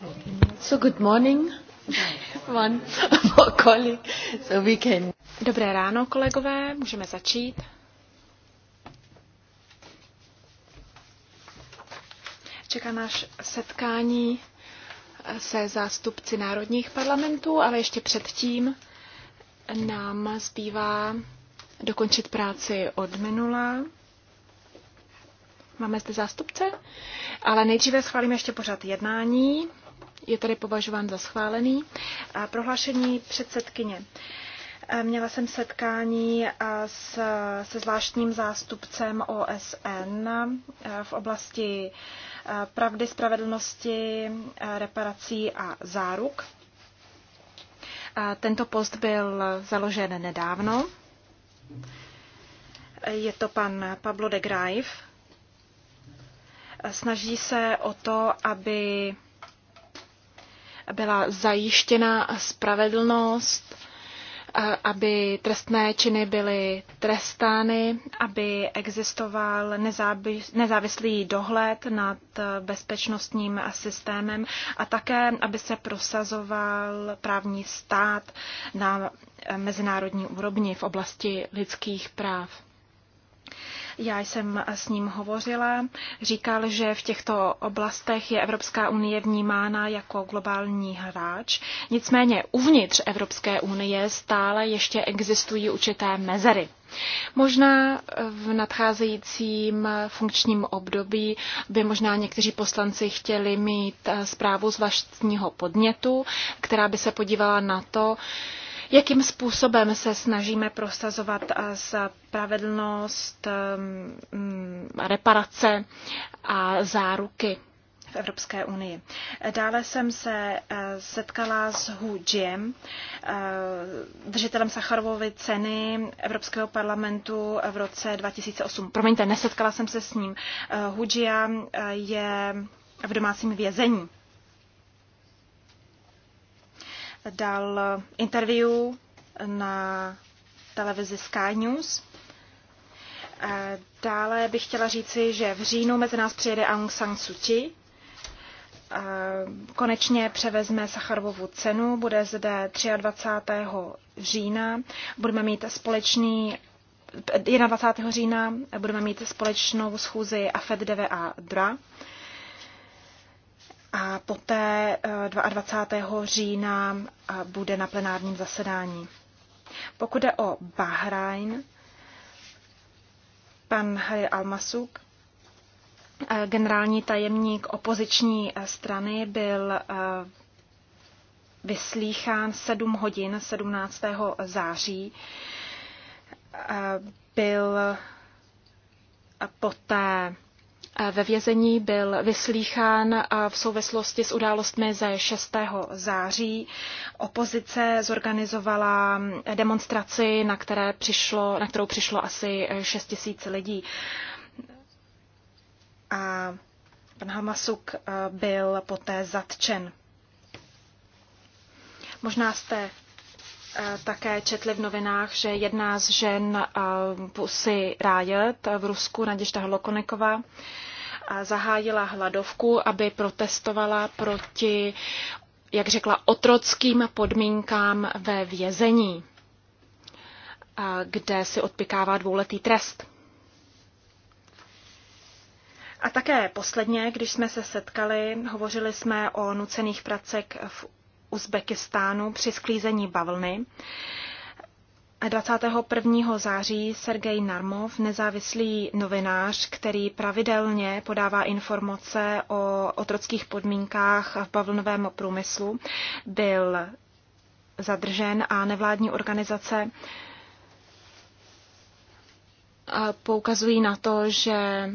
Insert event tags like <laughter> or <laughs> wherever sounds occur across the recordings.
<laughs> Dobré ráno, kolegové, můžeme začít. Čeká náš setkání eh, se zástupci národních parlamentů, ale ještě předtím nám zbývá dokončit práci od minula. Máme zde zástupce, ale nejdříve schválíme ještě pořád jednání je tady považován za schválený. A prohlášení předsedkyně. Měla jsem setkání s, se zvláštním zástupcem OSN v oblasti pravdy, spravedlnosti, reparací a záruk. Tento post byl založen nedávno. Je to pan Pablo de Graif. Snaží se o to, aby byla zajištěna spravedlnost, aby trestné činy byly trestány, aby existoval nezávislý dohled nad bezpečnostním systémem a také, aby se prosazoval právní stát na mezinárodní úrovni v oblasti lidských práv. Já jsem s ním hovořila. Říkal, že v těchto oblastech je Evropská unie vnímána jako globální hráč. Nicméně uvnitř Evropské unie stále ještě existují určité mezery. Možná v nadcházejícím funkčním období by možná někteří poslanci chtěli mít zprávu z vlastního podnětu, která by se podívala na to, jakým způsobem se snažíme prosazovat eh, spravedlnost, ehm, mm, reparace a záruky v Evropské unii. Dále jsem se eh, setkala s Hu Jiem, eh, držitelem Sacharovovy ceny Evropského parlamentu v roce 2008. Promiňte, nesetkala jsem se s ním. Hu Jia je v domácím vězení dal interview na televizi Sky News. Eh, dále bych chtěla říci, že v říjnu mezi nás přijede Aung San Suu Kyi. Eh, konečně převezme Sacharovovu cenu, bude zde 23. října. Budeme mít společný 21. Eh, října budeme mít společnou schůzi AFED 9 a DRA a poté 22. Eh, října eh, bude na plenárním zasedání. Pokud jde o Bahrajn, pan Harry Almasuk, eh, generální tajemník opoziční strany, byl vyslýchán 7 hodin 17. září. Byl poté ve vězení byl vyslýchán v souvislosti s událostmi ze 6. září. Opozice zorganizovala demonstraci, na, které přišlo, na kterou přišlo asi 6 tisíc lidí. A pan Hamasuk eh, byl poté zatčen. Možná jste Eh, také četli v novinách, že jedna z žen eh, Pusy Rájet v Rusku, Naděžda Hlokonekova, eh, zahájila hladovku, aby protestovala proti, jak řekla, otrockým podmínkám ve vězení, kde si odpikává dvouletý trest. A také posledně, když jsme se setkali, hovořili jsme o nucených pracek v Uzbekistánu při sklízení bavlny. 21. září Sergej Narmov, nezávislý novinář, který pravidelně podává informace o otrockých podmínkách v bavlnovém průmyslu, byl zadržen a nevládní organizace poukazují na to, že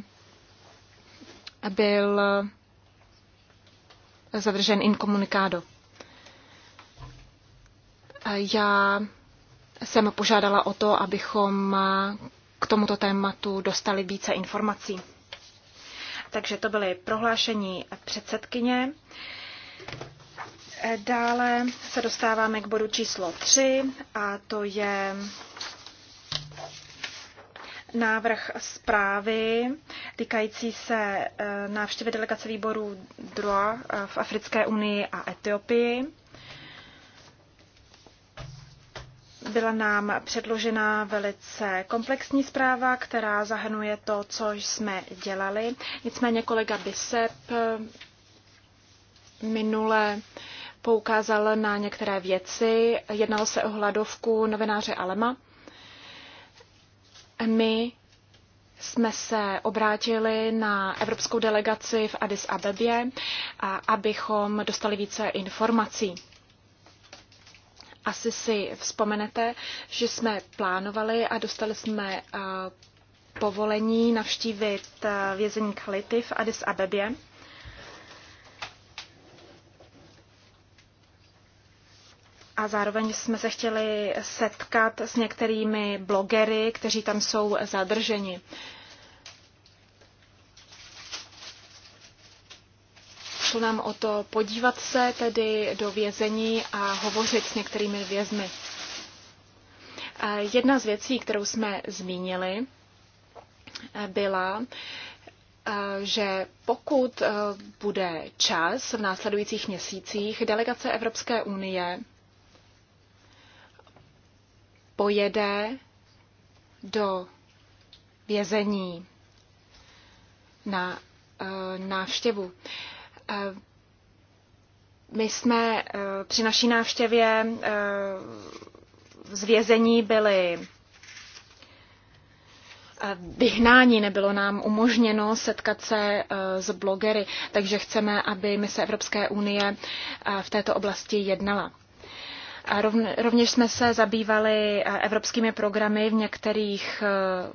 byl zadržen inkomunikádo. Já jsem požádala o to, abychom k tomuto tématu dostali více informací. Takže to byly prohlášení předsedkyně. Dále se dostáváme k bodu číslo 3 a to je návrh zprávy týkající se eh, návštěvy delegace výboru DROA eh, v Africké unii a Etiopii. Byla nám předložena velice komplexní zpráva, která zahrnuje to, co jsme dělali. Nicméně kolega Bisep eh, minule poukázal na některé věci. Jednalo se o hladovku novináře Alema. My jsme se obrátili na evropskou delegaci v Addis Abebě, abychom dostali více informací. Asi si vzpomenete, že jsme plánovali a dostali jsme eh, povolení navštívit eh, vězení Kality v Addis Abebě. A zároveň jsme se chtěli setkat s některými blogery, kteří tam jsou zadrženi. šlo nám o to podívat se tedy do vězení a hovořit s některými vězmi. Jedna z věcí, kterou jsme zmínili, byla, že pokud bude čas v následujících měsících, delegace Evropské unie pojede do vězení na návštěvu. Eh, my jsme eh, při naší návštěvě eh, z vězení byli vyhnání, nebylo nám umožněno setkat se s blogery, takže chceme, aby se Evropské unie v této oblasti jednala. A rovněž jsme se zabývali evropskými programy v některých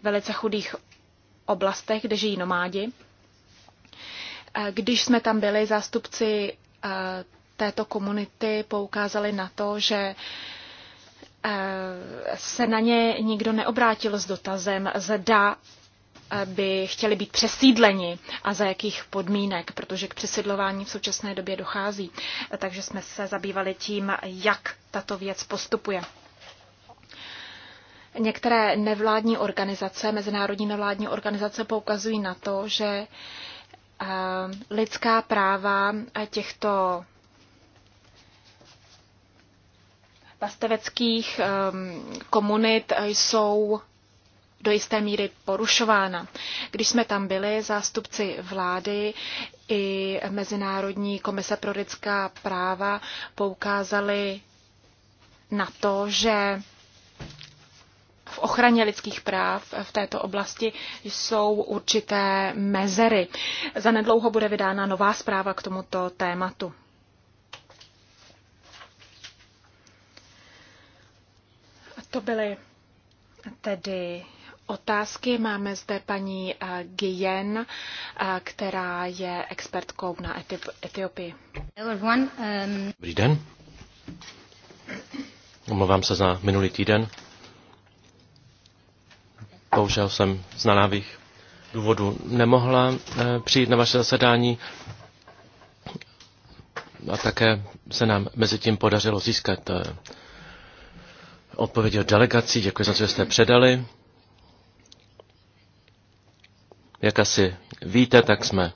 velice chudých oblastech, kde žijí nomádi. Když jsme tam byli, zástupci této komunity poukázali na to, že se na ně nikdo neobrátil s dotazem, zda by chtěli být přesídleni a za jakých podmínek, protože k přesídlování v současné době dochází. Takže jsme se zabývali tím, jak tato věc postupuje. Některé nevládní organizace, mezinárodní nevládní organizace poukazují na to, že Eh, lidská práva těchto pasteveckých eh, komunit jsou do jisté míry porušována. Když jsme tam byli, zástupci vlády i Mezinárodní komise pro lidská práva poukázali na to, že v ochraně lidských práv v této oblasti jsou určité mezery. Za nedlouho bude vydána nová zpráva k tomuto tématu. To byly tedy otázky. Máme zde paní eh, Gien, eh, která je expertkou na Etiopii. Um, Dobrý den. Omlouvám se za minulý týden. Bohužel jsem z nanávých důvodů nemohla eh, přijít na vaše zasedání a také se nám mezi tím podařilo získat eh, odpovědi od delegací. Děkuji za to, že jste předali. Jak asi víte, tak jsme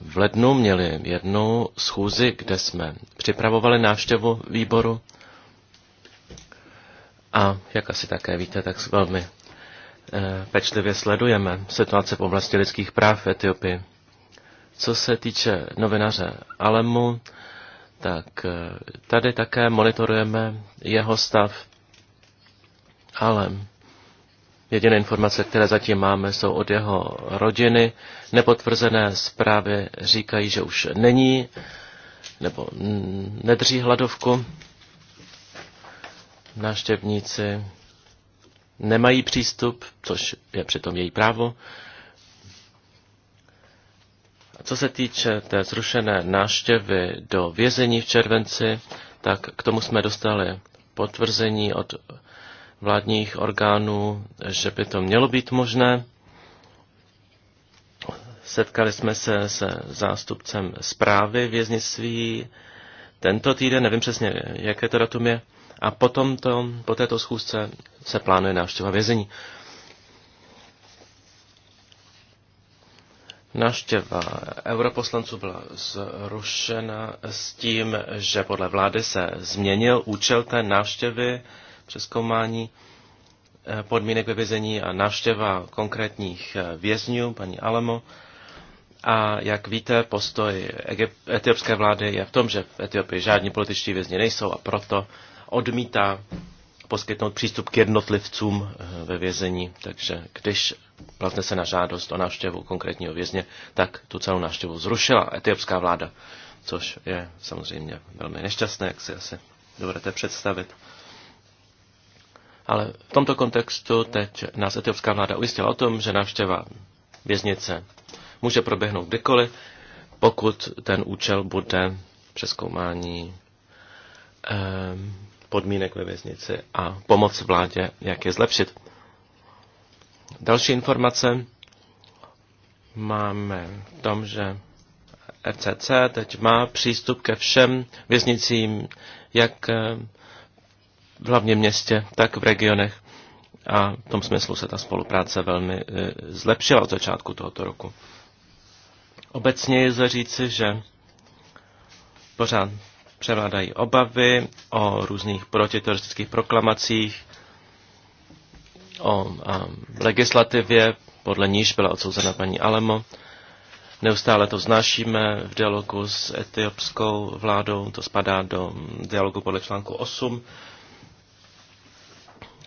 v lednu měli jednu schůzi, kde jsme připravovali návštěvu výboru. A jak asi také víte, tak velmi Eh, pečlivě sledujeme situaci v oblasti lidských práv v Etiopii. Co se týče novináře Alemu, tak eh, tady také monitorujeme jeho stav, ale jediné informace, které zatím máme, jsou od jeho rodiny. Nepotvrzené zprávy říkají, že už není nebo nedrží hladovku. Náštěvníci nemají přístup, což je přitom její právo. A co se týče té zrušené náštěvy do vězení v červenci, tak k tomu jsme dostali potvrzení od vládních orgánů, že by to mělo být možné. Setkali jsme se se zástupcem zprávy věznictví tento týden, nevím přesně, jaké to datum je a potom to, po této schůzce se plánuje návštěva vězení. Návštěva europoslanců byla zrušena s tím, že podle vlády se změnil účel té návštěvy, přeskoumání eh, podmínek ve vězení a návštěva konkrétních eh, vězňů, paní Alemo. A jak víte, postoj etiopské vlády je v tom, že v Etiopii žádní političtí vězni nejsou a proto odmítá poskytnout přístup k jednotlivcům eh, ve vězení, takže když platne se na žádost o návštěvu konkrétního vězně, tak tu celou návštěvu zrušila etiopská vláda, což je samozřejmě velmi nešťastné, jak si asi dovedete představit. Ale v tomto kontextu teď nás etiopská vláda ujistila o tom, že návštěva věznice může proběhnout kdykoliv, pokud ten účel bude přeskoumání ehm, podmínek ve věznici a pomoc vládě, jak je zlepšit. Další informace máme v tom, že FCC teď má přístup ke všem věznicím, jak eh, v hlavním městě, tak v regionech. A v tom smyslu se ta spolupráce velmi eh, zlepšila od začátku tohoto roku. Obecně je zaříci, že pořád převládají obavy o různých protiteroristických proklamacích, o um, legislativě, podle níž byla odsouzena paní Alemo. Neustále to znášíme v dialogu s etiopskou vládou, to spadá do dialogu podle článku 8.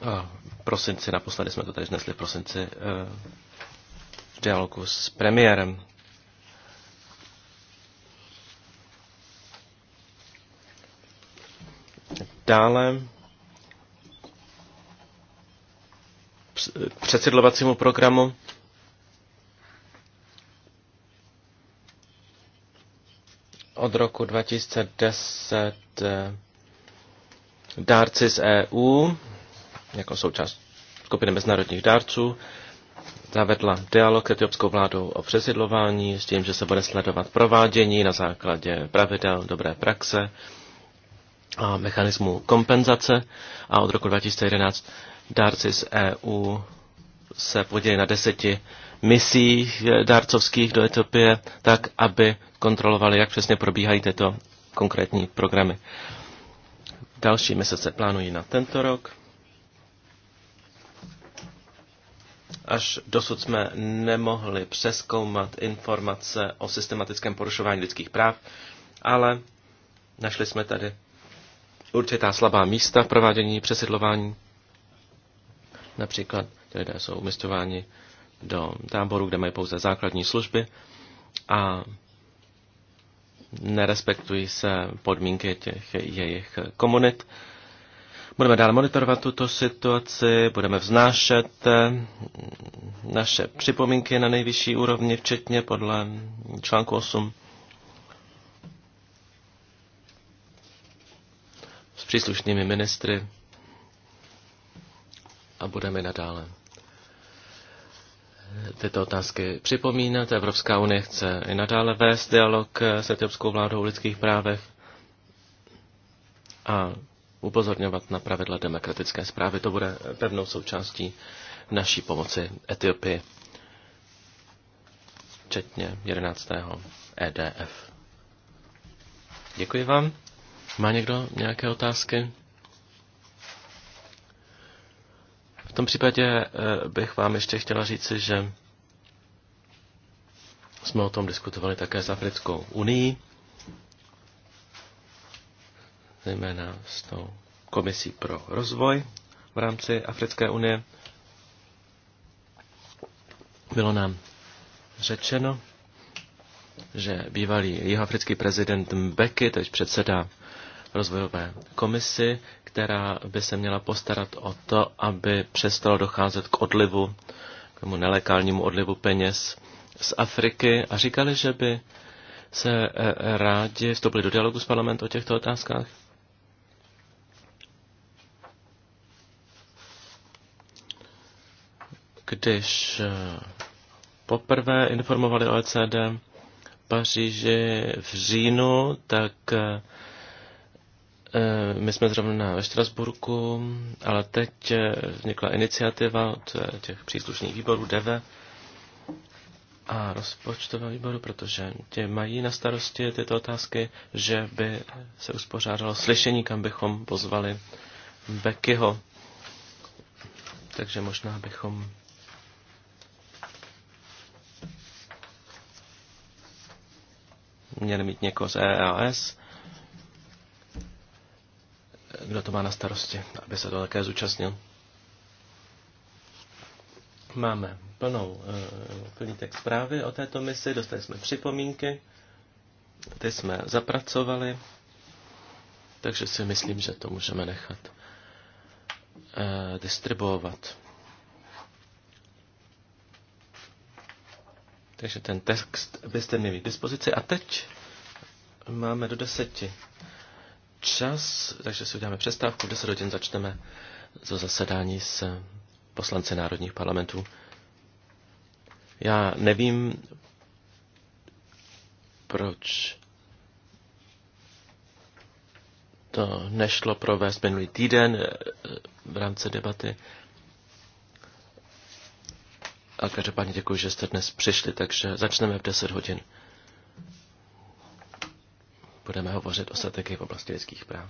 A v prosinci, naposledy jsme to tady znesli v prosinci eh, v dialogu s premiérem. Dále k předsedlovacímu programu. Od roku 2010 eh, dárci z EU, jako součást skupiny mezinárodních dárců, zavedla dialog s etiopskou vládou o přesidlování s tím, že se bude sledovat provádění na základě pravidel dobré praxe a mechanismu kompenzace a od roku 2011 dárci z EU se podělí na deseti misích dárcovských do Etiopie, tak aby kontrolovali, jak přesně probíhají tyto konkrétní programy. Další mise se plánují na tento rok. Až dosud jsme nemohli přeskoumat informace o systematickém porušování lidských práv, ale našli jsme tady určitá slabá místa v provádění přesidlování. Například ty lidé jsou umistováni do táboru, kde mají pouze základní služby a nerespektují se podmínky těch jejich komunit. Budeme dál monitorovat tuto situaci, budeme vznášet eh, naše připomínky na nejvyšší úrovni, včetně podle článku 8 příslušnými ministry a budeme nadále tyto otázky připomínat. Evropská unie chce i nadále vést dialog s etiopskou vládou o lidských právech a upozorňovat na pravidla demokratické zprávy. To bude pevnou součástí naší pomoci Etiopii, včetně 11. EDF. Děkuji vám. Má někdo nějaké otázky? V tom případě eh, bych vám ještě chtěla říci, že jsme o tom diskutovali také s Africkou unii, zejména s tou komisí pro rozvoj v rámci Africké unie. Bylo nám řečeno, že bývalý jihoafrický prezident Mbeki, teď předseda rozvojové komisi, která by se měla postarat o to, aby přestalo docházet k odlivu, k tomu nelegálnímu odlivu peněz z Afriky a říkali, že by se eh, eh, rádi vstoupili do dialogu s parlamentem o těchto otázkách. Když eh, poprvé informovali OECD Paříži v říjnu, tak Eh, my jsme zrovna ve Štrasburku, ale teď eh, vznikla iniciativa od eh, těch příslušných výborů DEVE a rozpočtového výboru, protože tě mají na starosti tyto otázky, že by se uspořádalo slyšení, kam bychom pozvali Bekyho. Takže možná bychom měli mít někoho z EAS, kdo to má na starosti, aby se to také zúčastnil. Máme plnou, eh, plný text zprávy o této misi, dostali jsme připomínky, ty jsme zapracovali, takže si myslím, že to můžeme nechat eh, distribuovat. Takže ten text byste měli k dispozici. A teď máme do deseti čas, takže si uděláme přestávku. V 10 hodin začneme to zasedání s poslanci národních parlamentů. Já nevím, proč to nešlo provést minulý týden eh, v rámci debaty. A každopádně děkuji, že jste dnes přišli, takže začneme v 10 hodin budeme hovořit o strategii v oblasti lidských práv.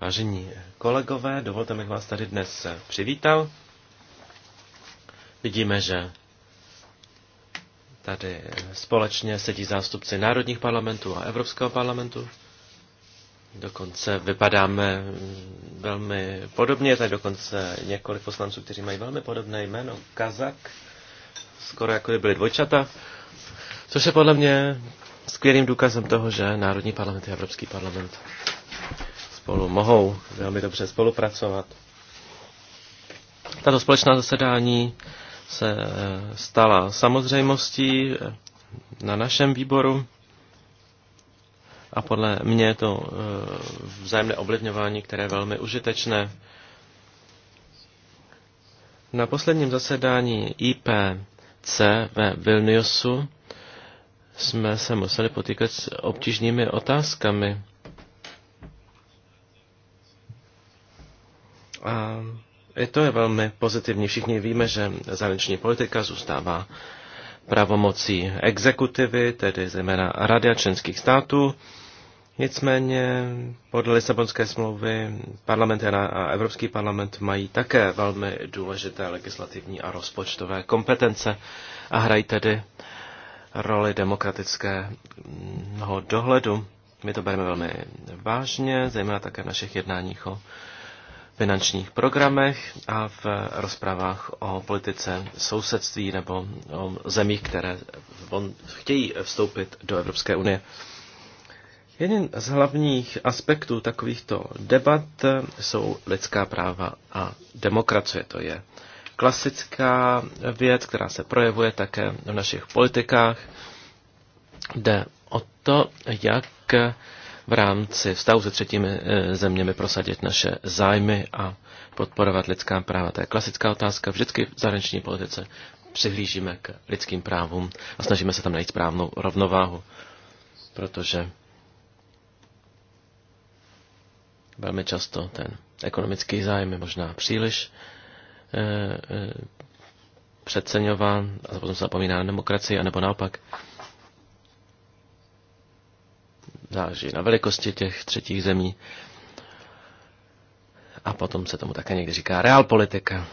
Vážení kolegové, dovolte, abych vás tady dnes přivítal. Vidíme, že tady společně sedí zástupci národních parlamentů a Evropského parlamentu. Dokonce vypadáme velmi podobně, tady dokonce několik poslanců, kteří mají velmi podobné jméno. Kazak, skoro jako by byly dvojčata, což je podle mě skvělým důkazem toho, že Národní parlament a Evropský parlament spolu mohou velmi dobře spolupracovat. Tato společná zasedání se stala samozřejmostí na našem výboru a podle mě je to eh, vzájemné ovlivňování, které je velmi užitečné. Na posledním zasedání IPC ve Vilniusu jsme se museli potýkat s obtížnými otázkami. A i to je velmi pozitivní. Všichni víme, že zahraniční politika zůstává pravomocí exekutivy, tedy zejména Rady a členských států. Nicméně podle Lisabonské smlouvy parlament a Evropský parlament mají také velmi důležité legislativní a rozpočtové kompetence a hrají tedy roli demokratického dohledu. My to bereme velmi vážně, zejména také v našich jednáních o finančních programech a v rozprávách o politice sousedství nebo o zemích, které chtějí vstoupit do Evropské unie. Jeden z hlavních aspektů takovýchto debat jsou lidská práva a demokracie. To je klasická věc, která se projevuje také v našich politikách. Jde o to, jak v rámci vztahu se třetími eh, zeměmi prosadit naše zájmy a podporovat lidská práva. To je klasická otázka. Vždycky v zahraniční politice přihlížíme k lidským právům a snažíme se tam najít správnou rovnováhu, protože velmi často ten ekonomický zájem je možná příliš Eh, eh, přeceňován a potom se zapomíná na demokracii, anebo naopak. Záleží na velikosti těch třetích zemí. A potom se tomu také někdy říká realpolitika.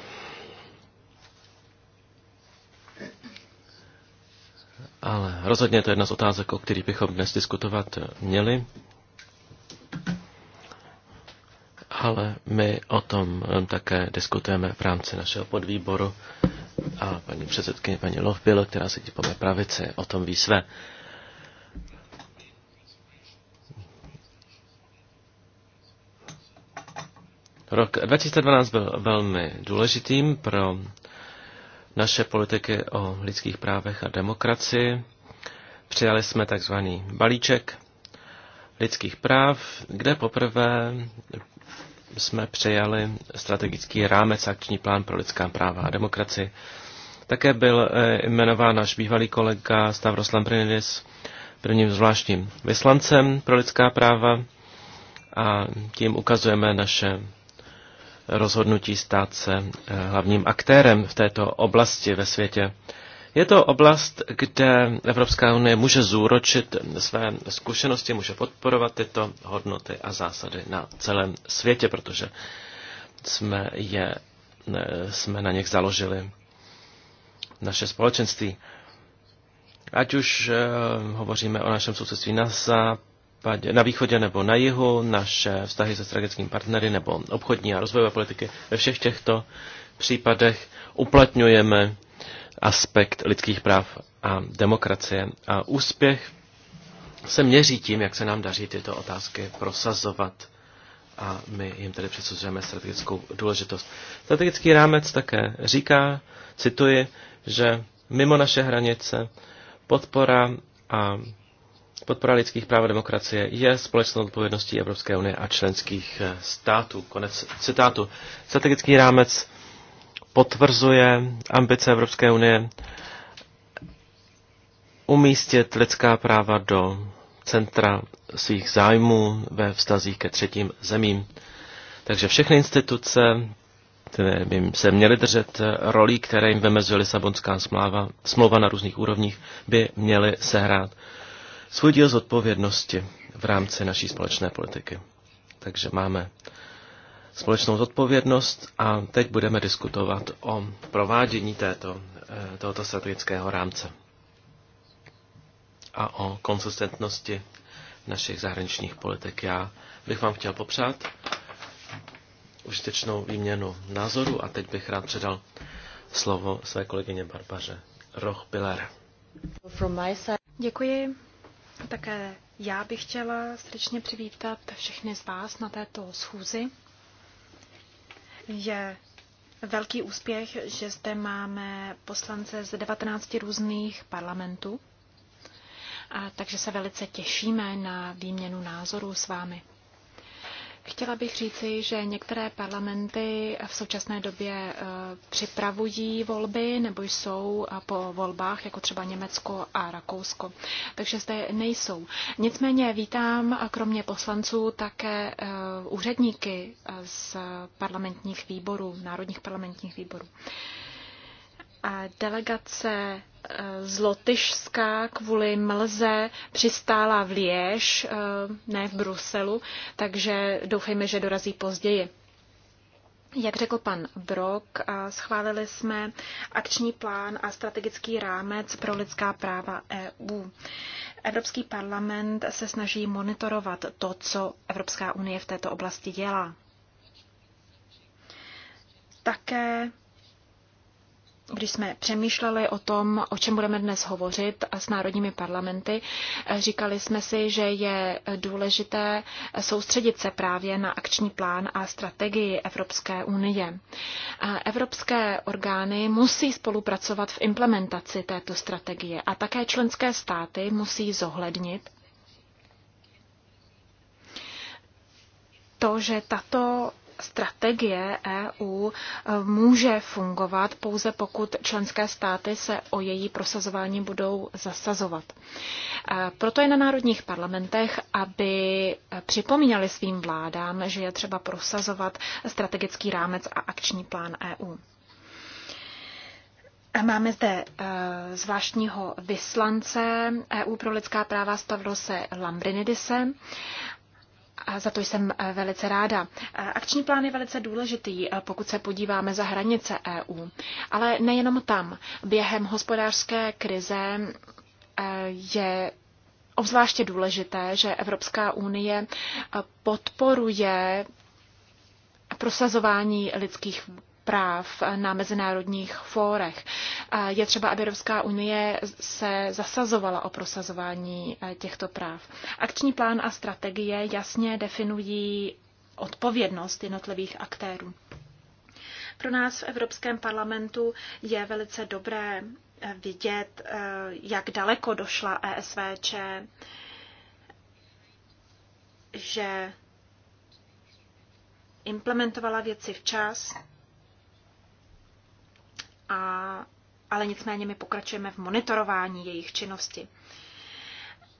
Ale rozhodně je to jedna z otázek, o kterých bychom dnes diskutovat měli. ale my o tom eh, také diskutujeme v rámci našeho podvýboru a paní předsedkyně, paní Lovbil, která sedí po mé pravici, o tom ví své. Rok 2012 byl velmi důležitým pro naše politiky o lidských právech a demokracii. Přijali jsme takzvaný balíček lidských práv, kde poprvé jsme přijali strategický rámec akční plán pro lidská práva a demokracii. Také byl eh, jmenován náš bývalý kolega Stavros Lambrinidis prvním zvláštním vyslancem pro lidská práva a tím ukazujeme naše rozhodnutí stát se eh, hlavním aktérem v této oblasti ve světě. Je to oblast, kde Evropská unie může zúročit své zkušenosti, může podporovat tyto hodnoty a zásady na celém světě, protože jsme, je, jsme na něch založili naše společenství. Ať už eh, hovoříme o našem sousedství na západě, na východě nebo na jihu, naše vztahy se strategickými partnery nebo obchodní a rozvojové politiky, ve všech těchto případech uplatňujeme aspekt lidských práv a demokracie. A úspěch se měří tím, jak se nám daří tyto otázky prosazovat a my jim tedy přesuzujeme strategickou důležitost. Strategický rámec také říká, cituji, že mimo naše hranice podpora a podpora lidských práv a demokracie je společnou odpovědností Evropské unie a členských států. Konec citátu. Strategický rámec potvrzuje ambice Evropské unie umístit lidská práva do centra svých zájmů ve vztazích ke třetím zemím. Takže všechny instituce které by se měly držet rolí, které jim vymezuje Lisabonská smlouva, smlouva na různých úrovních, by měly sehrát svůj díl zodpovědnosti v rámci naší společné politiky. Takže máme společnou zodpovědnost a teď budeme diskutovat o provádění této, eh, tohoto strategického rámce a o konsistentnosti našich zahraničních politik. Já bych vám chtěl popřát užitečnou výměnu názoru a teď bych rád předal slovo své kolegyně Barbaře Rochpiller. Děkuji. Také já bych chtěla srdečně přivítat všechny z vás na této schůzi je velký úspěch, že zde máme poslance z 19 různých parlamentů, a takže se velice těšíme na výměnu názorů s vámi. Chtěla bych říci, že některé parlamenty v současné době eh, připravují volby nebo jsou eh, po volbách, jako třeba Německo a Rakousko. Takže zde nejsou. Nicméně vítám eh, kromě poslanců také úředníky z parlamentních výborů, národních parlamentních výborů. Delegace eh, z Lotyšska kvůli mlze přistála v Liež, eh, ne v Bruselu, takže doufejme, že dorazí později. Jak řekl pan Brok, eh, schválili jsme akční plán a strategický rámec pro lidská práva EU. Evropský parlament se snaží monitorovat to, co Evropská unie v této oblasti dělá. Také když jsme přemýšleli o tom, o čem budeme dnes hovořit s národními parlamenty, eh, říkali jsme si, že je důležité soustředit se právě na akční plán a strategii Evropské unie. Evropské orgány musí spolupracovat v implementaci této strategie a také členské státy musí zohlednit to, že tato strategie EU eh, může fungovat pouze pokud členské státy se o její prosazování budou zasazovat. Eh, proto je na národních parlamentech, aby eh, připomínali svým vládám, že je třeba prosazovat strategický rámec a akční plán EU. Máme zde zvláštního vyslance EU pro lidská práva Stavrose Lambrinidise a za to jsem eh, velice ráda. Eh, akční plán je velice důležitý, eh, pokud se podíváme za hranice EU. Ale nejenom tam. Během hospodářské krize je obzvláště důležité, že Evropská unie podporuje prosazování lidských práv na mezinárodních fórech. Je třeba, aby Evropská unie se zasazovala o prosazování e, těchto práv. Akční plán a strategie jasně definují odpovědnost jednotlivých aktérů. Pro nás v Evropském parlamentu je velice dobré e, vidět, e, jak daleko došla ESVČ, že implementovala věci včas, a, ale nicméně my pokračujeme v monitorování jejich činnosti.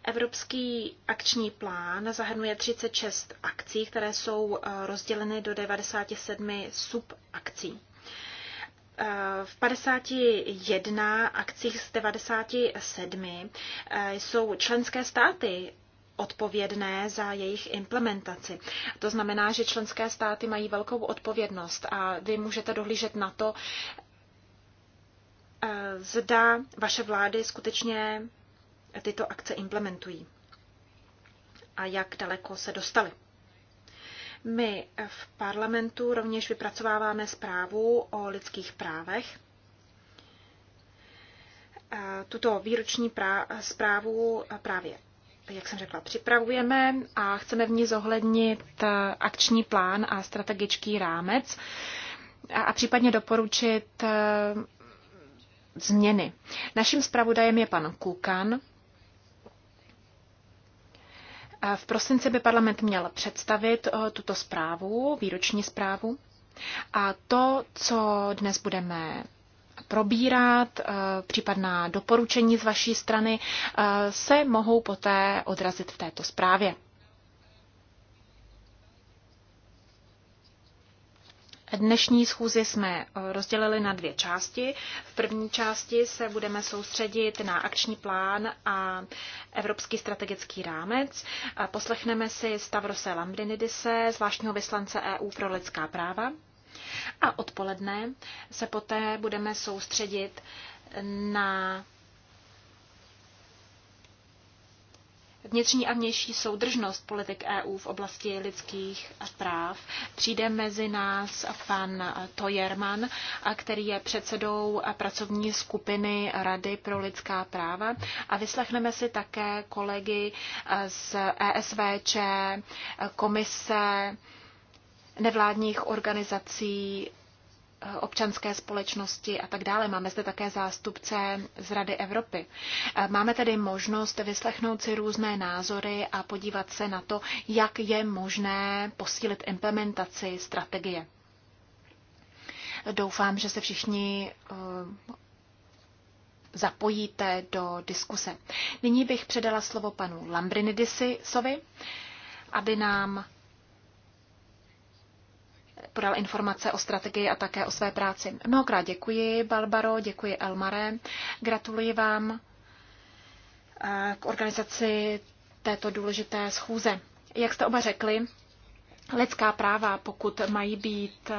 Evropský akční plán zahrnuje 36 akcí, které jsou eh, rozděleny do 97 subakcí. Eh, v 51 akcích z 97 eh, jsou členské státy odpovědné za jejich implementaci. To znamená, že členské státy mají velkou odpovědnost a vy můžete dohlížet na to, Eh, zda vaše vlády skutečně tyto akce implementují a jak daleko se dostaly. My v parlamentu rovněž vypracováváme zprávu o lidských právech. Eh, tuto výroční zprávu právě, jak jsem řekla, připravujeme a chceme v ní zohlednit eh, akční plán a strategický rámec a případně doporučit změny. Naším zpravodajem je pan Kukan. V prosinci by parlament měl představit eh, tuto zprávu, výroční zprávu. A to, co dnes budeme probírat, eh, případná doporučení z vaší strany, eh, se mohou poté odrazit v této zprávě. Dnešní schůzi jsme eh, rozdělili na dvě části. V první části se budeme soustředit na akční plán a evropský strategický rámec. Poslechneme si Stavrose Lambrinidise, zvláštního vyslance EU pro lidská práva. A odpoledne se poté budeme soustředit na vnitřní a vnější soudržnost politik EU v oblasti lidských práv. Přijde mezi nás pan Tojerman, který je předsedou pracovní skupiny Rady pro lidská práva a vyslechneme si také kolegy z ESVČ, komise nevládních organizací občanské společnosti a tak dále. Máme zde také zástupce z Rady Evropy. Eh, máme tedy možnost vyslechnout si různé názory a podívat se na to, jak je možné posílit implementaci strategie. Doufám, že se všichni eh, zapojíte do diskuse. Nyní bych předala slovo panu Lambrinidisovi, aby nám podal informace o strategii a také o své práci. Mnohokrát děkuji, Barbaro, děkuji, Elmare. Gratuluji vám eh, k organizaci této důležité schůze. Jak jste oba řekli, Lidská práva, pokud mají být eh,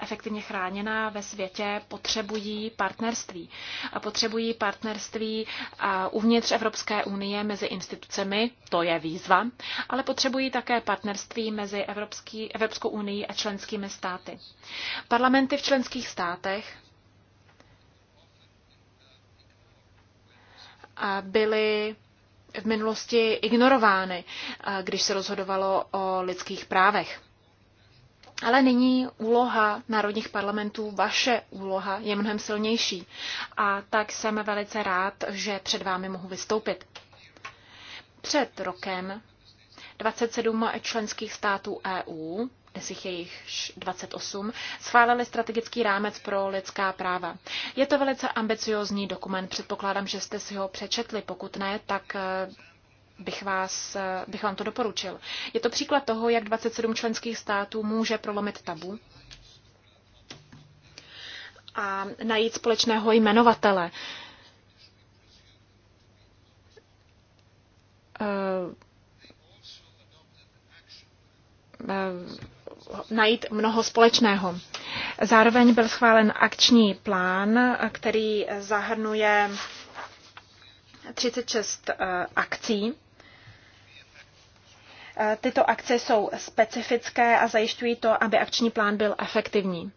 efektivně chráněna ve světě, potřebují partnerství. A Potřebují partnerství eh, uvnitř Evropské unie mezi institucemi, to je výzva, ale potřebují také partnerství mezi Evropský, Evropskou unii a členskými státy. Parlamenty v členských státech eh, byly v minulosti ignorovány, eh, když se rozhodovalo o lidských právech. Ale nyní úloha národních parlamentů, vaše úloha je mnohem silnější. A tak jsem velice rád, že před vámi mohu vystoupit. Před rokem 27 členských států EU dnes jich je jich 28, schválili strategický rámec pro lidská práva. Je to velice ambiciozní dokument, předpokládám, že jste si ho přečetli, pokud ne, tak eh, bych, vás, eh, bych vám to doporučil. Je to příklad toho, jak 27 členských států může prolomit tabu a najít společného jmenovatele. Uh, uh, najít mnoho společného. Zároveň byl schválen akční plán, který zahrnuje 36 eh, akcí. Eh, tyto akce jsou specifické a zajišťují to, aby akční plán byl efektivní.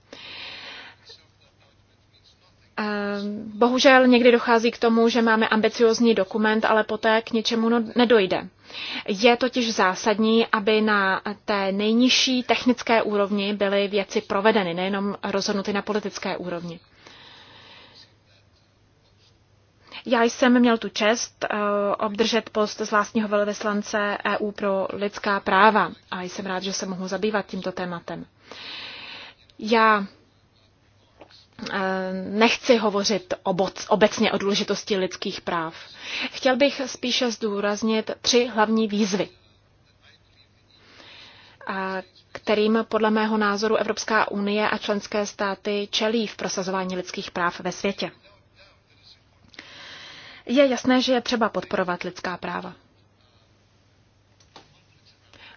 Ehm, bohužel někdy dochází k tomu, že máme ambiciozní dokument, ale poté k něčemu no, nedojde. Je totiž zásadní, aby na té nejnižší technické úrovni byly věci provedeny, nejenom rozhodnuty na politické úrovni. Já jsem měl tu čest eh, obdržet post z vlastního velvyslance EU pro lidská práva a jsem rád, že se mohu zabývat tímto tématem. Já Eh, nechci hovořit obecně o důležitosti lidských práv. Chtěl bych spíše zdůraznit tři hlavní výzvy, kterým podle mého názoru Evropská unie a členské státy čelí v prosazování lidských práv ve světě. Je jasné, že je třeba podporovat lidská práva.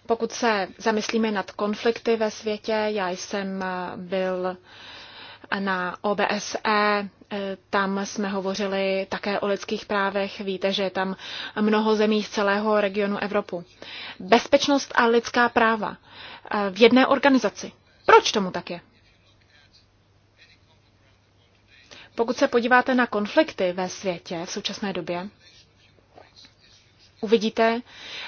Pokud se zamyslíme nad konflikty ve světě, já jsem byl uh, na OBSE. E, tam jsme hovořili také o lidských právech. Víte, že je tam mnoho zemí z celého regionu Evropu. Bezpečnost a lidská práva e, v jedné organizaci. Proč tomu tak je? Pokud se podíváte na konflikty ve světě v současné době, uvidíte,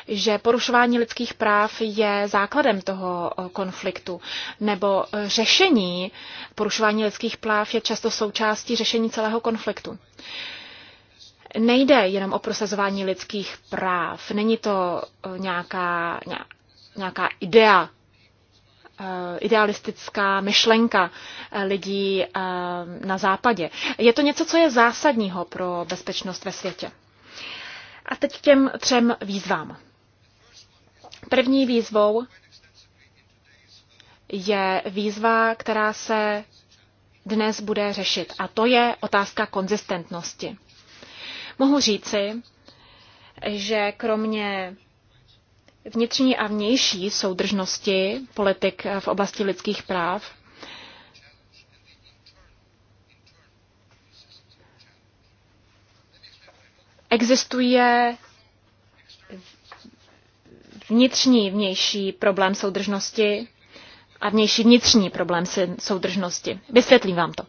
že porušování lidských práv je základem toho eh, konfliktu, nebo eh, řešení porušování lidských práv je často součástí řešení celého konfliktu. Nejde jenom o prosazování lidských práv, není to eh, nějaká, nějaká idea, idealistická myšlenka lidí na západě. Je to něco, co je zásadního pro bezpečnost ve světě. A teď k těm třem výzvám. První výzvou je výzva, která se dnes bude řešit. A to je otázka konzistentnosti. Mohu říci, že kromě vnitřní a vnější soudržnosti politik v oblasti lidských práv Existuje vnitřní vnější problém soudržnosti a vnější vnitřní problém soudržnosti. Vysvětlím vám to.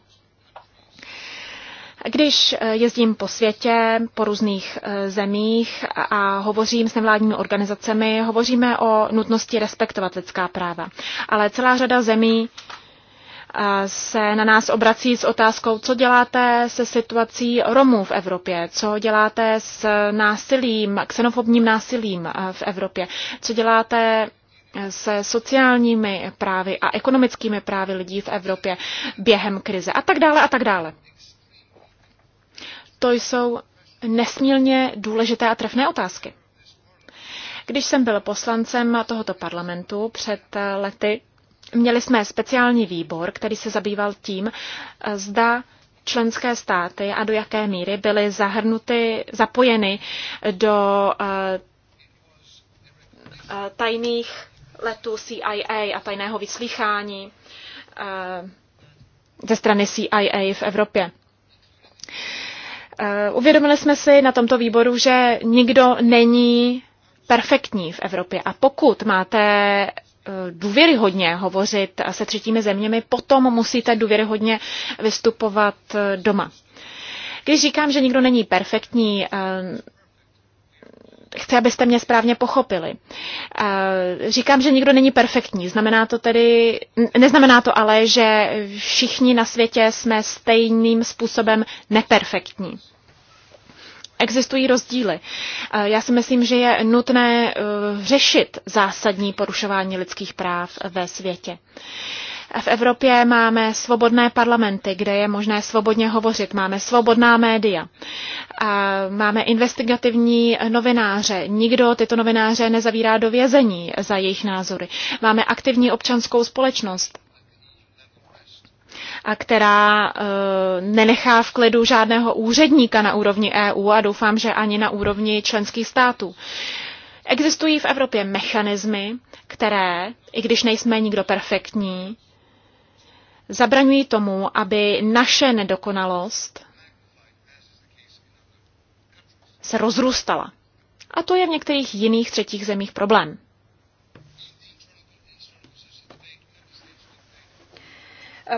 Když eh, jezdím po světě, po různých eh, zemích a hovořím s nevládními organizacemi, hovoříme o nutnosti respektovat lidská práva. Ale celá řada zemí se na nás obrací s otázkou, co děláte se situací Romů v Evropě, co děláte s násilím, xenofobním násilím eh, v Evropě, co děláte eh, se sociálními právy a ekonomickými právy lidí v Evropě během krize a tak dále a tak dále. To jsou nesmírně důležité a trefné otázky. Když jsem byl poslancem tohoto parlamentu před eh, lety, Měli jsme speciální výbor, který se zabýval tím, eh, zda členské státy a do jaké míry byly zahrnuty, zapojeny do eh, eh, tajných letů CIA a tajného vyslýchání ze strany CIA v Evropě. Uvědomili jsme si na tomto výboru, že nikdo není perfektní v Evropě. A pokud máte důvěryhodně hovořit se třetími zeměmi, potom musíte důvěryhodně vystupovat eh, doma. Když říkám, že nikdo není perfektní, eh, chci, abyste mě správně pochopili. Eh, říkám, že nikdo není perfektní. Znamená to tedy, neznamená to ale, že všichni na světě jsme stejným způsobem neperfektní existují rozdíly. Eh, já si myslím, že je nutné eh, řešit zásadní porušování lidských práv ve světě. V Evropě máme svobodné parlamenty, kde je možné svobodně hovořit, máme svobodná média, eh, máme investigativní novináře, nikdo tyto novináře nezavírá do vězení za jejich názory, máme aktivní občanskou společnost, a která eh, nenechá v klidu žádného úředníka na úrovni EU a doufám, že ani na úrovni členských států. Existují v Evropě mechanismy, které, i když nejsme nikdo perfektní, zabraňují tomu, aby naše nedokonalost se rozrůstala. A to je v některých jiných třetích zemích problém.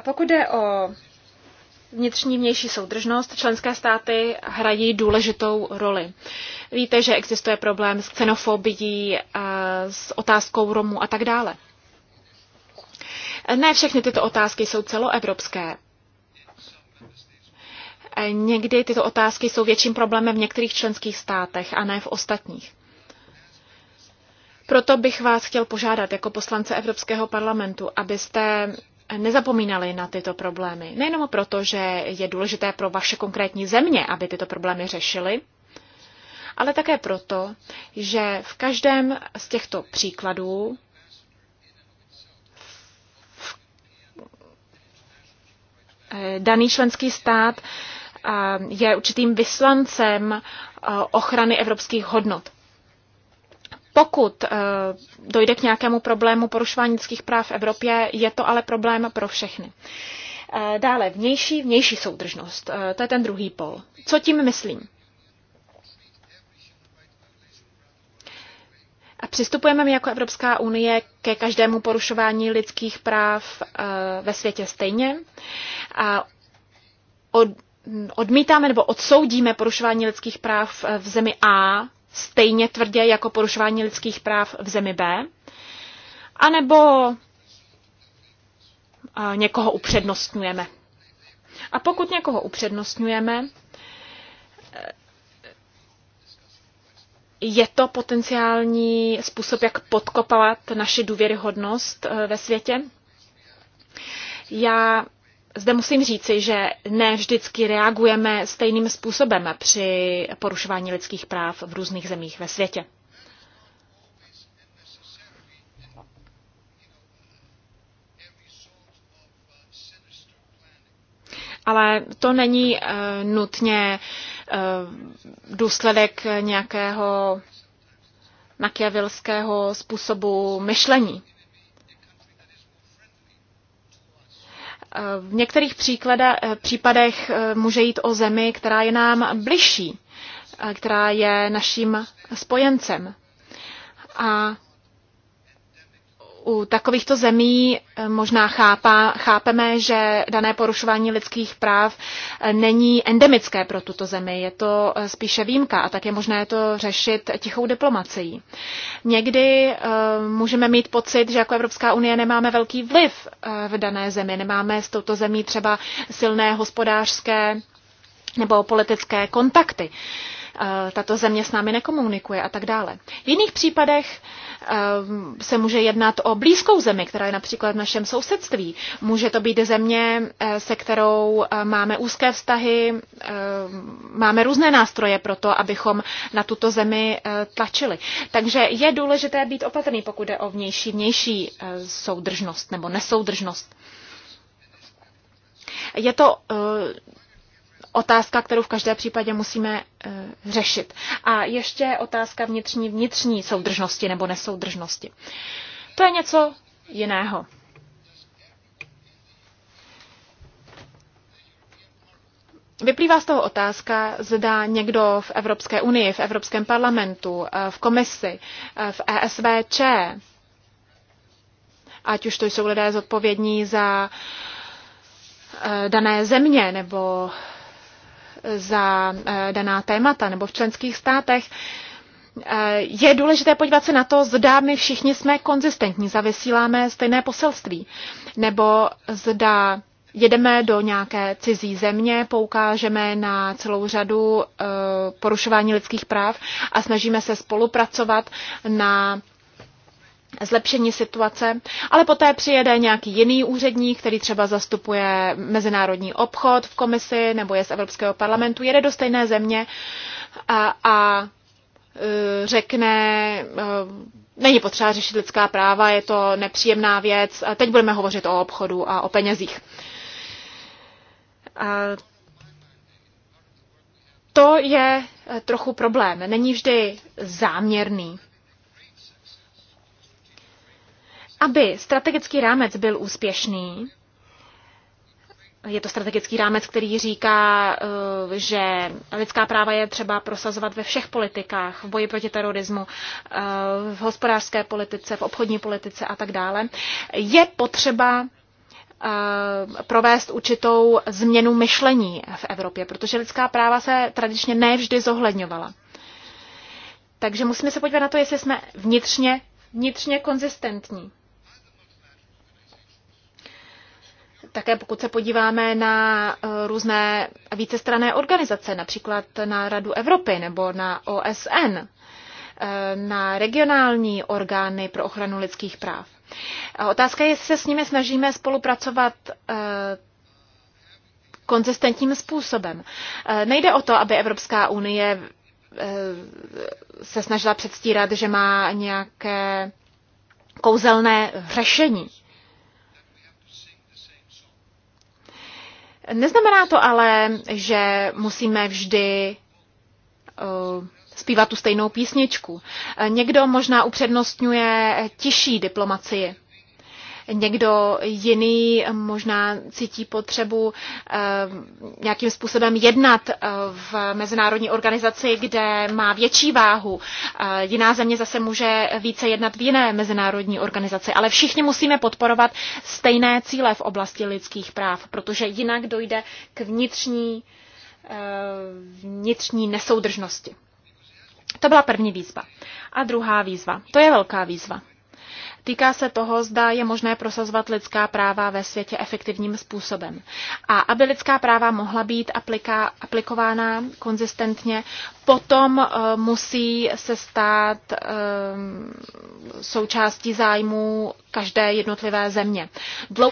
Pokud jde o vnitřní vnější soudržnost, členské státy hrají důležitou roli. Víte, že existuje problém s xenofobií, s otázkou Romů a tak dále. Ne všechny tyto otázky jsou celoevropské. Někdy tyto otázky jsou větším problémem v některých členských státech a ne v ostatních. Proto bych vás chtěl požádat jako poslance Evropského parlamentu, abyste nezapomínali na tyto problémy. Nejenom proto, že je důležité pro vaše konkrétní země, aby tyto problémy řešily, ale také proto, že v každém z těchto příkladů daný členský stát je určitým vyslancem ochrany evropských hodnot. Pokud eh, dojde k nějakému problému porušování lidských práv v Evropě, je to ale problém pro všechny. Eh, dále vnější, vnější soudržnost. Eh, to je ten druhý pol. Co tím myslím? A přistupujeme my jako Evropská unie ke každému porušování lidských práv ve světě stejně. A od, odmítáme nebo odsoudíme porušování lidských práv v zemi A stejně tvrdě jako porušování lidských práv v zemi B, anebo někoho upřednostňujeme. A pokud někoho upřednostňujeme, eh, je to potenciální způsob, jak podkopat naši důvěryhodnost eh, ve světě. Já zde musím říci, že ne vždycky reagujeme stejným způsobem při porušování lidských práv v různých zemích ve světě. ale to není uh, nutně uh, důsledek nějakého makiavilského způsobu myšlení. Eh, v některých příklada, eh, případech eh, může jít o zemi, která je nám bližší, která je naším spojencem. A u takovýchto zemí eh, možná chápa, chápeme, že dané porušování lidských práv eh, není endemické pro tuto zemi, je to eh, spíše výjimka a tak je možné to řešit tichou diplomacií. Někdy můžeme mít pocit, že jako Evropská unie nemáme velký vliv v dané zemi, nemáme s touto zemí třeba silné hospodářské nebo politické kontakty. Tato země s námi nekomunikuje a tak dále. V jiných případech Ehm, se může jednat o blízkou zemi, která je například v našem sousedství. Může to být země, eh, se kterou eh, máme úzké vztahy, ehm, máme různé nástroje pro to, abychom na tuto zemi eh, tlačili. Takže je důležité být opatrný, pokud jde o vnější, vnější soudržnost nebo nesoudržnost. Je to otázka, kterou v každém případě musíme eh, řešit. A ještě otázka vnitřní vnitřní soudržnosti nebo nesoudržnosti. To je něco jiného. Vyplývá z toho otázka, zda někdo v Evropské unii, v Evropském parlamentu, eh, v komisi, eh, v ESVČ, ať už to jsou lidé zodpovědní za dané země nebo za eh, daná témata nebo v členských státech, eh, je důležité podívat se na to, zda my všichni jsme konzistentní, zavysíláme stejné poselství, nebo zda jedeme do nějaké cizí země, poukážeme na celou řadu eh, porušování lidských práv a snažíme se spolupracovat na zlepšení situace, ale poté přijede nějaký jiný úředník, který třeba zastupuje mezinárodní obchod v komisi nebo je z Evropského parlamentu, jede do stejné země a, a eh, řekne, eh, není potřeba řešit lidská práva, je to nepříjemná věc, a teď budeme hovořit o obchodu a o penězích. A to je eh, trochu problém, není vždy záměrný. Aby strategický rámec byl úspěšný, je to strategický rámec, který říká, eh, že lidská práva je třeba prosazovat ve všech politikách, v boji proti terorismu, eh, v hospodářské politice, v obchodní politice a tak dále. Je potřeba eh, provést určitou změnu myšlení v Evropě, protože lidská práva se tradičně nevždy zohledňovala. Takže musíme se podívat na to, jestli jsme vnitřně, vnitřně konzistentní. Také pokud se podíváme na eh, různé vícestrané organizace, například na Radu Evropy nebo na OSN, eh, na regionální orgány pro ochranu lidských práv. Otázka je, jestli se s nimi snažíme spolupracovat eh, konzistentním způsobem. Nejde o to, aby Evropská unie se snažila předstírat, že má nějaké kouzelné řešení. Neznamená to ale, že musíme vždy eh, zpívat tu stejnou písničku. Eh, někdo možná upřednostňuje tiší diplomacii. Někdo jiný možná cítí potřebu eh, nějakým způsobem jednat eh, v mezinárodní organizaci, kde má větší váhu. Eh, jiná země zase může více jednat v jiné mezinárodní organizaci. Ale všichni musíme podporovat stejné cíle v oblasti lidských práv, protože jinak dojde k vnitřní, vnitřní nesoudržnosti. To byla první výzva. A druhá výzva, to je velká výzva. Týká se toho, zda je možné prosazovat lidská práva ve světě efektivním způsobem. A aby lidská práva mohla být aplika, aplikována konzistentně, potom uh, musí se stát uh, součástí zájmu každé jednotlivé země. Dlou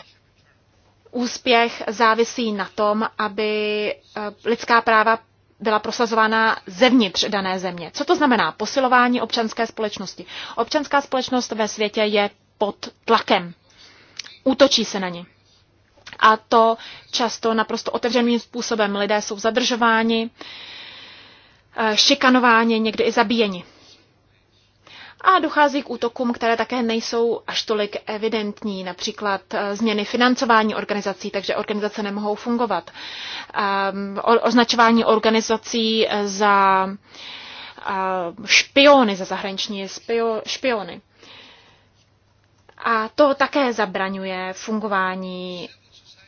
Úspěch závisí na tom, aby eh, lidská práva byla prosazována zevnitř dané země. Co to znamená? Posilování občanské společnosti. Občanská společnost ve světě je pod tlakem. Útočí se na ní. A to často naprosto otevřeným způsobem. Lidé jsou zadržováni, šikanováni, někdy i zabíjeni a dochází k útokům, které také nejsou až tolik evidentní, například eh, změny financování organizací, takže organizace nemohou fungovat. Ehm, označování organizací eh, za eh, špiony, za zahraniční špiony. A to také zabraňuje fungování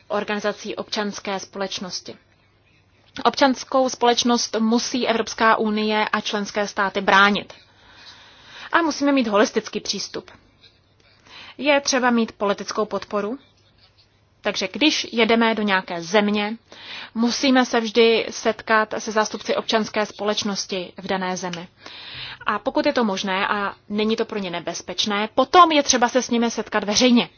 organizací občanské společnosti. Občanskou společnost musí Evropská unie a členské státy bránit a musíme mít holistický přístup. Je třeba mít politickou podporu, takže když jedeme do nějaké země, musíme se vždy setkat se zástupci občanské společnosti v dané zemi. A pokud je to možné a není to pro ně nebezpečné, potom je třeba se s nimi setkat veřejně,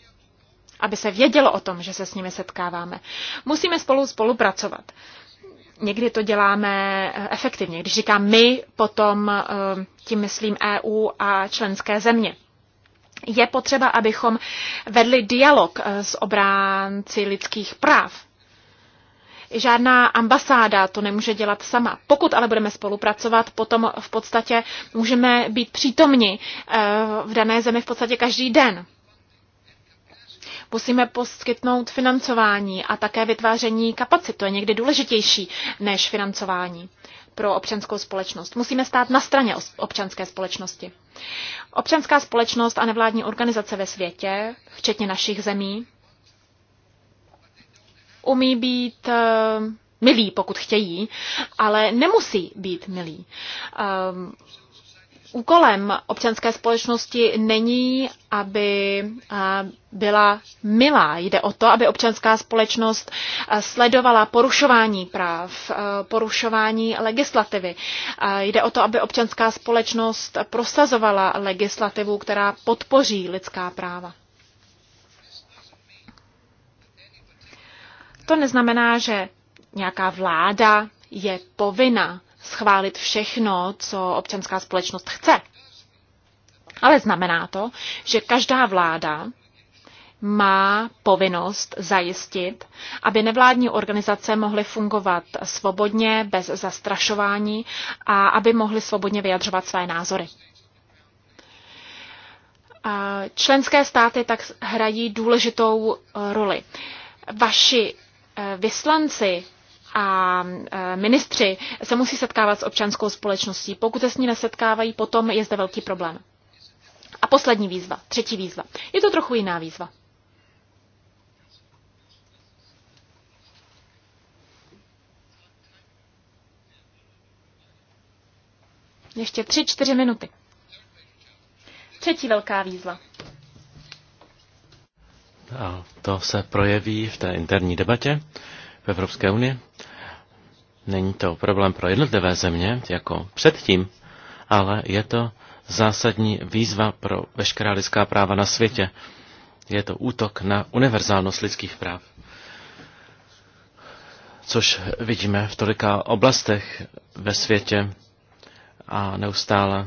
aby se vědělo o tom, že se s nimi setkáváme. Musíme spolu spolupracovat někdy to děláme eh, efektivně. Když říkám my, potom eh, tím myslím EU a členské země. Je potřeba, abychom vedli dialog eh, s obránci lidských práv. Žádná ambasáda to nemůže dělat sama. Pokud ale budeme spolupracovat, potom v podstatě můžeme být přítomni v dané zemi v podstatě každý den. Musíme poskytnout financování a také vytváření kapacit. To je někdy důležitější než financování pro občanskou společnost. Musíme stát na straně občanské společnosti. Občanská společnost a nevládní organizace ve světě, včetně našich zemí, umí být eh, milí, pokud chtějí, ale nemusí být milí. Eh, úkolem občanské společnosti není, aby byla milá. Jde o to, aby občanská společnost sledovala porušování práv, porušování legislativy. Jde o to, aby občanská společnost prosazovala legislativu, která podpoří lidská práva. To neznamená, že nějaká vláda je povinna schválit všechno, co občanská společnost chce. Ale znamená to, že každá vláda má povinnost zajistit, aby nevládní organizace mohly fungovat svobodně, bez zastrašování a aby mohly svobodně vyjadřovat své názory. Členské státy tak hrají důležitou roli. Vaši eh, vyslanci a e, ministři se musí setkávat s občanskou společností. Pokud se s ní nesetkávají, potom je zde velký problém. A poslední výzva, třetí výzva. Je to trochu jiná výzva. Ještě tři, čtyři minuty. Třetí velká výzva. A to se projeví v té interní debatě v Evropské unii. Není to problém pro jednotlivé země, jako předtím, ale je to zásadní výzva pro veškerá lidská práva na světě. Je to útok na univerzálnost lidských práv, což vidíme v tolika oblastech ve světě a neustále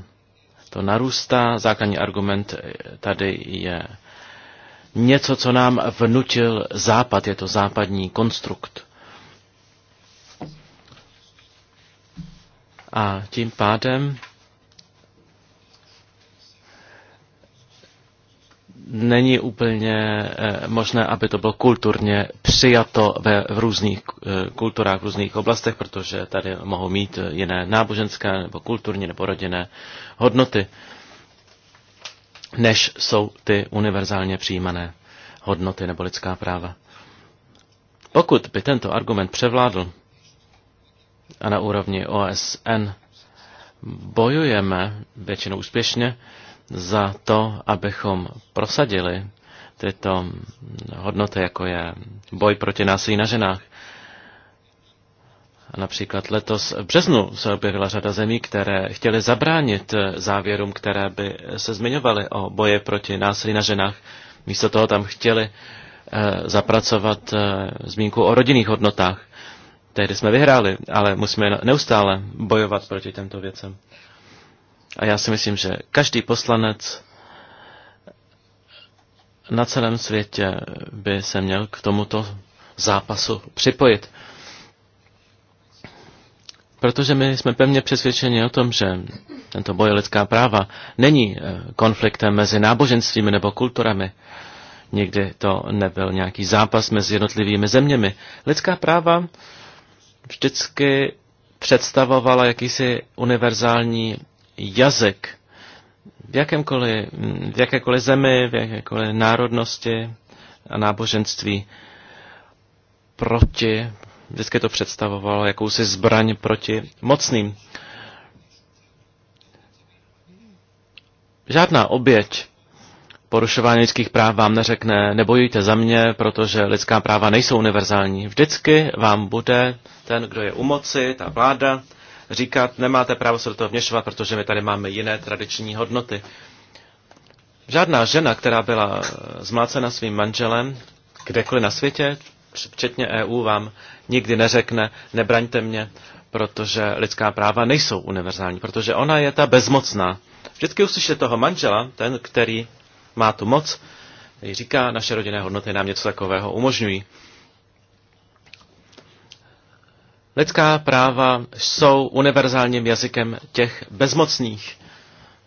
to narůstá. Základní argument tady je něco, co nám vnutil Západ, je to západní konstrukt. A tím pádem není úplně eh, možné, aby to bylo kulturně přijato ve, v různých eh, kulturách, v různých oblastech, protože tady mohou mít jiné náboženské nebo kulturní nebo rodinné hodnoty, než jsou ty univerzálně přijímané hodnoty nebo lidská práva. Pokud by tento argument převládl, a na úrovni OSN bojujeme většinou úspěšně za to, abychom prosadili tyto hodnoty, jako je boj proti násilí na ženách. A například letos v březnu se objevila řada zemí, které chtěly zabránit závěrům, které by se zmiňovaly o boje proti násilí na ženách. Místo toho tam chtěli eh, zapracovat eh, zmínku o rodinných hodnotách tehdy jsme vyhráli, ale musíme neustále bojovat proti těmto věcem. A já si myslím, že každý poslanec na celém světě by se měl k tomuto zápasu připojit. Protože my jsme pevně přesvědčeni o tom, že tento boj lidská práva není eh, konfliktem mezi náboženstvími nebo kulturami. Nikdy to nebyl nějaký zápas mezi jednotlivými zeměmi. Lidská práva vždycky představovala jakýsi univerzální jazyk v, v jakékoliv zemi, v jakékoliv národnosti a náboženství proti, vždycky to představovalo jakousi zbraň proti mocným. Žádná oběť porušování lidských práv vám neřekne, nebojujte za mě, protože lidská práva nejsou univerzální. Vždycky vám bude ten, kdo je u moci, ta vláda, říkat, nemáte právo se do toho vněšovat, protože my tady máme jiné tradiční hodnoty. Žádná žena, která byla zmlácena svým manželem, kdekoliv na světě, včetně EU, vám nikdy neřekne, nebraňte mě, protože lidská práva nejsou univerzální, protože ona je ta bezmocná. Vždycky uslyšíte toho manžela, ten, který má tu moc, říká, naše rodinné hodnoty nám něco takového umožňují. Lidská práva jsou univerzálním jazykem těch bezmocných,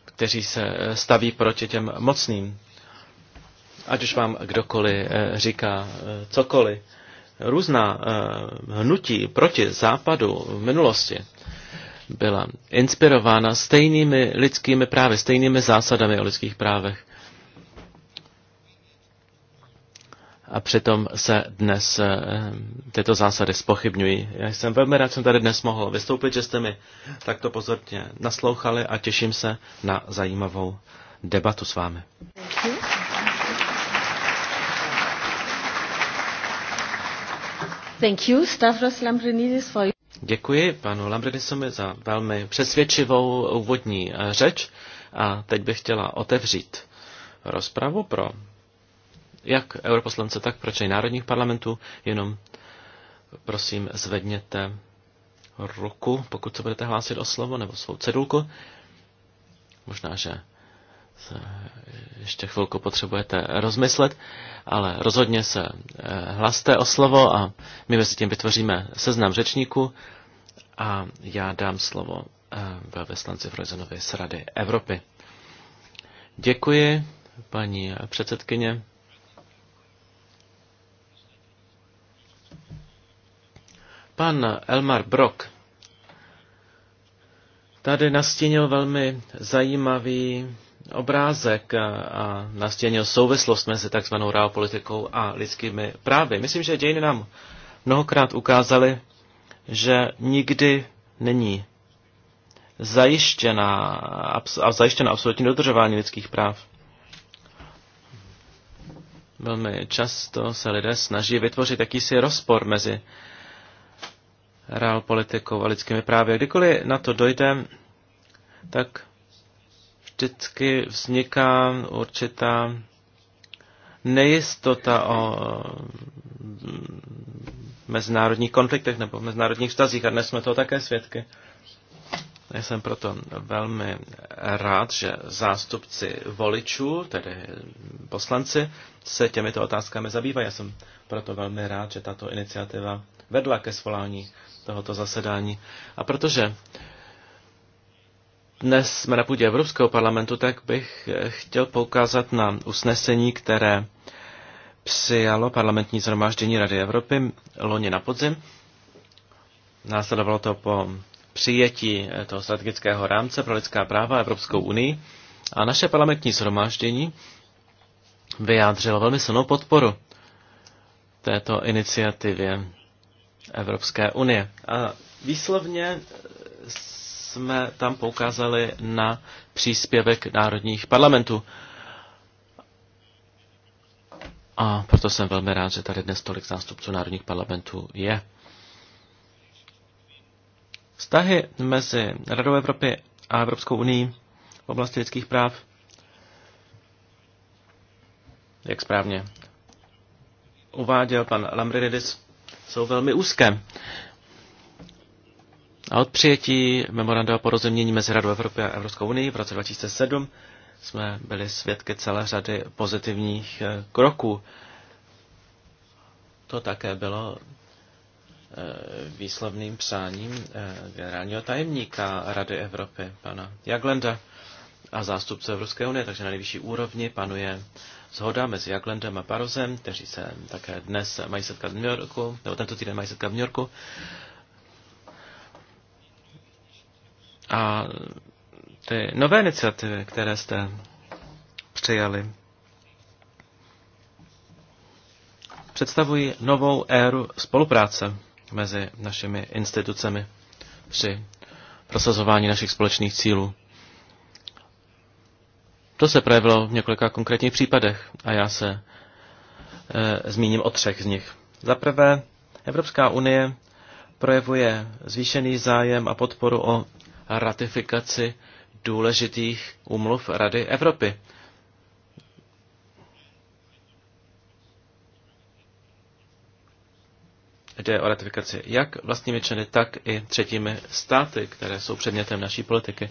kteří se eh, staví proti těm mocným. Ať už vám kdokoliv eh, říká eh, cokoliv. Různá hnutí proti západu v minulosti byla inspirována stejnými lidskými právy, stejnými zásadami o lidských právech. a přitom se dnes eh, tyto zásady spochybňují. Já jsem velmi rád, že jsem tady dnes mohl vystoupit, že jste mi takto pozorně naslouchali a těším se na zajímavou debatu s vámi. Thank you, Stavros Lambrinidis, Děkuji panu Lambrinisovi za velmi přesvědčivou úvodní eh, řeč a teď bych chtěla otevřít rozpravu pro jak europoslance, tak pro členy národních parlamentů. Jenom prosím zvedněte ruku, pokud se budete hlásit o slovo, nebo svou cedulku. Možná, že ještě chvilku potřebujete rozmyslet, ale rozhodně se eh, hlaste o slovo a my mezi tím vytvoříme seznam řečníků a já dám slovo eh, velvyslanci Frojzenovi z Rady Evropy. Děkuji, paní předsedkyně. Pan Elmar Brock tady nastínil velmi zajímavý obrázek a, a nastěnil souvislost mezi takzvanou realpolitikou a lidskými právy. Myslím, že dějiny nám mnohokrát ukázaly, že nikdy není zajištěna, abs, a zajištěna absolutní dodržování lidských práv. Velmi často se lidé snaží vytvořit jakýsi rozpor mezi reál politikou a lidskými právy. Kdykoliv na to dojde, tak vždycky vzniká určitá nejistota o mm, mezinárodních konfliktech nebo mezinárodních vztazích a dnes jsme toho také svědky. Já jsem proto velmi rád, že zástupci voličů, tedy poslanci, se těmito otázkami zabývají. Já jsem proto velmi rád, že tato iniciativa vedla ke svolání tohoto zasedání. A protože dnes jsme na půdě Evropského parlamentu, tak bych eh, chtěl poukázat na usnesení, které přijalo parlamentní zhromáždění Rady Evropy loni na podzim. Následovalo to po přijetí eh, toho strategického rámce pro lidská práva Evropskou unii a naše parlamentní zhromáždění vyjádřilo velmi silnou podporu této iniciativě Evropské unie. A výslovně jsme tam poukázali na příspěvek národních parlamentů. A proto jsem velmi rád, že tady dnes tolik zástupců národních parlamentů je. Vztahy mezi Radou Evropy a Evropskou unii v oblasti lidských práv, jak správně uváděl pan Lambridis, jsou velmi úzké. A od přijetí memoranda o porozumění mezi Radou Evropy a Evropskou unii v roce 2007 jsme byli svědky celé řady pozitivních eh, kroků. To také bylo eh, výslovným přáním eh, generálního tajemníka Rady Evropy, pana Jaglenda a zástupce Evropské unie, takže na nejvyšší úrovni panuje zhoda mezi Jaglandem a Parozem, kteří se také dnes mají setkat v New Yorku, nebo tento týden mají setkat v New Yorku. A ty nové iniciativy, které jste přijali, představují novou éru spolupráce mezi našimi institucemi při prosazování našich společných cílů. To se projevilo v několika konkrétních případech a já se e, zmíním o třech z nich. Za prvé, Evropská unie projevuje zvýšený zájem a podporu o ratifikaci důležitých umluv Rady Evropy. Jde o ratifikaci jak vlastními členy, tak i třetími státy, které jsou předmětem naší politiky.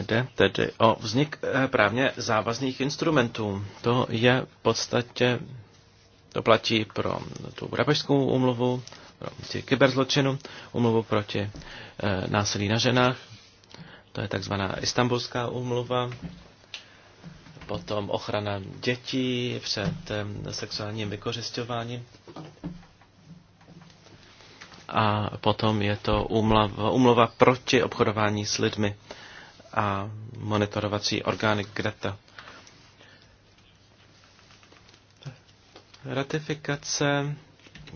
Jde tedy o vznik eh, právně závazných instrumentů. To je v podstatě, to platí pro tu Budapeštskou umluvu, proti kyberzločinu, eh, umluvu proti násilí na ženách, to je takzvaná istambulská umluva, potom ochrana dětí před eh, sexuálním vykořišťováním. A potom je to umluva, umluva proti obchodování s lidmi a monitorovací orgány Greta. Ratifikace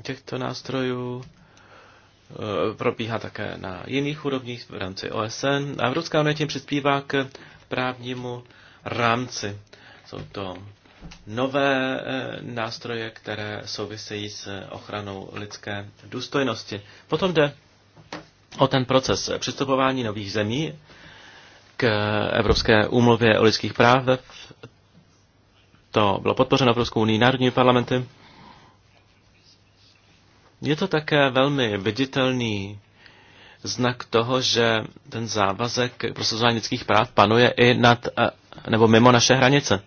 těchto nástrojů eh, probíhá také na jiných úrovních v rámci OSN a Evropská unie tím přispívá k právnímu rámci. Jsou to nové eh, nástroje, které souvisejí s ochranou lidské důstojnosti. Potom jde o ten proces přistupování nových zemí k Evropské úmluvě o lidských právech. To bylo podpořeno Evropskou unii národními parlamenty. Je to také velmi viditelný znak toho, že ten závazek k prosazování lidských práv panuje i nad, eh, nebo mimo naše hranice.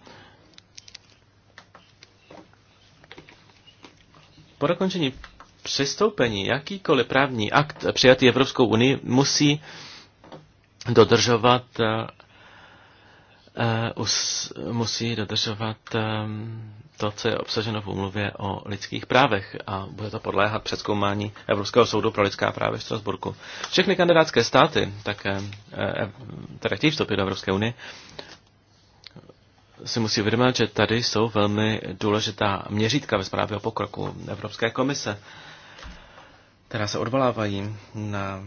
Po dokončení přistoupení jakýkoliv právní akt přijatý Evropskou unii musí dodržovat eh, eh, musí dodržovat eh, to, co je obsaženo v úmluvě o lidských právech a bude to podléhat přeskoumání Evropského soudu pro lidská práva v Strasburku. Všechny kandidátské státy, také, které chtějí vstoupit do Evropské unie, si musí uvědomit, že tady jsou velmi důležitá měřítka ve zprávě o pokroku Evropské komise, která se odvolávají na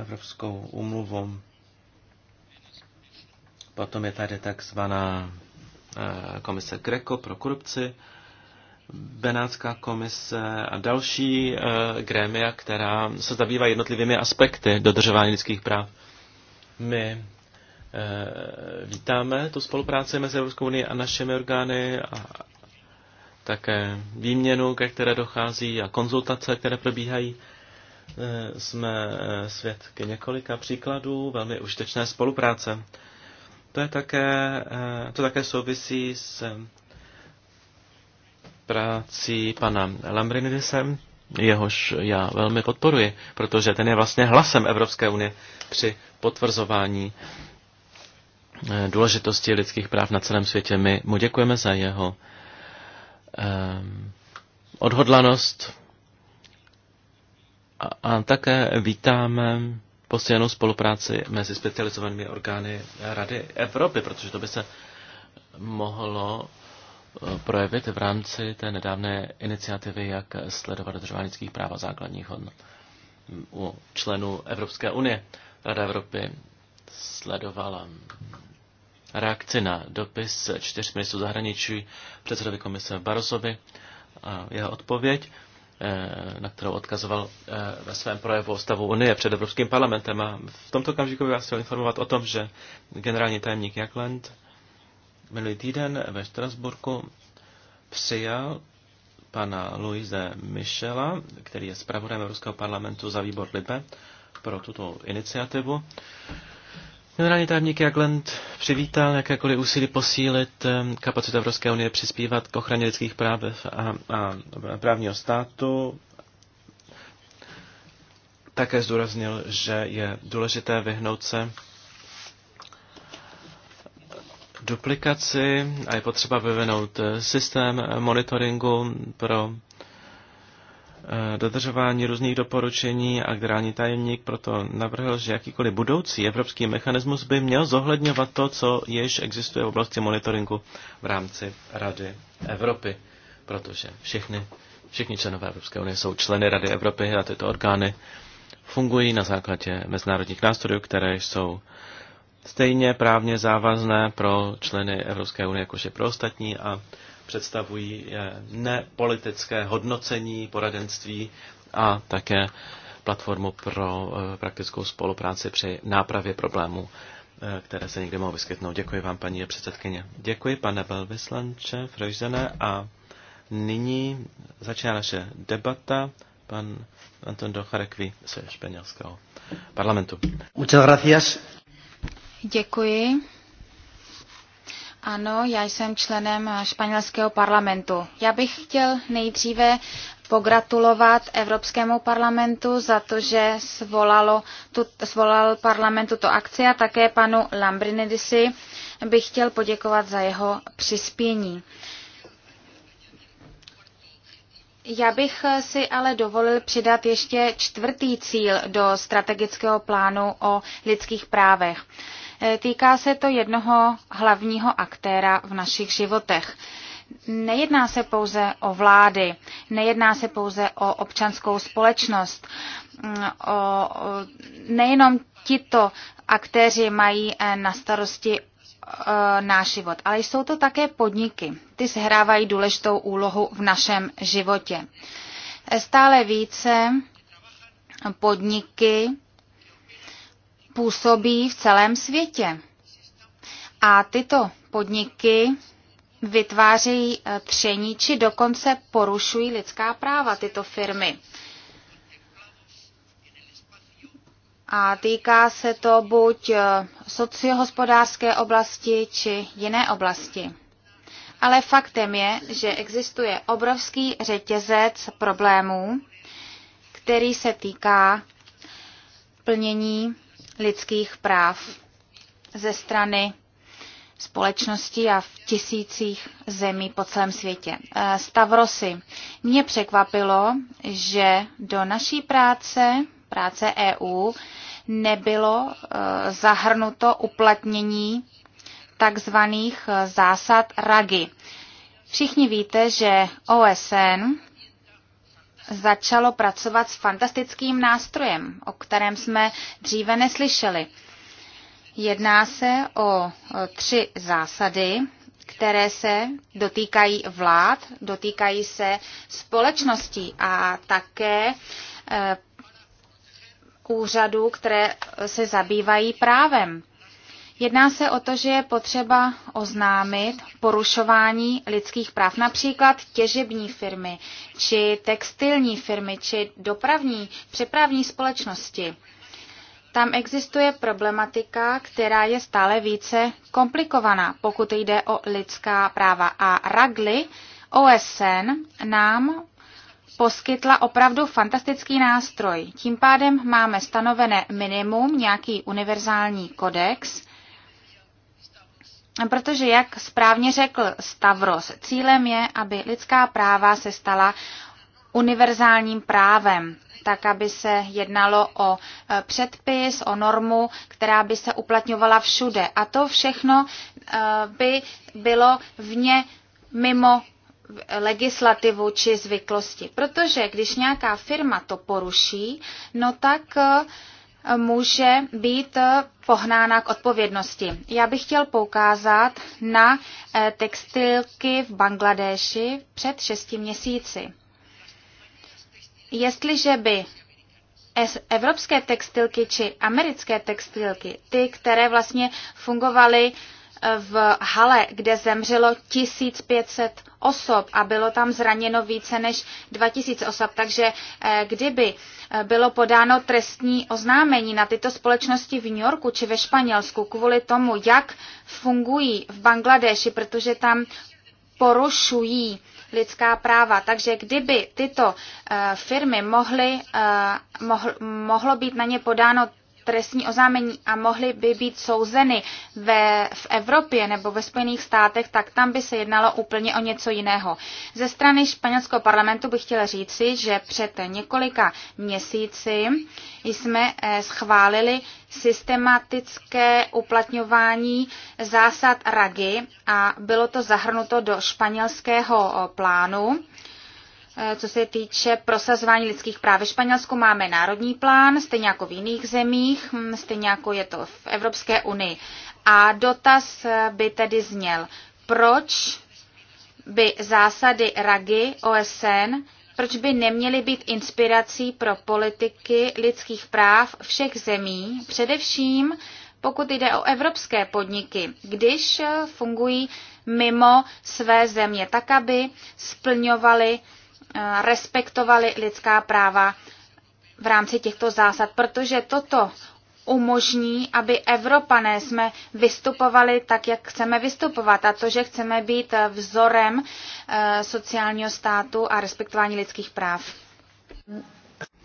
Evropskou umluvu. Potom je tady takzvaná eh, komise Greco pro korupci, Benátská komise a další eh, grémia, která se zabývá jednotlivými aspekty dodržování lidských práv. My eh, vítáme tu spolupráci mezi Evropskou unii a našimi orgány a také výměnu, ke které dochází a konzultace, které probíhají. Eh, jsme eh, svědky několika příkladů velmi užitečné spolupráce. To, je také, eh, to také souvisí s prací pana Lambrinidisem, jehož já velmi podporuji, protože ten je vlastně hlasem Evropské unie při potvrzování důležitosti lidských práv na celém světě. My mu děkujeme za jeho odhodlanost a, také vítáme posílenou spolupráci mezi specializovanými orgány Rady Evropy, protože to by se mohlo eh, projevit v rámci té nedávné iniciativy, jak sledovat dodržování lidských práv a základních hodnot mm, u členů Evropské unie. Rada Evropy sledovala reakci na dopis čtyř ministrů zahraničí předsedovi komise Barosovi a jeho odpověď. Eh, na kterou odkazoval eh, ve svém projevu o stavu Unie před Evropským parlamentem. A v tomto okamžiku bych vás chtěl informovat o tom, že generální tajemník Jakland minulý týden ve Štrasburku přijal pana Louise Michela, který je zpravodajem Evropského parlamentu za výbor Libe pro tuto iniciativu. Generální tajemník Jagland přivítal jakékoliv úsilí posílit kapacitu Evropské unie přispívat k ochraně lidských práv a, a právního státu. Také zdůraznil, že je důležité vyhnout se duplikaci a je potřeba vyvinout eh, systém monitoringu pro Eh, dodržování různých doporučení a generální tajemník proto navrhl, že jakýkoliv budoucí evropský mechanismus by měl zohledňovat to, co již existuje v oblasti monitoringu v rámci Rady Evropy, protože všichni, všichni členové Evropské unie jsou členy Rady Evropy a tyto orgány fungují na základě mezinárodních nástrojů, které jsou stejně právně závazné pro členy Evropské unie, jakož je pro ostatní a představují nepolitické hodnocení poradenství a také platformu pro eh, praktickou spolupráci při nápravě problémů, eh, které se někdy mohou vyskytnout. Děkuji vám, paní předsedkyně. Děkuji, pane Belvislanče, Freždené. A nyní začíná naše debata. Pan Anton Docharekvi ze španělského parlamentu. Muchas gracias. Děkuji. Ano, já jsem členem eh, španělského parlamentu. Já bych chtěl nejdříve pogratulovat Evropskému parlamentu za to, že svolalo tu, svolal parlament tuto akci a také panu Lambrinidisi bych chtěl poděkovat za jeho přispění. Já bych eh, si ale dovolil přidat ještě čtvrtý cíl do strategického plánu o lidských právech. Eh, týká se to jednoho hlavního aktéra v našich životech. Nejedná se pouze o vlády, nejedná se pouze o občanskou společnost. Mm, o, o, nejenom tito aktéři mají eh, na starosti eh, náš život, ale jsou to také podniky. Ty sehrávají důležitou úlohu v našem životě. Stále více podniky působí v celém světě. A tyto podniky vytvářejí eh, tření či dokonce porušují lidská práva tyto firmy. A týká se to buď eh, sociohospodářské oblasti či jiné oblasti. Ale faktem je, že existuje obrovský řetězec problémů, který se týká plnění lidských práv ze strany společnosti a v tisících zemí po celém světě. Eh, Stavrosy. Mě překvapilo, že do naší práce, práce EU, nebylo eh, zahrnuto uplatnění takzvaných eh, zásad RAGI. Všichni víte, že OSN začalo pracovat s fantastickým nástrojem, o kterém jsme dříve neslyšeli. Jedná se o tři zásady, které se dotýkají vlád, dotýkají se společnosti a také e, úřadů, které se zabývají právem. Jedná se o to, že je potřeba oznámit porušování lidských práv, například těžební firmy, či textilní firmy, či dopravní, přepravní společnosti. Tam existuje problematika, která je stále více komplikovaná, pokud jde o lidská práva. A Ragli OSN nám poskytla opravdu fantastický nástroj. Tím pádem máme stanovené minimum, nějaký univerzální kodex, Protože, jak správně řekl Stavros, cílem je, aby lidská práva se stala univerzálním právem, tak aby se jednalo o e, předpis, o normu, která by se uplatňovala všude. A to všechno e, by bylo vně mimo legislativu či zvyklosti. Protože když nějaká firma to poruší, no tak e, může být eh, pohnána k odpovědnosti. Já bych chtěl poukázat na eh, textilky v Bangladeši před šesti měsíci. Jestliže by evropské textilky či americké textilky, ty, které vlastně fungovaly eh, v hale, kde zemřelo 1500 osob a bylo tam zraněno více než 2000 osob. Takže eh, kdyby eh, bylo podáno trestní oznámení na tyto společnosti v New Yorku či ve Španělsku kvůli tomu, jak fungují v Bangladeši, protože tam porušují lidská práva. Takže kdyby tyto eh, firmy mohly, mohlo být na ně podáno trestní oznámení a mohly by být souzeny ve, v Evropě nebo ve Spojených státech, tak tam by se jednalo úplně o něco jiného. Ze strany španělského parlamentu bych chtěla říci, že před několika měsíci jsme eh, schválili systematické uplatňování zásad RAGI a bylo to zahrnuto do španělského eh, plánu Eh, co se týče prosazování lidských práv. Ve Španělsku máme národní plán, stejně jako v jiných zemích, hm, stejně jako je to v Evropské unii. A dotaz eh, by tedy zněl, proč by zásady RAGI OSN proč by neměly být inspirací pro politiky lidských práv všech zemí, především pokud jde o evropské podniky, když eh, fungují mimo své země, tak aby splňovaly Eh, respektovali lidská práva v rámci těchto zásad, protože toto umožní, aby Evropané jsme vystupovali tak, jak chceme vystupovat. A to, že chceme být vzorem eh, sociálního státu a respektování lidských práv.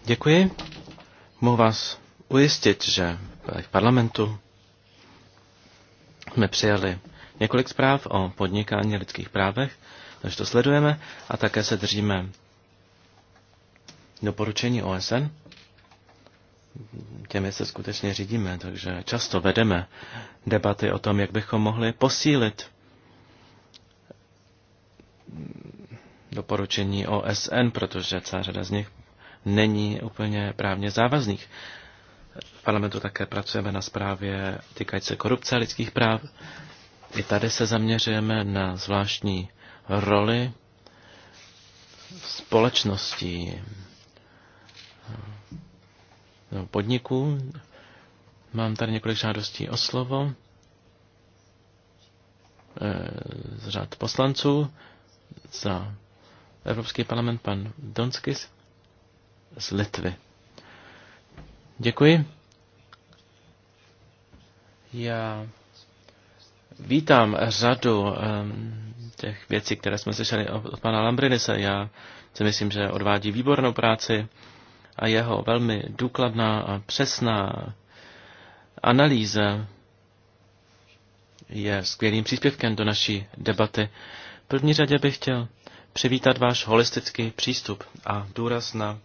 Děkuji. Mohu vás ujistit, že v parlamentu jsme přijali několik zpráv o podnikání lidských právech takže to sledujeme a také se držíme doporučení OSN. Těmi se skutečně řídíme, takže často vedeme debaty o tom, jak bychom mohli posílit doporučení OSN, protože celá řada z nich není úplně právně závazných. V parlamentu také pracujeme na zprávě týkající se korupce a lidských práv. I tady se zaměřujeme na zvláštní roli společností podniků. Mám tady několik žádostí o slovo eh, z řad poslanců za Evropský parlament pan Donskis z Litvy. Děkuji. Já vítám řadu um, těch věcí, které jsme slyšeli od pana Lambrinise. Já si myslím, že odvádí výbornou práci a jeho velmi důkladná a přesná analýza je skvělým příspěvkem do naší debaty. V první řadě bych chtěl přivítat váš holistický přístup a důraz na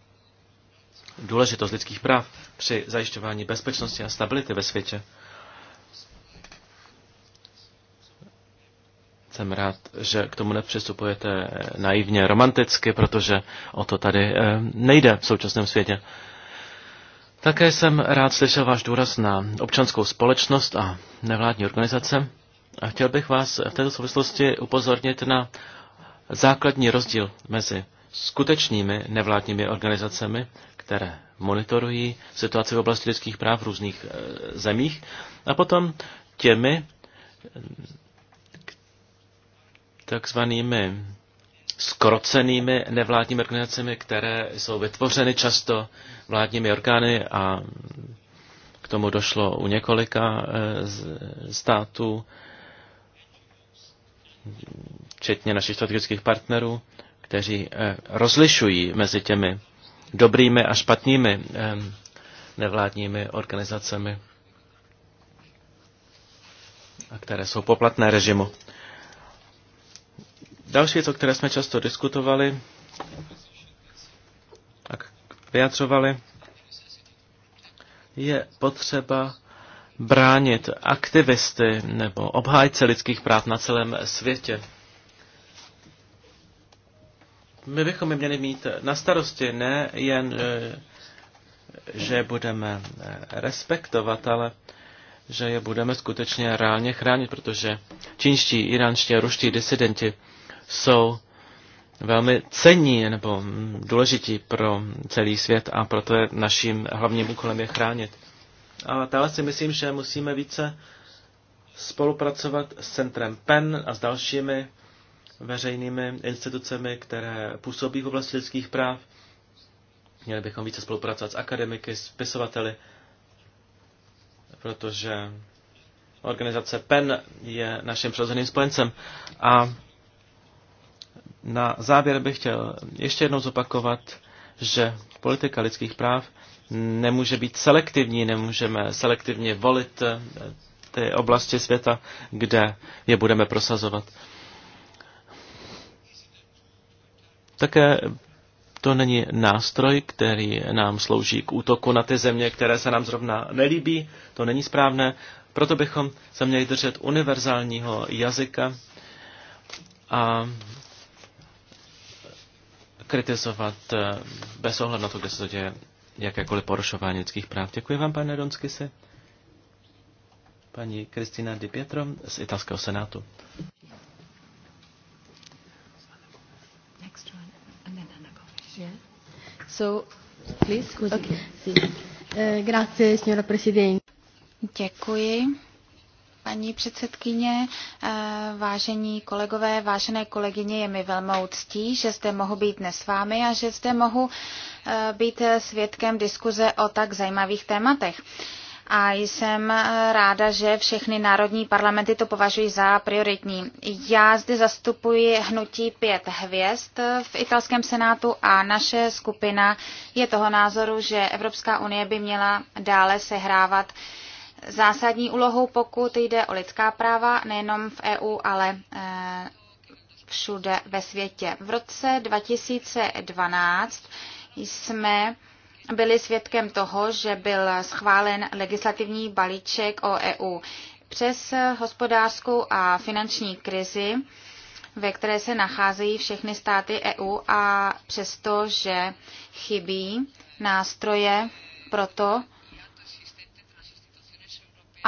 důležitost lidských práv při zajišťování bezpečnosti a stability ve světě. Jsem rád, že k tomu nepřistupujete naivně romanticky, protože o to tady eh, nejde v současném světě. Také jsem rád slyšel váš důraz na občanskou společnost a nevládní organizace. A chtěl bych vás v této souvislosti upozornit na základní rozdíl mezi skutečnými nevládními organizacemi, které monitorují situaci v oblasti lidských práv v různých eh, zemích, a potom těmi takzvanými skrocenými nevládními organizacemi, které jsou vytvořeny často vládními orgány a k tomu došlo u několika eh, států, včetně našich strategických partnerů, kteří eh, rozlišují mezi těmi dobrými a špatnými eh, nevládními organizacemi, a které jsou poplatné režimu. Další věc, o které jsme často diskutovali a vyjadřovali, je potřeba bránit aktivisty nebo obhájce lidských práv na celém světě. My bychom je měli mít na starosti, ne jen, e, že budeme e, respektovat, ale že je budeme skutečně reálně chránit, protože čínští, iránští a ruští disidenti jsou velmi cení nebo důležití pro celý svět a proto je naším hlavním úkolem je chránit. A dále si myslím, že musíme více spolupracovat s centrem PEN a s dalšími veřejnými institucemi, které působí v oblasti lidských práv. Měli bychom více spolupracovat s akademiky, s pisovateli, protože organizace PEN je naším přirozeným spojencem. A na závěr bych chtěl ještě jednou zopakovat, že politika lidských práv nemůže být selektivní, nemůžeme selektivně volit eh, ty oblasti světa, kde je budeme prosazovat. Také to není nástroj, který nám slouží k útoku na ty země, které se nám zrovna nelíbí. To není správné. Proto bychom se měli držet univerzálního jazyka a kritizovat eh, bez ohledu na to, kde se to děje, jakékoliv porušování lidských práv. Děkuji vám, pane se, Paní Kristina Di Pietro z italského senátu. So, please, eh, Děkuji. Paní předsedkyně, eh, vážení kolegové, vážené kolegyně, je mi velmi úctí, že zde mohu být dnes s vámi a že zde mohu eh, být svědkem diskuze o tak zajímavých tématech. A jsem eh, ráda, že všechny národní parlamenty to považují za prioritní. Já zde zastupuji hnutí pět hvězd v italském senátu a naše skupina je toho názoru, že Evropská unie by měla dále sehrávat zásadní úlohou, pokud jde o lidská práva, nejenom v EU, ale e, všude ve světě. V roce 2012 jsme byli svědkem toho, že byl schválen legislativní balíček o EU. Přes hospodářskou a finanční krizi, ve které se nacházejí všechny státy EU a přesto, že chybí nástroje pro to,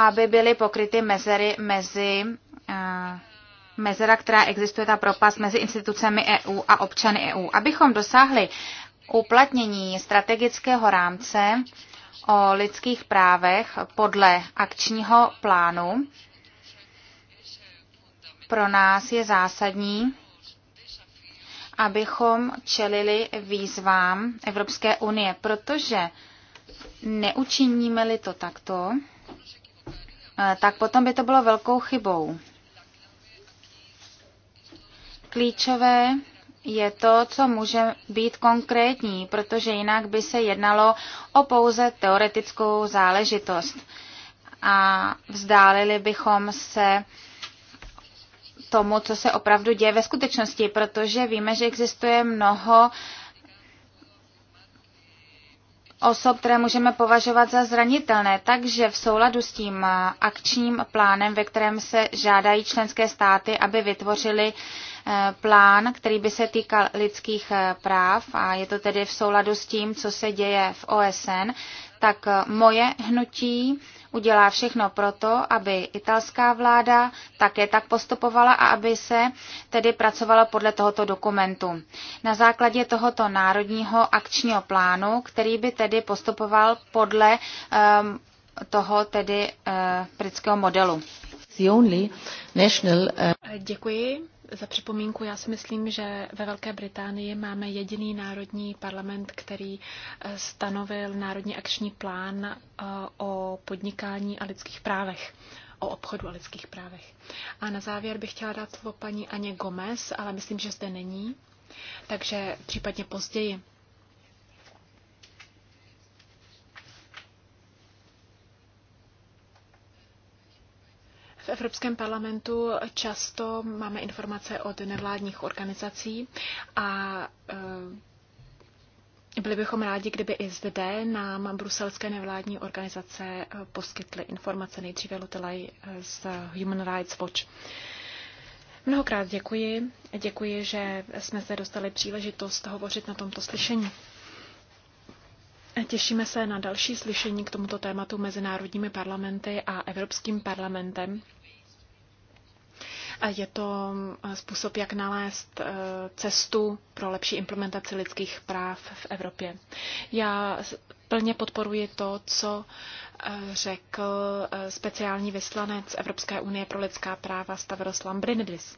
aby byly pokryty mezery mezi eh, mezera, která existuje, ta propast mezi institucemi EU a občany EU. Abychom dosáhli uplatnění strategického rámce o lidských právech podle akčního plánu, pro nás je zásadní, abychom čelili výzvám Evropské unie, protože neučiníme-li to takto, Eh, tak potom by to bylo velkou chybou. Klíčové je to, co může být konkrétní, protože jinak by se jednalo o pouze teoretickou záležitost. A vzdálili bychom se tomu, co se opravdu děje ve skutečnosti, protože víme, že existuje mnoho osob, které můžeme považovat za zranitelné. Takže v souladu s tím akčním plánem, ve kterém se žádají členské státy, aby vytvořili eh, plán, který by se týkal lidských eh, práv, a je to tedy v souladu s tím, co se děje v OSN, tak eh, moje hnutí udělá všechno proto, aby italská vláda také tak postupovala a aby se tedy pracovalo podle tohoto dokumentu. Na základě tohoto národního akčního plánu, který by tedy postupoval podle um, toho tedy uh, britského modelu. Eh, Děkuji za připomínku. Já si myslím, že ve Velké Británii máme jediný národní parlament, který eh, stanovil národní akční plán eh, o podnikání a lidských právech o obchodu a lidských právech. A na závěr bych chtěla dát slovo paní Aně Gomez, ale myslím, že zde není, takže případně později. Evropském parlamentu často máme informace od nevládních organizací a eh, byli bychom rádi, kdyby i zde nám bruselské nevládní organizace eh, poskytly informace nejdříve Lutelaj eh, z Human Rights Watch. Mnohokrát děkuji. Děkuji, že jsme se dostali příležitost hovořit na tomto slyšení. Těšíme se na další slyšení k tomuto tématu mezinárodními parlamenty a Evropským parlamentem je to eh, způsob, jak nalézt eh, cestu pro lepší implementaci lidských práv v Evropě. Já plně podporuji to, co eh, řekl speciální vyslanec Evropské unie pro lidská práva Stavros Lambrinidis.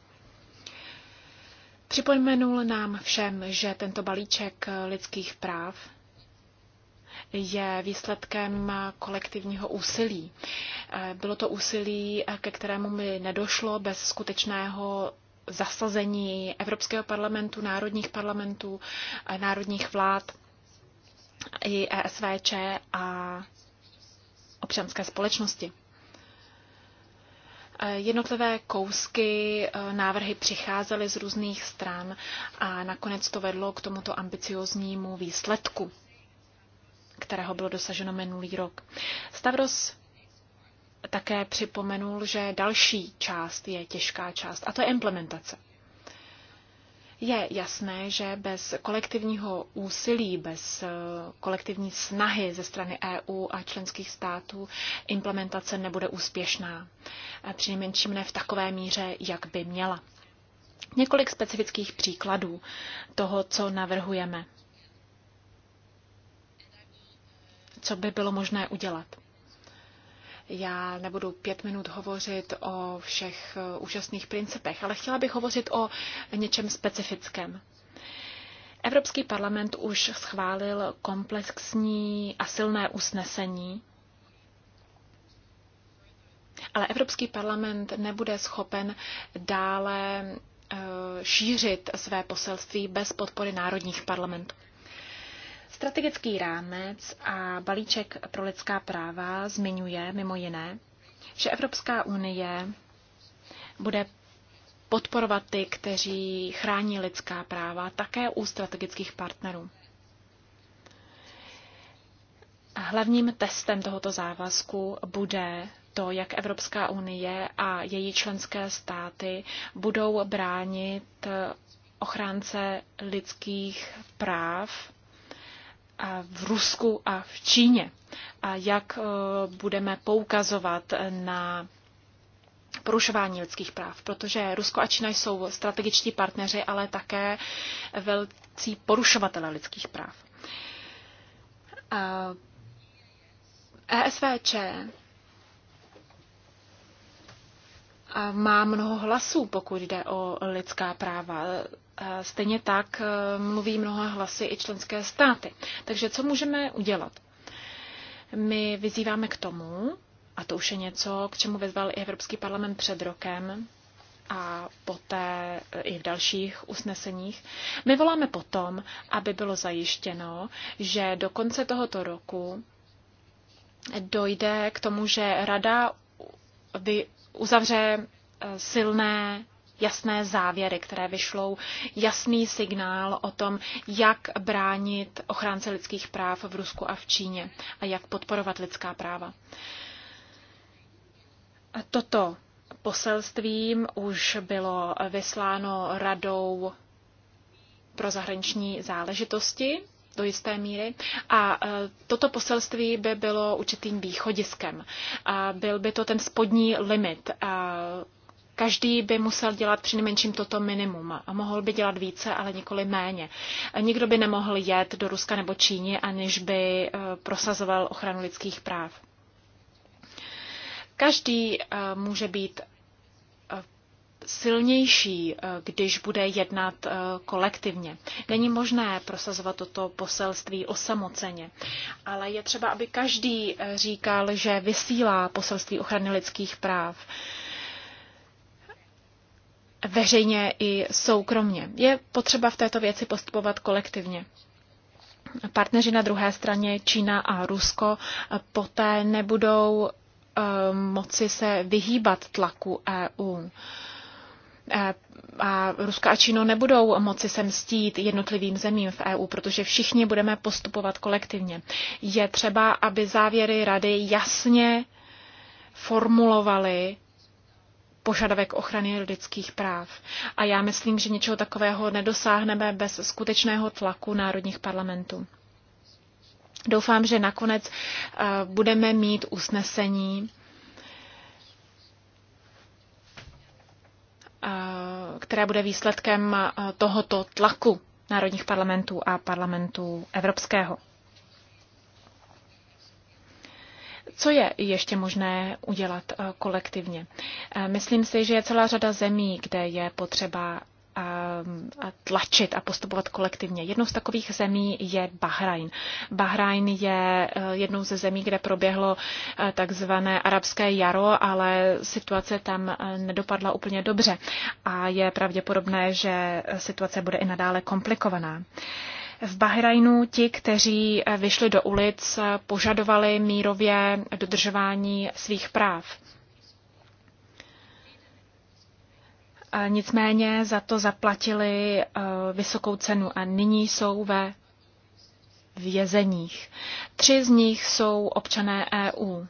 Připomenul nám všem, že tento balíček lidských práv je výsledkem kolektivního úsilí. Eh, bylo to úsilí, eh, ke kterému mi nedošlo bez skutečného zasazení Evropského parlamentu, národních parlamentů, eh, národních vlád i ESVČ a občanské společnosti. Jednotlivé kousky, návrhy přicházely z různých stran a nakonec to vedlo k tomuto ambicioznímu výsledku kterého bylo dosaženo minulý rok. Stavros také připomenul, že další část je těžká část, a to je implementace. Je jasné, že bez kolektivního úsilí, bez eh, kolektivní snahy ze strany EU a členských států implementace nebude úspěšná. Přinejmenším ne v takové míře, jak by měla. Několik specifických příkladů toho, co navrhujeme. co by bylo možné udělat. Já nebudu pět minut hovořit o všech eh, úžasných principech, ale chtěla bych hovořit o něčem specifickém. Evropský parlament už schválil komplexní a silné usnesení, ale Evropský parlament nebude schopen dále eh, šířit své poselství bez podpory národních parlamentů. Strategický rámec a balíček pro lidská práva zmiňuje mimo jiné, že Evropská unie bude podporovat ty, kteří chrání lidská práva, také u strategických partnerů. Hlavním testem tohoto závazku bude to, jak Evropská unie a její členské státy budou bránit ochránce lidských práv v Rusku a v Číně a jak eh, budeme poukazovat na porušování lidských práv, protože Rusko a Čína jsou strategičtí partneři, ale také velcí porušovatele lidských práv. ESVČ má mnoho hlasů, pokud jde o lidská práva. Stejně tak e, mluví mnoha hlasy i členské státy. Takže co můžeme udělat? My vyzýváme k tomu, a to už je něco, k čemu vyzval i Evropský parlament před rokem a poté e, i v dalších usneseních. My voláme potom, aby bylo zajištěno, že do konce tohoto roku dojde k tomu, že Rada uzavře e, silné jasné závěry, které vyšlou jasný signál o tom, jak bránit ochránce lidských práv v Rusku a v Číně a jak podporovat lidská práva. Toto poselstvím už bylo vysláno radou pro zahraniční záležitosti do jisté míry. A e, toto poselství by bylo určitým východiskem. Byl by to ten spodní limit Každý by musel dělat přinejmenším toto minimum. A mohl by dělat více, ale nikoli méně. Nikdo by nemohl jet do Ruska nebo Číny, aniž by eh, prosazoval ochranu lidských práv. Každý eh, může být eh, silnější, když bude jednat kolektivně. Není možné prosazovat toto poselství osamoceně, ale je třeba, aby každý říkal, že vysílá poselství ochrany lidských práv veřejně i soukromně. Je potřeba v této věci postupovat kolektivně. Partneři na druhé straně, Čína a Rusko, eh, poté nebudou eh, moci se vyhýbat tlaku EU. Eh, a Ruska a Čína nebudou moci se mstít jednotlivým zemím v EU, protože všichni budeme postupovat kolektivně. Je třeba, aby závěry rady jasně formulovaly požadavek ochrany lidských práv. A já myslím, že něčeho takového nedosáhneme bez skutečného tlaku národních parlamentů. Doufám, že nakonec eh, budeme mít usnesení, eh, které bude výsledkem eh, tohoto tlaku národních parlamentů a parlamentů evropského. Co je ještě možné udělat eh, kolektivně? Eh, myslím si, že je celá řada zemí, kde je potřeba eh, tlačit a postupovat kolektivně. Jednou z takových zemí je Bahrajn. Bahrajn je jednou ze zemí, kde proběhlo takzvané arabské jaro, ale situace tam nedopadla úplně dobře a je pravděpodobné, že situace bude i nadále komplikovaná. V Bahrajnu ti, kteří eh, vyšli do ulic, eh, požadovali mírově dodržování svých práv. Nicméně za to zaplatili eh, vysokou cenu a nyní jsou ve vězeních. Tři z nich jsou občané EU.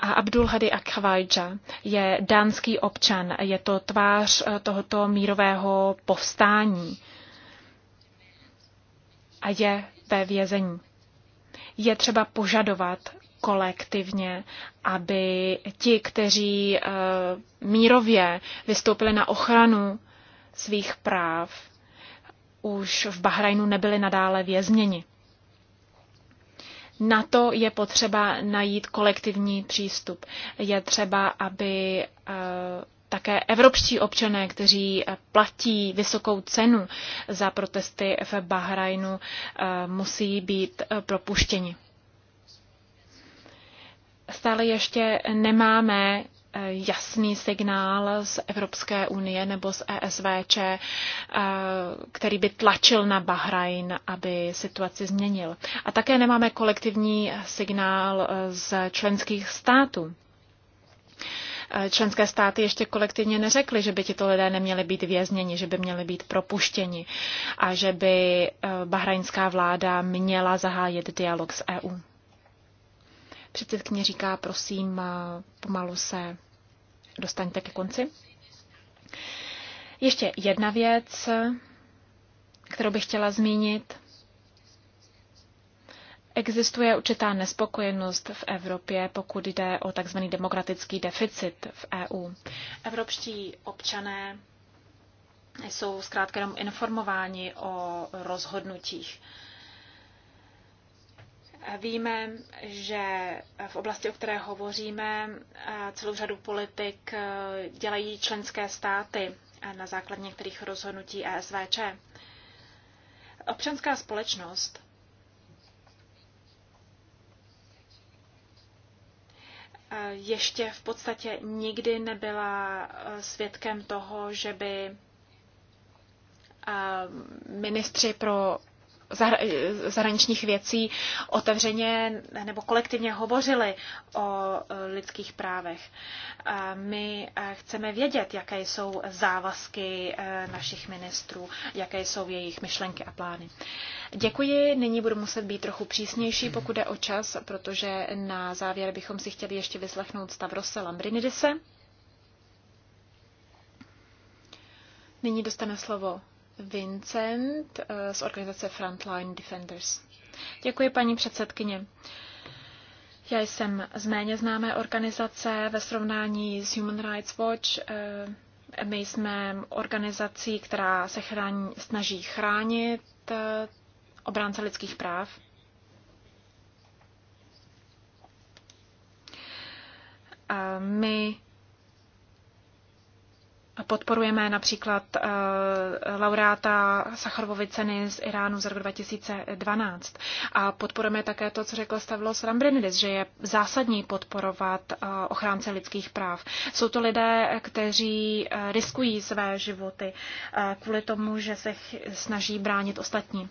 Abdul Hadi Akhawajja je dánský občan, je to tvář eh, tohoto mírového povstání a je ve vězení. Je třeba požadovat kolektivně, aby ti, kteří eh, mírově vystoupili na ochranu svých práv, už v Bahrajnu nebyli nadále vězněni. Na to je potřeba najít kolektivní přístup. Je třeba, aby eh, také evropští občané, kteří eh, platí vysokou cenu za protesty v Bahrajnu, eh, musí být propuštěni. Stále ještě nemáme jasný signál z Evropské unie nebo z ESVČ, eh, který by tlačil na Bahrajn, aby situaci změnil. A také nemáme kolektivní signál eh, z členských států. Eh, členské státy ještě kolektivně neřekly, že by tito lidé neměli být vězněni, že by měli být propuštěni a že by bahrajnská vláda měla zahájit dialog s EU. Předsedkyně říká, prosím, pomalu se dostaňte ke konci. Ještě jedna věc, kterou bych chtěla zmínit. Existuje určitá nespokojenost v Evropě, pokud jde o tzv. demokratický deficit v EU. Evropští občané jsou zkrátka jenom informováni o rozhodnutích Víme, že v oblasti, o které hovoříme, eh, celou řadu politik eh, dělají členské státy eh, na základě některých rozhodnutí ESVČ. Občanská společnost ještě v podstatě nikdy nebyla svědkem toho, že by ministři pro zahraničních věcí otevřeně nebo kolektivně hovořili o e, lidských právech. E, my e, chceme vědět, jaké jsou závazky našich ministrů, jaké jsou jejich myšlenky a plány. Děkuji, nyní budu muset být trochu přísnější, pokud jde o čas, protože na závěr bychom si chtěli ještě vyslechnout Stavrose Lambrinidise. Nyní dostane slovo Vincent eh, z organizace Frontline Defenders. Děkuji, paní předsedkyně. Já jsem z méně známé organizace ve srovnání s Human Rights Watch. Eh, my jsme organizací, která se chrání, snaží chránit eh, obránce lidských práv. my Podporujeme například eh, laureáta Sacharovovy ceny z Iránu z roku 2012 a podporujeme také to, co řekl Stavlos Rambrinidis, že je zásadní podporovat eh, ochránce lidských práv. Jsou to lidé, kteří eh, riskují své životy kvůli tomu, že se snaží bránit ostatní.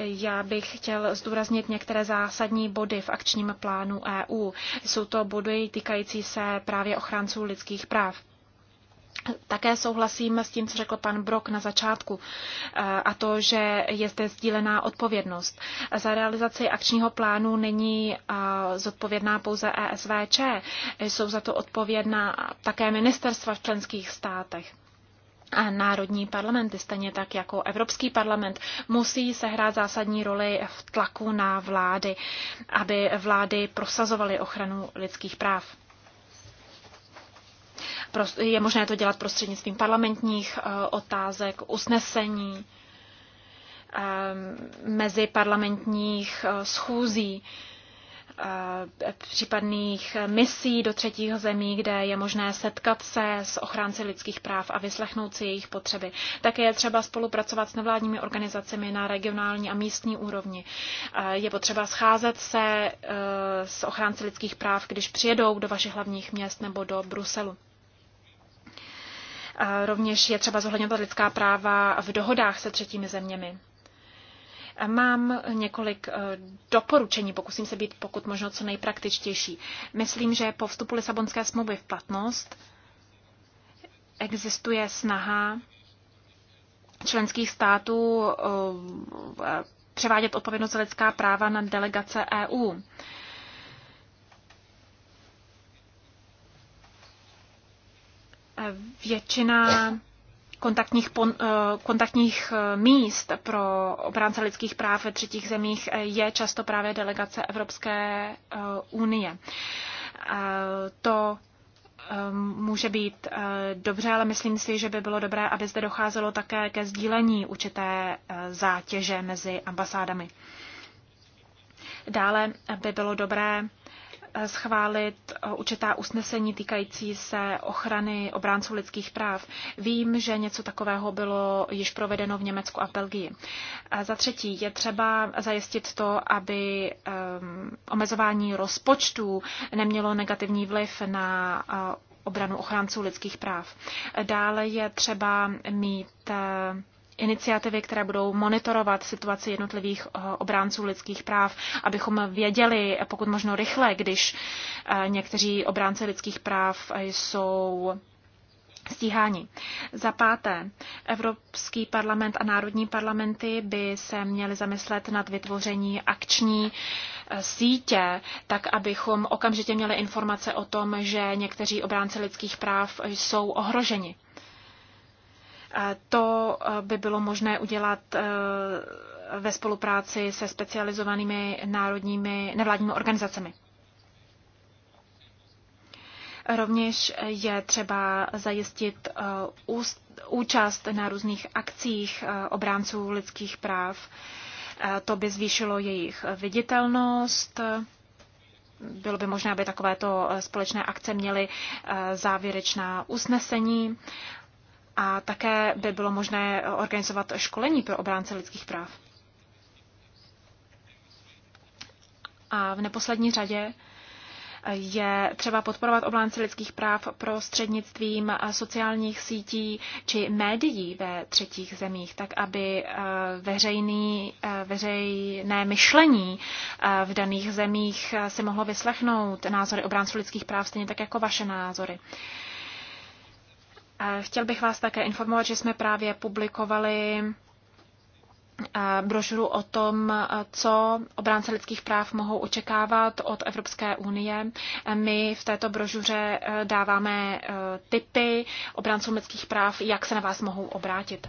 Já bych chtěl zdůraznit některé zásadní body v akčním plánu EU. Jsou to body týkající se právě ochránců lidských práv. Také souhlasím s tím, co řekl pan Brok na začátku, eh, a to, že je zde sdílená odpovědnost. Za realizaci akčního plánu není eh, zodpovědná pouze ESVČ, jsou za to odpovědná také ministerstva v členských státech. A národní parlamenty, stejně tak jako Evropský parlament, musí sehrát zásadní roli v tlaku na vlády, aby vlády prosazovaly ochranu lidských práv je možné to dělat prostřednictvím parlamentních eh, otázek, usnesení, eh, mezi parlamentních eh, schůzí, případných misí do třetích zemí, kde je možné setkat se s ochránci lidských práv a vyslechnout si jejich potřeby. Také je třeba spolupracovat s nevládními organizacemi na regionální a místní úrovni. Je potřeba scházet se s ochránci lidských práv, když přijedou do vašich hlavních měst nebo do Bruselu rovněž je třeba zohledňovat lidská práva v dohodách se třetími zeměmi. mám několik eh, doporučení, pokusím se být pokud možno co nejpraktičtější. Myslím, že po vstupu Lisabonské smlouvy v platnost existuje snaha členských států eh, převádět odpovědnost za lidská práva na delegace EU. většina kontaktních, pon, eh, kontaktních eh, míst pro obránce lidských práv ve třetích zemích eh, je často právě delegace Evropské unie. To může být dobře, ale myslím si, že by bylo dobré, aby zde docházelo také ke sdílení určité zátěže mezi ambasádami. Dále by bylo dobré Eh, schválit eh, určitá usnesení týkající se ochrany obránců lidských práv. Vím, že něco takového bylo již provedeno v Německu a v Belgii. Eh, za třetí je třeba zajistit to, aby omezování rozpočtů nemělo negativní vliv na obranu ochránců lidských práv. Dále je třeba mít iniciativy, které budou monitorovat situaci jednotlivých eh, obránců lidských práv, abychom věděli eh, pokud možno rychle, když eh, někteří obránci lidských práv jsou stíháni. Za páté, Evropský parlament a národní parlamenty by se měly zamyslet nad vytvoření akční sítě, tak abychom okamžitě měli informace o tom, že někteří obránci lidských práv jsou ohroženi. To eh, by bylo možné udělat eh, ve spolupráci se specializovanými národními nevládními organizacemi. Rovněž je třeba zajistit eh, účast na různých akcích obránců lidských práv. To by zvýšilo jejich viditelnost. Bylo by možné, aby takovéto společné akce měly závěrečná usnesení a také by bylo možné eh, organizovat školení pro obránce lidských práv. A v neposlední řadě eh, je třeba podporovat obránce lidských práv prostřednictvím eh, sociálních sítí či médií ve třetích zemích, tak aby veřejný, veřejné myšlení v daných zemích si mohlo vyslechnout názory obránců lidských práv, stejně tak jako vaše názory. Chtěl bych vás také informovat, že jsme právě publikovali eh, brožuru o tom, eh, co obránce lidských práv mohou očekávat od Evropské unie. Eh, my v této brožuře dáváme typy obráncům lidských práv, jak se na vás mohou obrátit.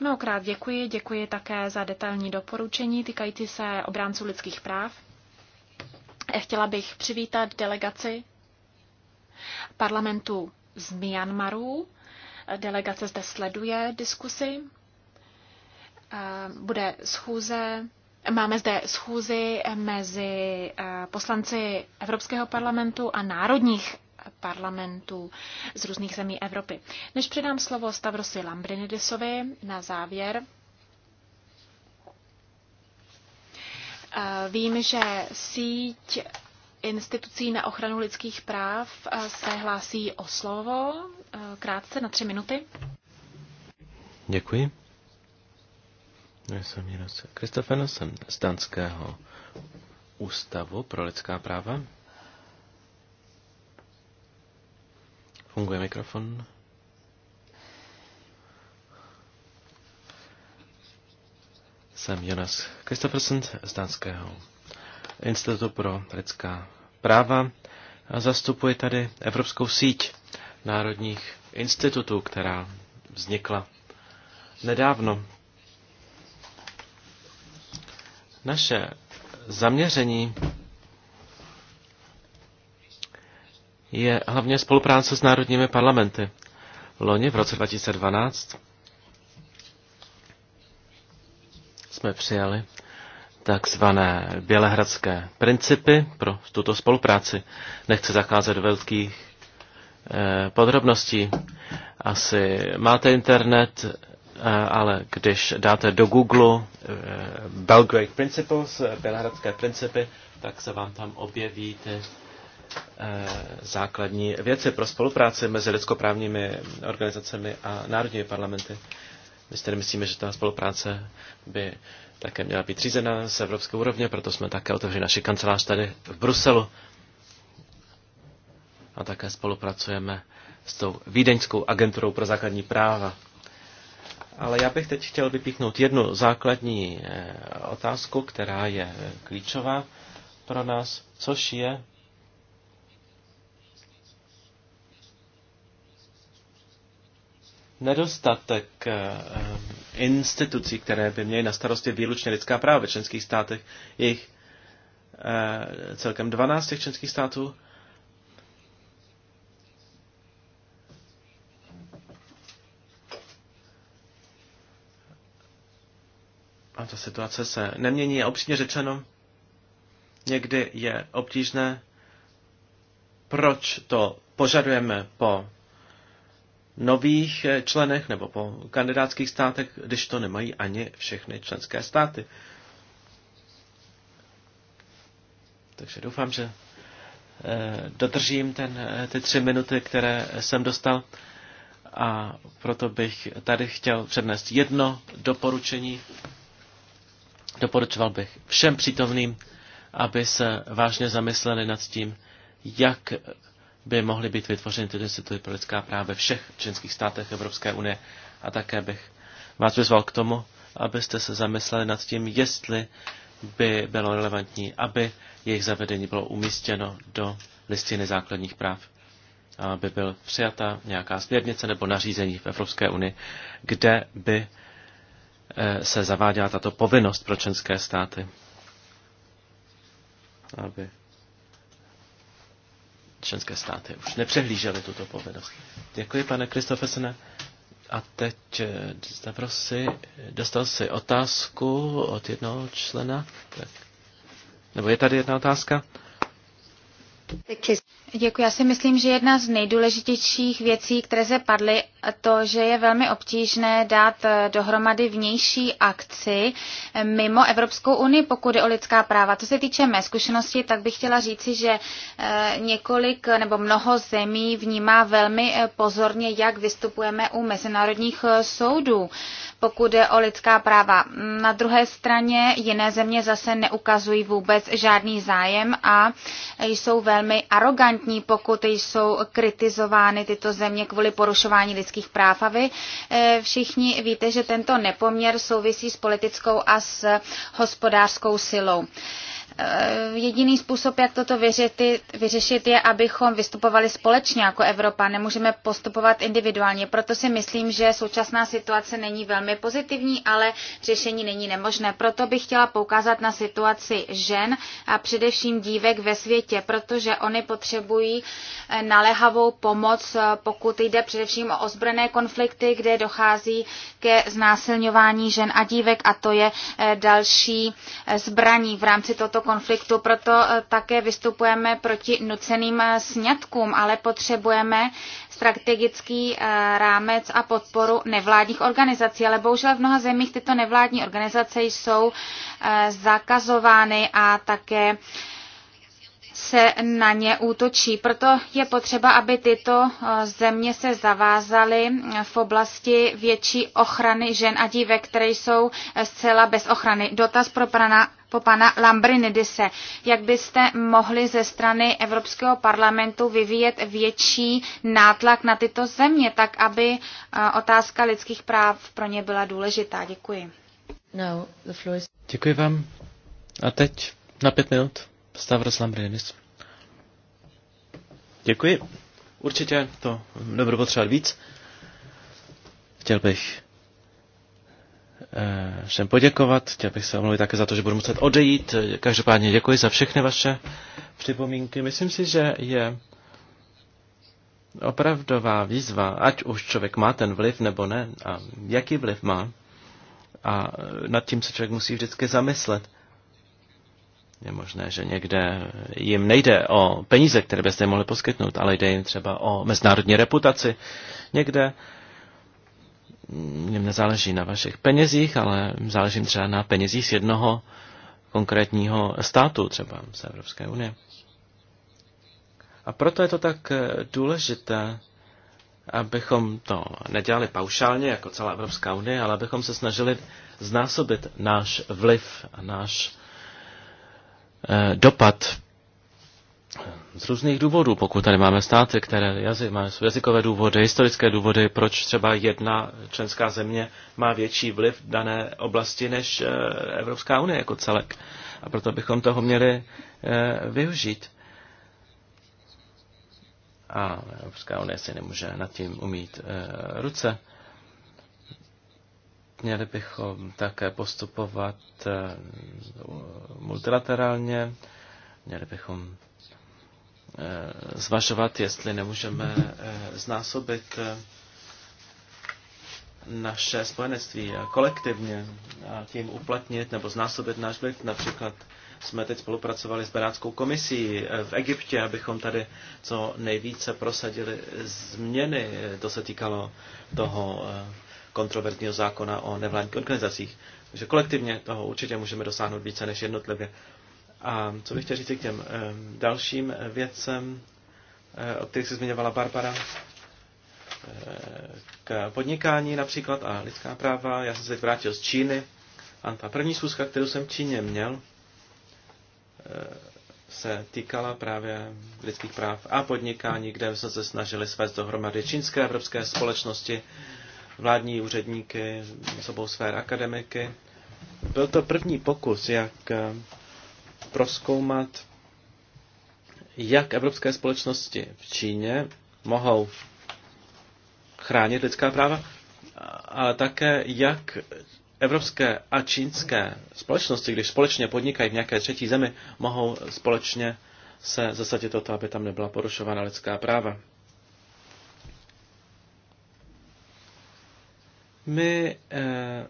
Mnohokrát děkuji, děkuji také za detailní doporučení týkající se obránců lidských práv. Chtěla bych přivítat delegaci parlamentu z Myanmaru. Delegace zde sleduje diskusy. Bude schůze Máme zde schůzi mezi poslanci Evropského parlamentu a národních parlamentů z různých zemí Evropy. Než předám slovo Stavrosi Lambrinidisovi na závěr, vím, že síť institucí na ochranu lidských práv eh, se hlásí o slovo. Eh, krátce na tři minuty. Děkuji. jsem Jiroce. jsem z Danského ústavu pro lidská práva. Funguje mikrofon? Jsem Jonas Kristoffersen z Dánského Institutu pro lidská práva a zastupuji tady Evropskou síť národních institutů, která vznikla nedávno. Naše zaměření je hlavně spolupráce s národními parlamenty. Loni v roce 2012 jsme přijali takzvané bělehradské principy pro tuto spolupráci. Nechci zacházet do velkých eh, podrobností. Asi máte internet, eh, ale když dáte do Google eh, Belgrade Principles, Bělehradské principy, tak se vám tam objeví ty základní věci pro spolupráci mezi lidskoprávními organizacemi a národními parlamenty. My si tedy myslíme, že ta spolupráce by také měla být řízena z evropské úrovně, proto jsme také otevřeli naši kancelář tady v Bruselu. A také spolupracujeme s tou Vídeňskou agenturou pro základní práva. Ale já bych teď chtěl vypíchnout jednu základní eh, otázku, která je klíčová pro nás, což je nedostatek eh, institucí, které by měly na starosti výlučně lidská práva ve členských státech. Jejich e, eh, celkem 12 těch členských států. A ta situace se nemění a upřímně řečeno, někdy je obtížné, proč to požadujeme po nových eh, členech nebo po kandidátských státech, když to nemají ani všechny členské státy. Takže doufám, že eh, dodržím ten, eh, ty tři minuty, které jsem dostal a proto bych tady chtěl přednést jedno doporučení. Doporučoval bych všem přítomným, aby se vážně zamysleli nad tím, jak by mohly být vytvořeny tyto instituty pro lidská práva ve všech členských státech Evropské unie. A také bych vás vyzval k tomu, abyste se zamysleli nad tím, jestli by bylo relevantní, aby jejich zavedení bylo umístěno do listiny základních práv, aby byl přijata nějaká směrnice nebo nařízení v Evropské unii, kde by eh, se zaváděla tato povinnost pro členské státy, aby členské státy už nepřehlížely tuto povinnost. Děkuji, pane Kristofesene. A teď eh, Stavrosi dostal si otázku od jednoho člena. Tak. Nebo je tady jedna otázka? Děkuji. Já si myslím, že jedna z nejdůležitějších věcí, které se padly, to, že je velmi obtížné dát eh, dohromady vnější akci eh, mimo Evropskou unii, pokud je o lidská práva. Co se týče mé zkušenosti, tak bych chtěla říci, že eh, několik nebo mnoho zemí vnímá velmi pozorně, jak vystupujeme u mezinárodních soudů pokud jde o lidská práva. Na druhé straně jiné země zase neukazují vůbec žádný zájem a jsou velmi arrogantní, pokud jsou kritizovány tyto země kvůli porušování lidských práv. A vy eh, všichni víte, že tento nepoměr souvisí s politickou a s hospodářskou silou. Eh, jediný způsob, jak toto vyřešit, vyřešit, je, abychom vystupovali společně jako Evropa. Nemůžeme postupovat individuálně. Proto si myslím, že současná situace není velmi pozitivní, ale řešení není nemožné. Proto bych chtěla poukázat na situaci žen a především dívek ve světě, protože oni potřebují eh, naléhavou pomoc, eh, pokud jde především o ozbrojené konflikty, kde dochází ke znásilňování žen a dívek a to je další zbraní v rámci toto konfliktu, proto eh, také vystupujeme proti nuceným eh, sňatkům, ale potřebujeme strategický eh, rámec a podporu nevládních organizací, ale bohužel v mnoha zemích tyto nevládní organizace jsou zakazovány a také se na ně útočí. Proto je potřeba, aby tyto eh, země se zavázaly eh, v oblasti větší ochrany žen a dívek, které jsou eh, zcela bez ochrany. Dotaz pro pana, po pana Lambrinidise. Jak byste mohli ze strany Evropského parlamentu vyvíjet větší nátlak na tyto země, tak aby otázka lidských práv pro ně byla důležitá? Děkuji. No, Děkuji vám. A teď na pět minut. Stavros Lambrinidis. Děkuji. Určitě to nebudu potřebovat víc. Chtěl bych eh, všem poděkovat. Chtěl bych se omluvit také za to, že budu muset odejít. Každopádně děkuji za všechny vaše připomínky. Myslím si, že je opravdová výzva, ať už člověk má ten vliv nebo ne, a jaký vliv má, a nad tím se člověk musí vždycky zamyslet. Je možné, že někde jim nejde o peníze, které byste jim mohli poskytnout, ale jde jim třeba o mezinárodní reputaci. Někde jim nezáleží na vašich penězích, ale záleží jim třeba na penězích z jednoho konkrétního státu, třeba z Evropské unie. A proto je to tak eh, důležité, abychom to nedělali paušálně jako celá Evropská unie, ale abychom se snažili znásobit náš vliv a náš Eh, dopad z různých důvodů. Pokud tady máme státy, které máme má jazykové důvody, historické důvody, proč třeba jedna členská země má větší vliv v dané oblasti než eh, Evropská unie jako celek. A proto bychom toho měli eh, využít. A Evropská unie si nemůže nad tím umít ruce. Měli bychom také postupovat eh, multilaterálně, měli bychom eh, zvažovat, jestli nemůžeme eh, znásobit naše spojenectví kolektivně a tím uplatnit nebo znásobit náš vliv. Například jsme teď spolupracovali s Benátskou komisí v Egyptě, abychom tady co nejvíce prosadili změny. To se týkalo toho kontroverzního zákona o nevládních organizacích. Takže kolektivně toho určitě můžeme dosáhnout více než jednotlivě. A co bych chtěl říct k těm eh, dalším eh, věcem, eh, o kterých se zmiňovala Barbara, k podnikání například a lidská práva. Já jsem se vrátil z Číny a ta první schůzka, kterou jsem v Číně měl, se týkala právě lidských práv a podnikání, kde jsme se snažili svést dohromady čínské evropské společnosti, vládní úředníky, s obou sfér akademiky. Byl to první pokus, jak eh, proskoumat, jak evropské společnosti v Číně mohou chránit lidská práva, ale také jak evropské a čínské společnosti, když společně podnikají v nějaké třetí zemi, mohou společně se zasadit o to, aby tam nebyla porušována lidská práva. My eh,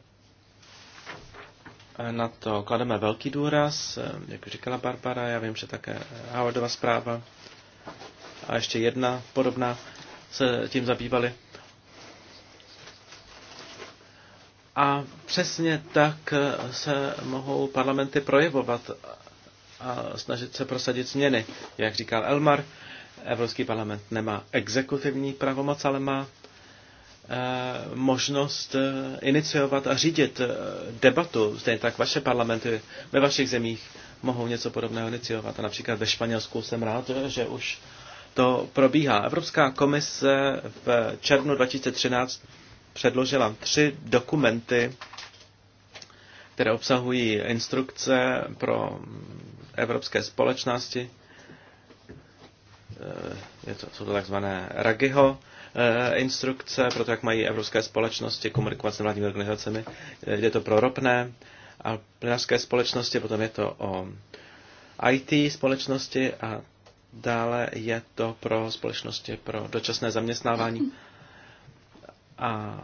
na to klademe velký důraz, eh, jak říkala Barbara, já vím, že také eh, Howardova zpráva a ještě jedna podobná se tím zabývali. A přesně tak se mohou parlamenty projevovat a snažit se prosadit změny. Jak říkal Elmar, Evropský parlament nemá exekutivní pravomoc, ale má Eh, možnost eh, iniciovat a řídit eh, debatu. Stejně tak vaše parlamenty ve vašich zemích mohou něco podobného iniciovat. A například ve Španělsku jsem rád, že už to probíhá. Evropská komise v červnu 2013 předložila tři dokumenty, které obsahují instrukce pro evropské společnosti, Eh, je to, jsou to takzvané Ragiho eh, instrukce pro to, jak mají evropské společnosti komunikovat s nevládními organizacemi. Eh, je to pro ropné a plynářské společnosti, potom je to o IT společnosti a dále je to pro společnosti pro dočasné zaměstnávání. A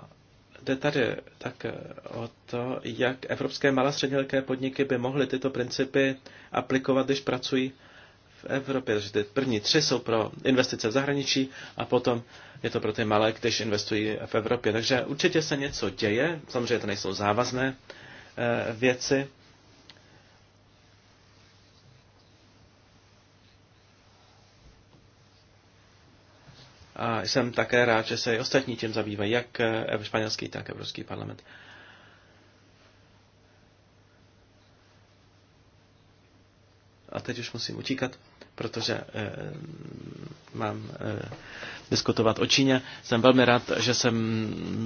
jde tady tak o to, jak evropské malé střední velké podniky by mohly tyto principy aplikovat, když pracují v Evropě, takže ty první tři jsou pro investice v zahraničí a potom je to pro ty malé, kteří investují v Evropě. Takže určitě se něco děje, samozřejmě to nejsou závazné eh, věci. A jsem také rád, že se i ostatní tím zabývají, jak eh, španělský, tak Evropský parlament. A teď už musím utíkat, protože e, mám e, diskutovat o Číně. Jsem velmi rád, že jsem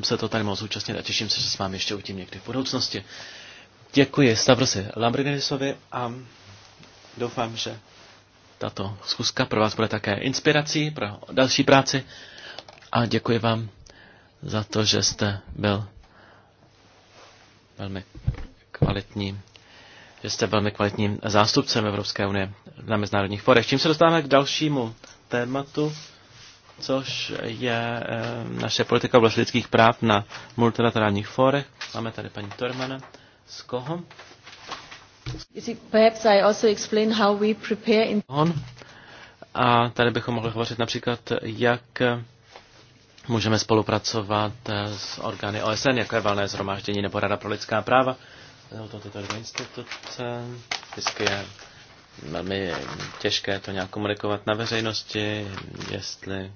se to tady mohl zúčastnit a těším se, že s vámi ještě utím někdy v budoucnosti. Děkuji Stavrosi Lambrinisovi a doufám, že tato zkuska pro vás bude také inspirací pro další práci a děkuji vám za to, že jste byl velmi kvalitní jste velmi kvalitním zástupcem Evropské unie na mezinárodních forech. Čím se dostáváme k dalšímu tématu, což je eh, naše politika oblasti lidských práv na multilaterálních forech. Máme tady paní Tormana z koho? I also explain how we prepare in... A tady bychom mohli hovořit například, jak eh, můžeme spolupracovat eh, s orgány OSN, jako je valné zhromáždění nebo Rada pro lidská práva, jsou to tyto dvě instituce. Vždycky je velmi těžké to nějak komunikovat na veřejnosti, jestli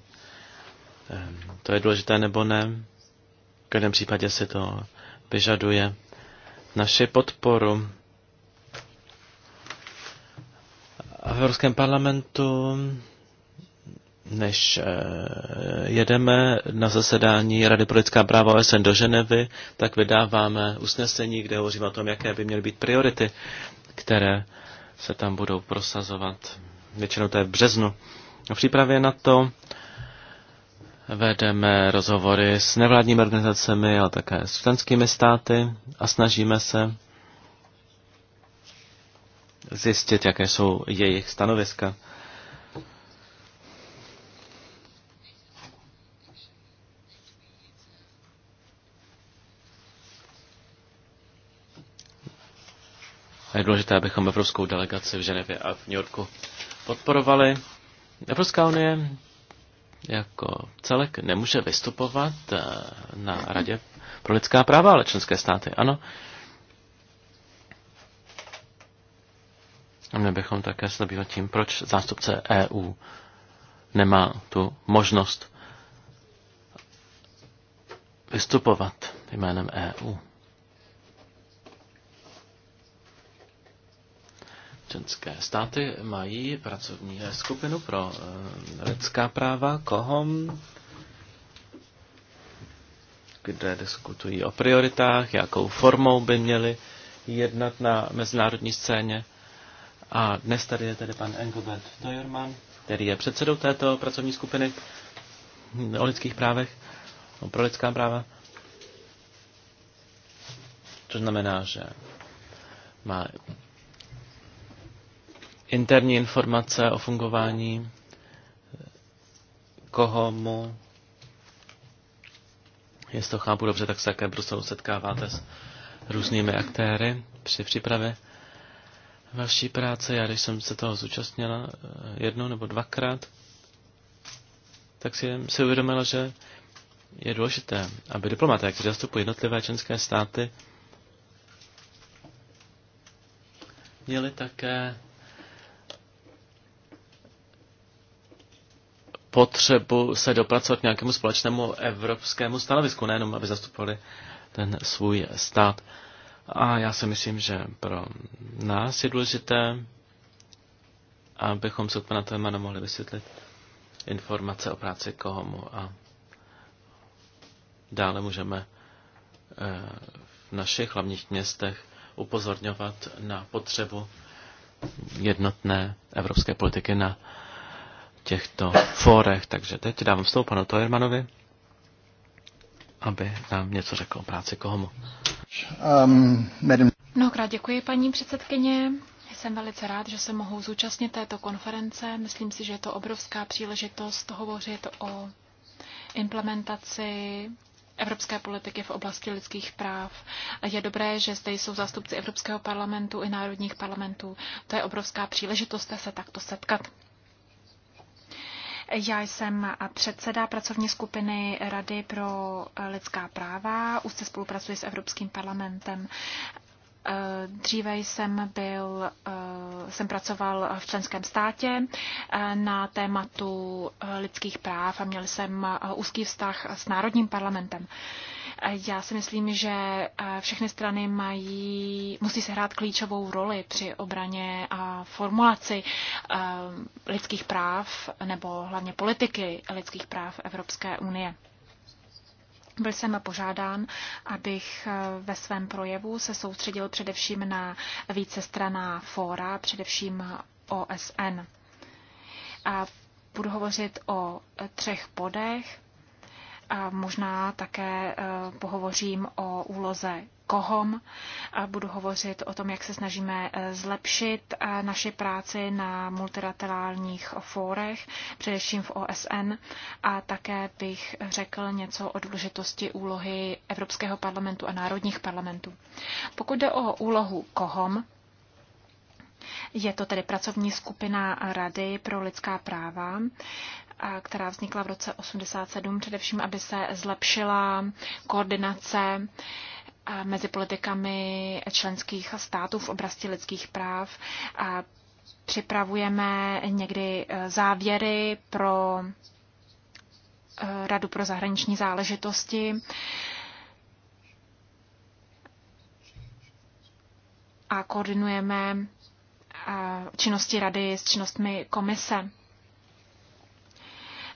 ehm, to je důležité nebo ne. V každém případě si to vyžaduje naši podporu. A v Evropském parlamentu než eh, jedeme na zasedání Rady pro lidská práva OSN do Ženevy, tak vydáváme usnesení, kde hovoříme o tom, jaké by měly být priority, které se tam budou prosazovat. Většinou to je v březnu. V přípravě na to vedeme rozhovory s nevládními organizacemi, ale také s členskými státy a snažíme se zjistit, jaké jsou jejich stanoviska. A je důležité, abychom evropskou delegaci v Ženevě a v New Yorku podporovali. Evropská unie jako celek nemůže vystupovat eh, na Radě pro lidská práva, ale členské státy ano. A my bychom také se zabývat tím, proč zástupce EU nemá tu možnost vystupovat jménem EU. Členské státy mají pracovní skupinu pro eh, lidská práva, KOHOM, kde diskutují o prioritách, jakou formou by měli jednat na mezinárodní scéně. A dnes tady je tedy pan Engelbert Tojerman, který je předsedou této pracovní skupiny o lidských právech, o pro lidská práva. To znamená, že má interní informace o fungování koho mu, jestli to chápu dobře, tak se také v Bruselu setkáváte s různými aktéry při přípravě vaší práce. Já když jsem se toho zúčastnila eh, jednou nebo dvakrát, tak si, si uvědomila, že je důležité, aby diplomaté, kteří zastupují jednotlivé členské státy, měli také potřebu se dopracovat k nějakému společnému evropskému stanovisku, nejenom aby zastupovali ten svůj stát. A já si myslím, že pro nás je důležité, abychom se na téma mohli vysvětlit informace o práci komu a dále můžeme eh, v našich hlavních městech upozorňovat na potřebu jednotné evropské politiky na těchto fórech. Takže teď dávám slovo panu Tojermanovi, aby nám něco řekl o práci Kohomu. Um, Mnohokrát děkuji, paní předsedkyně. Jsem velice rád, že se mohu zúčastnit této konference. Myslím si, že je to obrovská příležitost hovořit o implementaci evropské politiky v oblasti lidských práv. Je dobré, že zde jsou zástupci Evropského parlamentu i národních parlamentů. To je obrovská příležitost se takto setkat. Já jsem předseda pracovní skupiny Rady pro lidská práva, už se spolupracuji s Evropským parlamentem. Eh, dříve jsem byl, eh, jsem pracoval v členském státě eh, na tématu lidských práv a měl jsem úzký vztah s Národním parlamentem. Já si myslím, že eh, všechny strany mají, musí se hrát klíčovou roli při obraně a formulaci eh, lidských práv nebo hlavně politiky lidských práv Evropské unie. Byl jsem požádán, abych eh, ve svém projevu se soustředil především na více vícestraná fóra, především OSN. A budu hovořit o třech bodech a možná také eh, pohovořím o úloze KOHOM. A budu hovořit o tom, jak se snažíme eh, zlepšit eh, naši práci na multilaterálních fórech, především v OSN. A také bych řekl něco o důležitosti úlohy Evropského parlamentu a národních parlamentů. Pokud jde o úlohu KOHOM, je to tedy pracovní skupina Rady pro lidská práva která vznikla v roce 87, především aby se zlepšila koordinace mezi politikami členských států v oblasti lidských práv. Připravujeme někdy e, závěry pro e, Radu pro zahraniční záležitosti. A koordinujeme činnosti rady s činnostmi komise.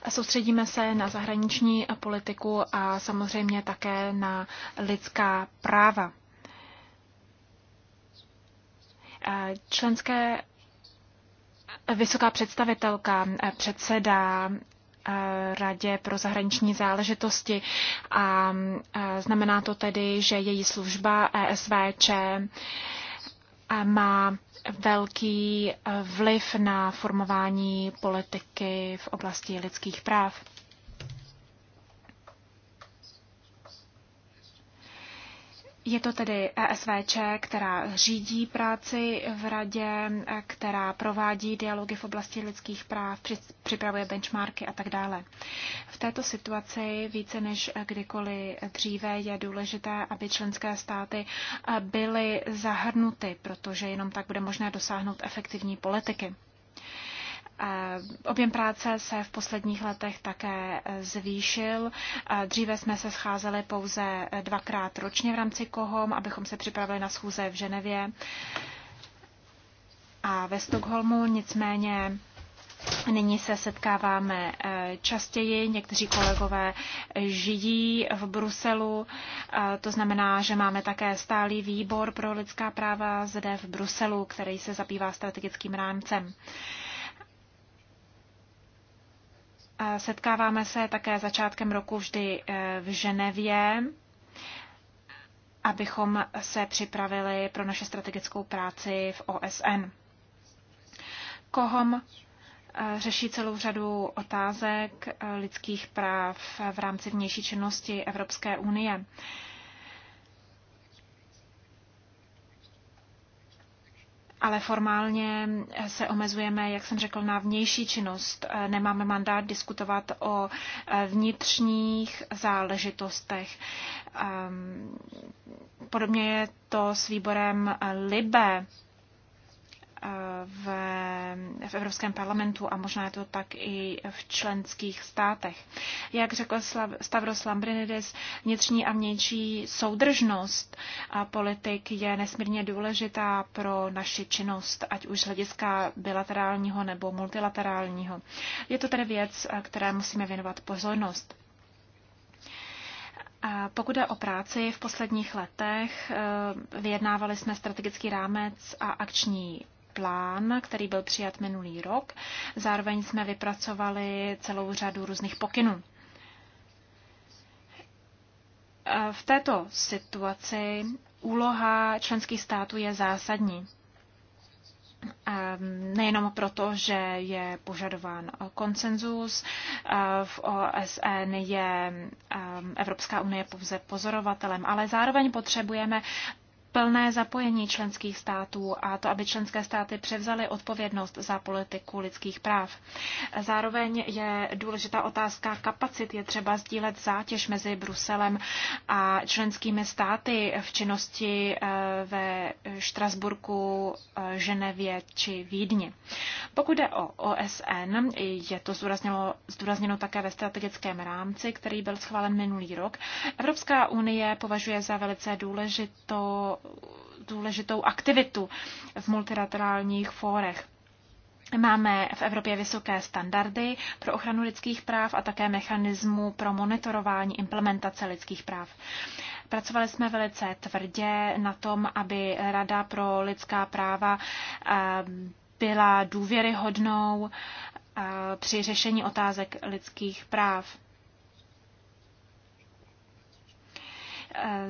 Soustředíme se na zahraniční politiku a samozřejmě také na lidská práva. Členské vysoká představitelka, předseda Radě pro zahraniční záležitosti a znamená to tedy, že její služba ESVČ má velký eh, vliv na formování politiky v oblasti lidských práv. Je to tedy ESVČ, která řídí práci v radě, která provádí dialogy v oblasti lidských práv, připravuje benchmarky a tak dále. V této situaci více než kdykoliv dříve je důležité, aby členské státy byly zahrnuty, protože jenom tak bude možné dosáhnout efektivní politiky. Eh, objem práce se v posledních letech také eh, zvýšil. Eh, dříve jsme se scházeli pouze dvakrát ročně v rámci KOHOM, abychom se připravili na schůze v Ženevě a ve Stockholmu. Nicméně Nyní se setkáváme častěji, někteří kolegové žijí v Bruselu, to znamená, že máme také stálý výbor pro lidská práva zde v Bruselu, který se zabývá strategickým rámcem. Setkáváme se také začátkem roku vždy eh, v Ženevě, abychom se připravili pro naše strategickou práci v OSN. Kohom eh, řeší celou řadu otázek eh, lidských práv v rámci vnější činnosti Evropské unie. ale formálně se omezujeme, jak jsem řekl, na vnější činnost. Nemáme mandát diskutovat o vnitřních záležitostech. Ehm, podobně je to s výborem LIBE, v, v Evropském parlamentu a možná je to tak i v členských státech. Jak řekl Stavros Lambrinidis, vnitřní a vnější soudržnost a politik je nesmírně důležitá pro naši činnost, ať už z hlediska bilaterálního nebo multilaterálního. Je to tedy věc, které musíme věnovat pozornost. Pokud je o práci v posledních letech, eh, vyjednávali jsme strategický rámec a akční plán, který byl přijat minulý rok. Zároveň jsme vypracovali celou řadu různých pokynů. E, v této situaci úloha členských států je zásadní. E, nejenom proto, že je požadován konsenzus, e, v OSN je Evropská unie pouze pozorovatelem, ale zároveň potřebujeme plné zapojení členských států a to, aby členské státy převzaly odpovědnost za politiku lidských práv. Zároveň je důležitá otázka kapacit. Je třeba sdílet zátěž mezi Bruselem a členskými státy v činnosti eh, ve Štrasburku, eh, Ženevě či Vídni. Pokud jde o OSN, je to zdůrazněno, zdůrazněno také ve strategickém rámci, který byl schválen minulý rok. Evropská unie považuje za velice důležitou důležitou aktivitu v multilaterálních fórech. Máme v Evropě vysoké standardy pro ochranu lidských práv a také mechanismu pro monitorování implementace lidských práv. Pracovali jsme velice tvrdě na tom, aby Rada pro lidská práva eh, byla důvěryhodnou eh, při řešení otázek lidských práv.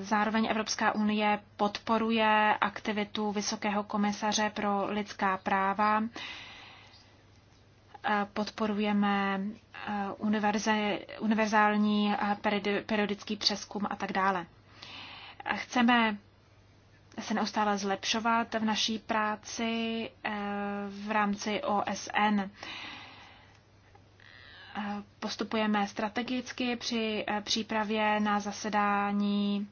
Zároveň Evropská unie podporuje aktivitu Vysokého komisaře pro lidská práva. Podporujeme eh, univerzální periodický přeskum a tak dále. Chceme se neustále zlepšovat v naší práci eh, v rámci OSN postupujeme strategicky při eh, přípravě na zasedání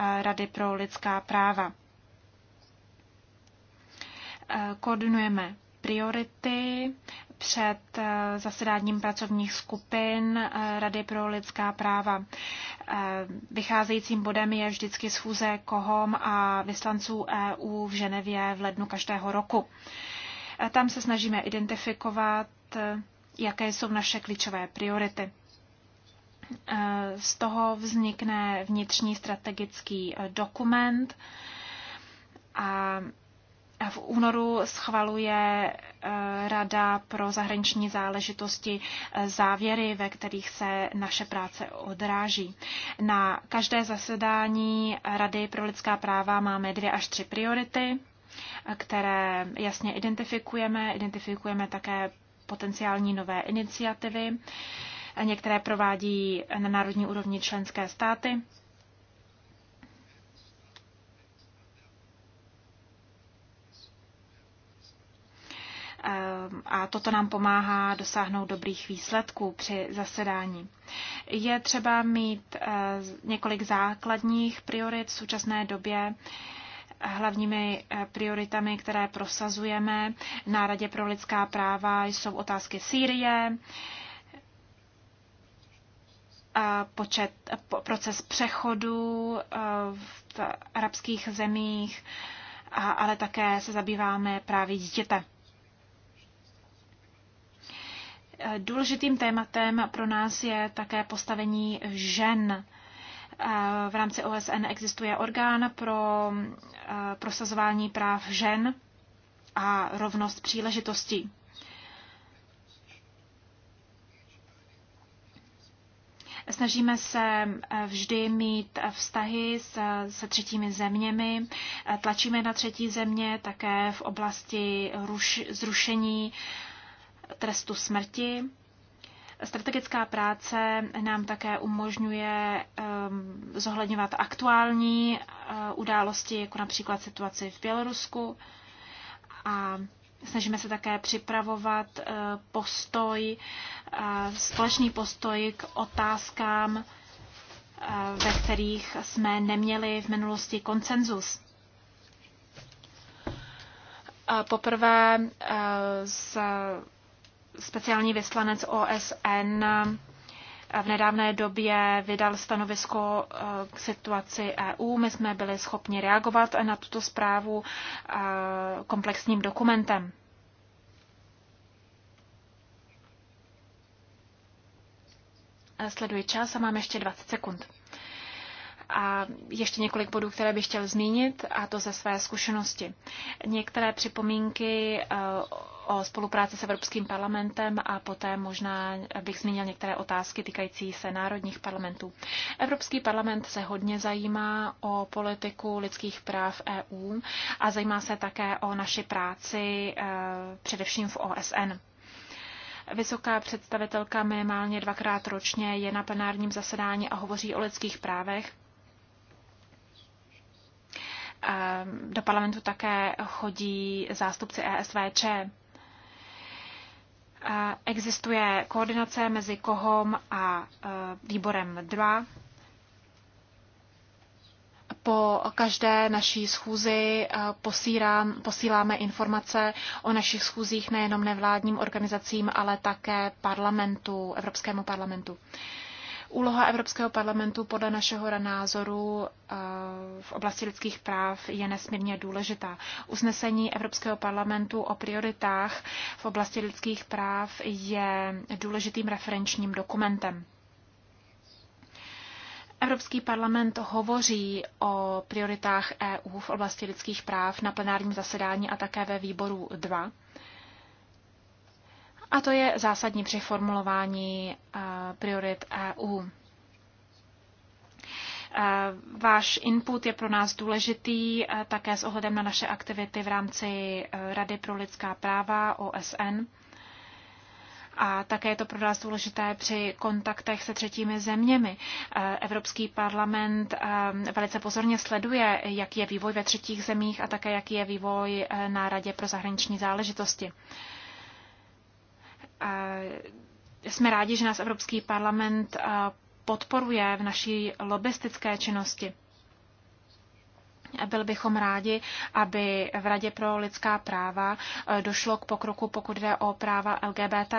eh, Rady pro lidská práva. Eh, koordinujeme priority před zasedáním pracovních skupin Rady pro lidská práva. Vycházejícím bodem je vždycky schůze KOHOM a vyslanců EU v Ženevě v lednu každého roku. Tam se snažíme identifikovat jaké jsou naše klíčové priority. Eh, z toho vznikne vnitřní strategický eh, dokument a v únoru schvaluje eh, Rada pro zahraniční záležitosti závěry, ve kterých se naše práce odráží. Na každé zasedání Rady pro lidská práva máme dvě až tři priority které jasně identifikujeme. Identifikujeme také potenciální nové iniciativy. Některé provádí na národní úrovni členské státy. a toto nám pomáhá dosáhnout dobrých výsledků při zasedání. Je třeba mít eh, několik základních priorit v současné době hlavními eh, prioritami, které prosazujeme na Radě pro lidská práva, jsou otázky Sýrie, počet, proces přechodu eh, v arabských zemích, ale také se zabýváme právě dítěte. Eh, důležitým tématem pro nás je také postavení žen v rámci OSN existuje orgán pro eh, prosazování práv žen a rovnost příležitostí. Snažíme se eh, vždy mít vztahy se třetími zeměmi, eh, tlačíme na třetí země také v oblasti zrušení trestu smrti Strategická práce nám také umožňuje ehm, zohledňovat aktuální eh, události, jako například situaci v Bělorusku a snažíme se také připravovat eh, postoj, eh, společný postoj k otázkám, ve kterých jsme neměli v minulosti konsenzus. Poprvé z speciální vyslanec OSN eh, v nedávné době vydal stanovisko eh, k situaci EU. My jsme byli schopni reagovat na tuto zprávu eh, komplexním dokumentem. Sleduji čas a mám ještě 20 sekund a ještě několik bodů, které bych chtěl zmínit, a to ze své zkušenosti. Některé připomínky eh, o spolupráci s Evropským parlamentem a poté možná bych zmínil některé otázky týkající se národních parlamentů. Evropský parlament se hodně zajímá o politiku lidských práv EU a zajímá se také o naši práci eh, především v OSN. Vysoká představitelka minimálně dvakrát ročně je na plenárním zasedání a hovoří o lidských právech Ehm, do parlamentu také chodí zástupci ESVČ. Existuje koordinace mezi KOHOM a eh, výborem 2. Po každé naší schůzi eh, posílám, posíláme informace o našich schůzích nejenom nevládním organizacím, ale také parlamentu, Evropskému parlamentu. Uh, Úloha Evropského parlamentu podle našeho názoru eh, v oblasti lidských práv je nesmírně důležitá. Usnesení Evropského parlamentu o prioritách v oblasti lidských práv je důležitým referenčním dokumentem. Evropský parlament hovoří o prioritách EU v oblasti lidských práv na plenárním zasedání a také ve výboru 2. A to je zásadní při formulování eh, priorit EU. Eh, váš input je pro nás důležitý eh, také s ohledem na naše aktivity v rámci Rady pro lidská práva OSN. A také je to pro nás důležité při kontaktech se třetími zeměmi. Evropský parlament velice pozorně sleduje, jaký je vývoj ve třetích zemích a také jaký je vývoj na Radě pro zahraniční záležitosti. Eh, jsme rádi, že nás Evropský parlament eh, podporuje v naší lobbystické činnosti. Byli bychom rádi, aby v Radě pro lidská práva eh, došlo k pokroku, pokud jde o práva LGBT.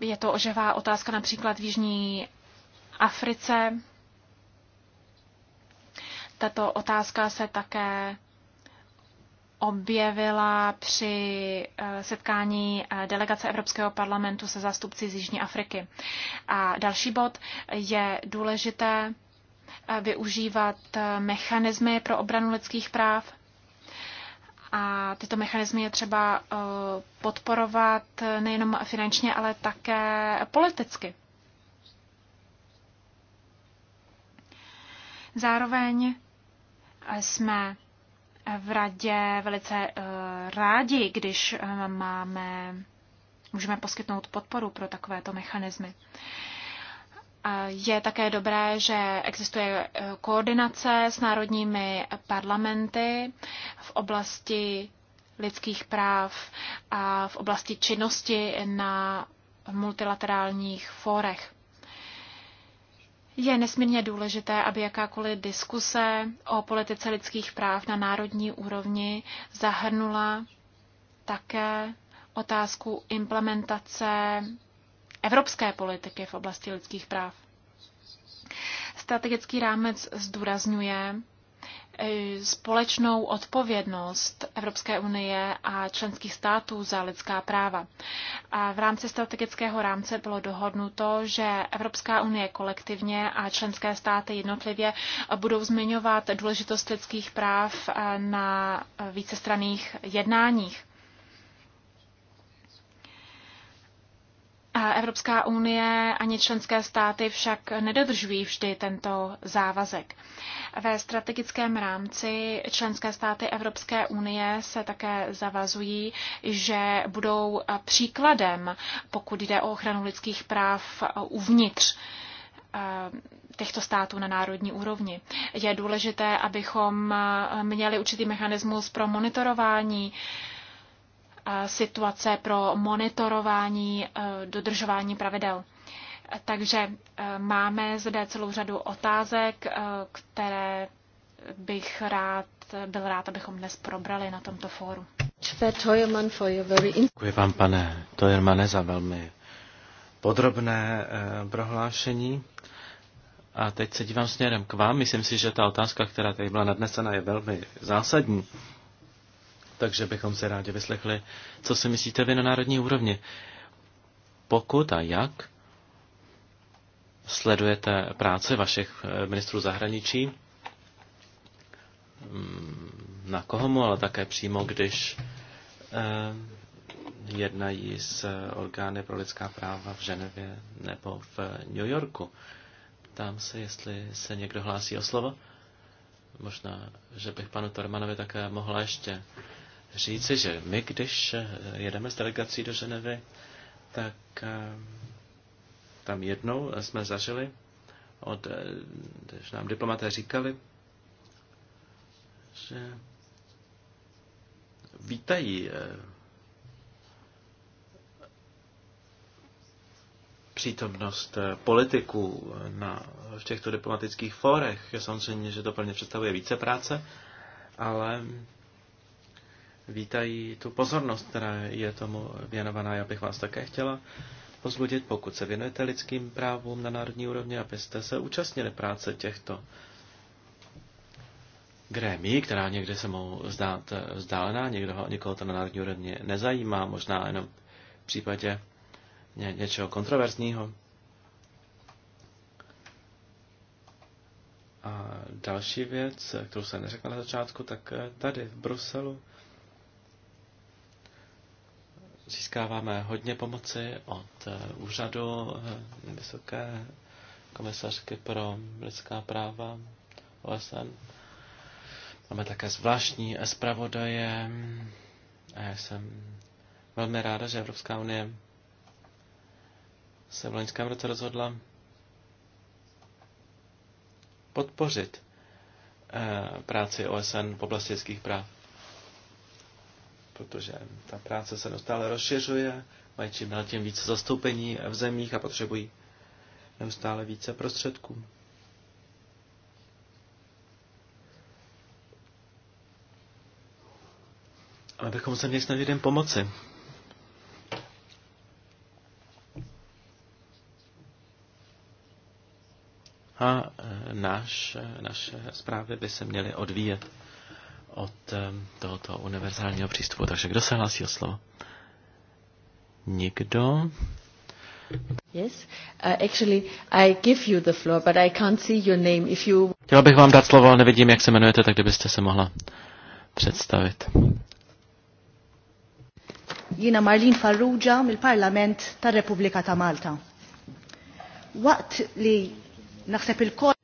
Je to oživá otázka například v Jižní Africe. Tato otázka se také objevila při eh, setkání eh, delegace Evropského parlamentu se zástupci z Jižní Afriky. A další bod je důležité eh, využívat mechanismy pro obranu lidských práv. A tyto mechanismy je třeba podporovat nejenom finančně, ale také politicky. Zároveň jsme v radě velice eh, rádi, když eh, máme, můžeme poskytnout podporu pro takovéto mechanismy. Je také dobré, že existuje eh, koordinace s národními parlamenty v oblasti lidských práv a v oblasti činnosti na multilaterálních fórech. Je nesmírně důležité, aby jakákoliv diskuse o politice lidských práv na národní úrovni zahrnula také otázku implementace evropské politiky v oblasti lidských práv. Strategický rámec zdůrazňuje, E, společnou odpovědnost Evropské unie a členských států za lidská práva. A v rámci strategického rámce bylo dohodnuto, že Evropská unie kolektivně a členské státy jednotlivě budou zmiňovat důležitost lidských práv e, na vícestranných jednáních. Evropská unie ani členské státy však nedodržují vždy tento závazek. Ve strategickém rámci členské státy Evropské unie se také zavazují, že budou příkladem, pokud jde o ochranu lidských práv uvnitř eh, těchto států na národní úrovni. Je důležité, abychom měli určitý mechanismus pro monitorování situace pro monitorování e, dodržování pravidel. Takže e, máme zde celou řadu otázek, e, které bych rád, byl rád, abychom dnes probrali na tomto fóru. Děkuji vám, pane Tojermane, za velmi podrobné prohlášení. A teď se dívám směrem k vám. Myslím si, že ta otázka, která tady byla nadnesena, je velmi zásadní takže bychom se rádi vyslechli, co si myslíte vy na národní úrovni. Pokud a jak sledujete práci vašich eh, ministrů zahraničí, mm, na koho mu ale také přímo, když eh, jednají s eh, orgány pro lidská práva v Ženevě nebo v New Yorku. Ptám se, jestli se někdo hlásí o slovo. Možná, že bych panu Tormanovi také mohla ještě říci, že my, když eh, jedeme s delegací do Ženevy, tak eh, tam jednou jsme zažili, od, eh, když nám diplomaté říkali, že vítají přítomnost politiků na, v těchto diplomatických fórech. Samozřejmě, že to plně představuje více práce, ale vítají tu pozornost, která je tomu věnovaná. Já bych vás také chtěla pozbudit, pokud se věnujete lidským právům na národní úrovni, abyste se účastnili práce těchto grémí, která někde se mohou zdát vzdálená, někdo, někoho to na národní úrovni nezajímá, možná jenom v případě ně, něčeho kontroverzního. A další věc, kterou jsem neřekl na začátku, tak tady v Bruselu Získáváme hodně pomoci od eh, úřadu eh, Vysoké komisařky pro lidská práva OSN. Máme také zvláštní zpravodaje a já jsem velmi ráda, že Evropská unie se v loňském roce rozhodla podpořit eh, práci OSN v oblasti lidských práv protože ta práce se neustále rozšiřuje, mají čím dál tím více zastoupení v zemích a potřebují neustále více prostředků. Ale bychom se měli snažit jim pomoci. A e, naš, e, naše zprávy by se měly odvíjet od tohoto univerzálního přístupu. Takže kdo se hlásí o slovo? Nikdo? Yes. Uh, actually, I give you the floor, but I can't see your name. If you... Chtěla bych vám dát slovo, ale nevidím, jak se jmenujete, tak kdybyste se mohla představit. Jina Marlin Farrugia mil parlament ta republika ta' Malta. Waqt li naħseb il-kol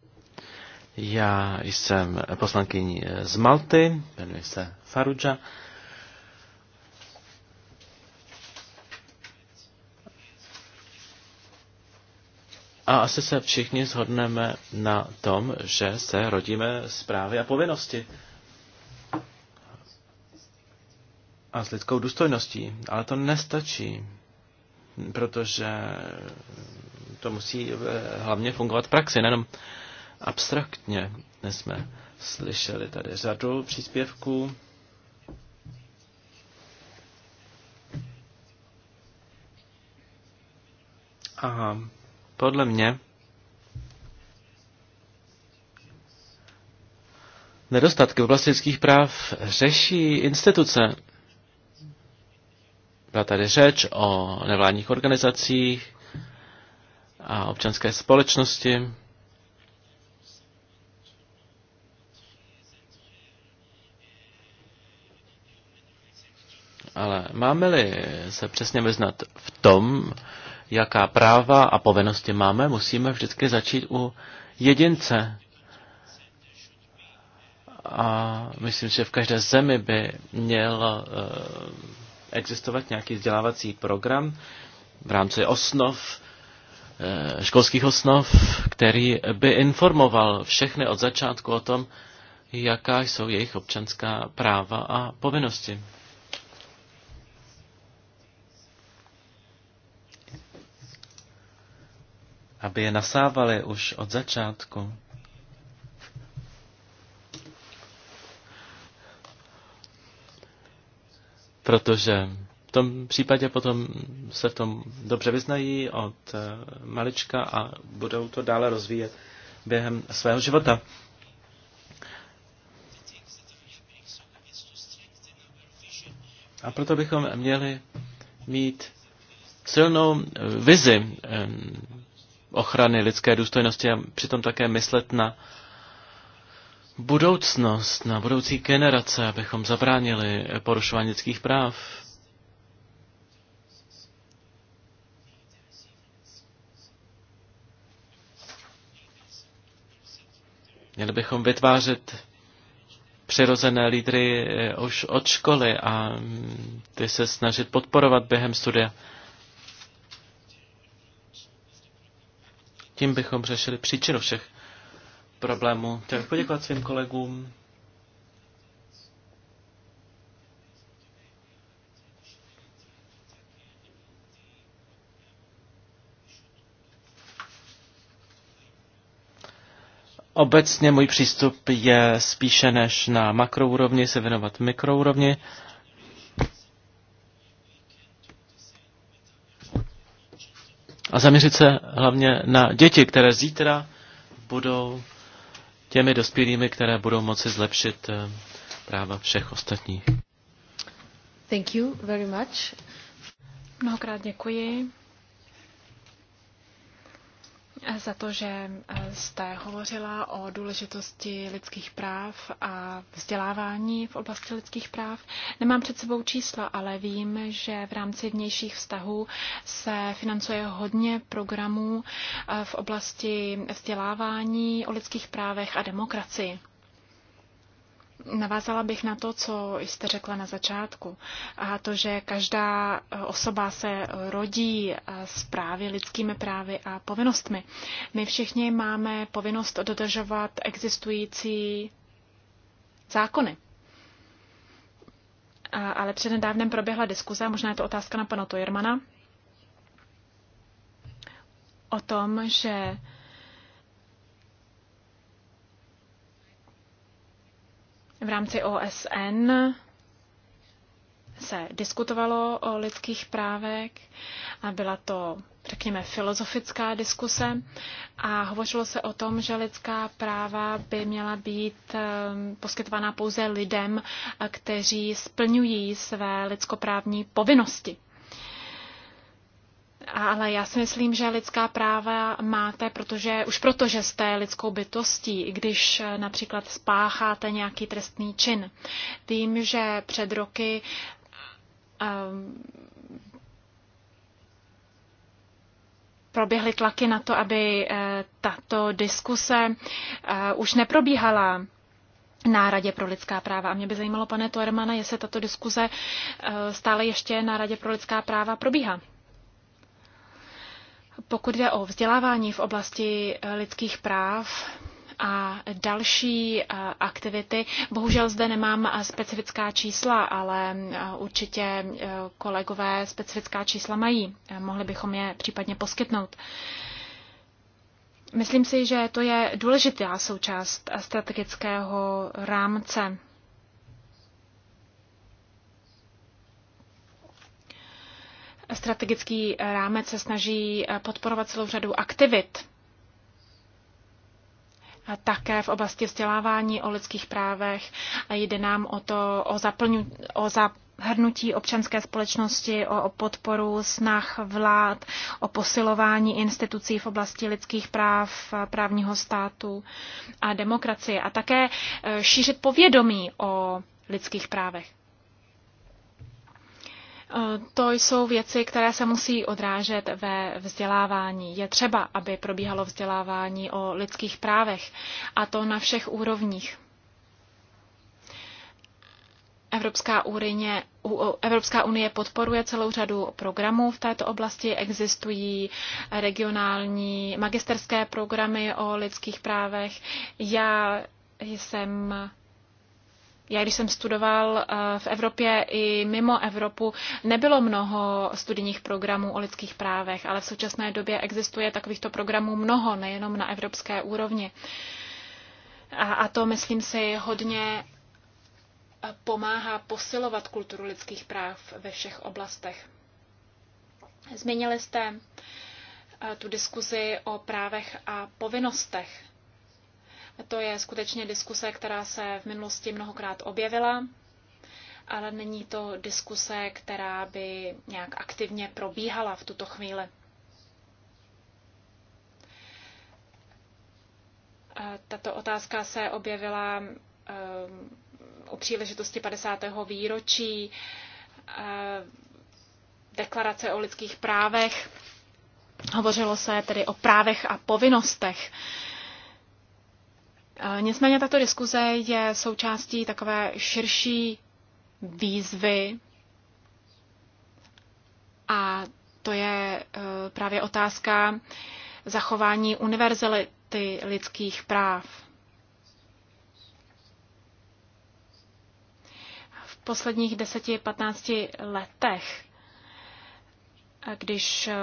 já jsem poslankyní z Malty, jmenuji se Faruja. A asi se všichni shodneme na tom, že se rodíme z právy a povinnosti. A s lidskou důstojností. Ale to nestačí, protože to musí eh, hlavně fungovat v praxi, nejenom abstraktně. Dnes jsme slyšeli tady řadu příspěvků. A podle mě nedostatky v oblasti lidských práv řeší instituce. Byla tady řeč o nevládních organizacích a občanské společnosti. Ale máme-li se přesně vyznat v tom, jaká práva a povinnosti máme, musíme vždycky začít u jedince. A myslím, že v každé zemi by měl eh, existovat nějaký vzdělávací program v rámci osnov, eh, školských osnov, který by informoval všechny od začátku o tom, jaká jsou jejich občanská práva a povinnosti. aby je nasávali už od začátku. Protože v tom případě potom se v tom dobře vyznají od eh, malička a budou to dále rozvíjet během svého života. A proto bychom měli mít silnou vizi eh, ochrany lidské důstojnosti a přitom také myslet na budoucnost, na budoucí generace, abychom zabránili porušování lidských práv. Měli bychom vytvářet přirozené lídry eh, už od školy a mm, ty se snažit podporovat během studia. Tím bychom řešili příčinu všech problémů. Chtěl bych poděkovat svým kolegům. Obecně můj přístup je spíše než na makroúrovni se věnovat mikroúrovni a zaměřit se hlavně na děti, které zítra budou těmi dospělými, které budou moci zlepšit eh, práva všech ostatních. Thank you very much. Mnohokrát děkuji za to, že eh, jste hovořila o důležitosti lidských práv a vzdělávání v oblasti lidských práv. Nemám před sebou čísla, ale vím, že v rámci vnějších vztahů se financuje hodně programů eh, v oblasti vzdělávání o lidských právech a demokracii. Navázala bych na to, co jste řekla na začátku, a to, že každá e, osoba se rodí e, s právy, lidskými právy a povinnostmi. My všichni máme povinnost dodržovat existující zákony. A, ale přednedávnem proběhla diskuze, možná je to otázka na pana Tojermana, o tom, že V rámci OSN se diskutovalo o lidských právech a byla to, řekněme, filozofická diskuse a hovořilo se o tom, že lidská práva by měla být eh, poskytována pouze lidem, eh, kteří splňují své lidskoprávní povinnosti. Ale já si myslím, že lidská práva máte, protože už protože jste lidskou bytostí, i když eh, například spácháte nějaký trestný čin. Vím, že před roky um, proběhly tlaky na to, aby eh, tato diskuse eh, už neprobíhala na Radě pro lidská práva. A mě by zajímalo, pane Tormana, jestli tato diskuze stále ještě na Radě pro lidská práva probíhá. Pokud jde o vzdělávání v oblasti eh, lidských práv a další eh, aktivity, bohužel zde nemám eh, specifická čísla, ale určitě kolegové specifická čísla mají. Mohli bychom je případně poskytnout. Myslím si, že to je důležitá součást strategického rámce Strategický rámec se snaží eh, podporovat celou řadu aktivit, a také v oblasti vzdělávání o lidských právech. Jde nám o to, o, zaplňu, o zahrnutí občanské společnosti, o, o podporu snah vlád, o posilování institucí v oblasti lidských práv, eh, právního státu a demokracie a také eh, šířit povědomí o lidských právech. Eh, to jsou věci, které se musí odrážet ve vzdělávání. Je třeba, aby probíhalo vzdělávání o lidských právech, a to na všech úrovních. Evropská unie, Evropská unie podporuje celou řadu programů v této oblasti. Existují regionální magisterské programy o lidských právech. Já jsem já když jsem studoval eh, v Evropě i mimo Evropu, nebylo mnoho studijních programů o lidských právech, ale v současné době existuje takovýchto programů mnoho, nejenom na evropské úrovni. A, a to, myslím si, hodně eh, pomáhá posilovat kulturu lidských práv ve všech oblastech. Změnili jste eh, tu diskuzi o právech a povinnostech to je skutečně diskuse, která se v minulosti mnohokrát objevila, ale není to diskuse, která by nějak aktivně probíhala v tuto chvíli. Tato otázka se objevila eh, u příležitosti 50. výročí eh, deklarace o lidských právech. Hovořilo se tedy o právech a povinnostech Nicméně tato diskuze je součástí takové širší výzvy a to je e, právě otázka zachování univerzality lidských práv. V posledních 10-15 letech, když e,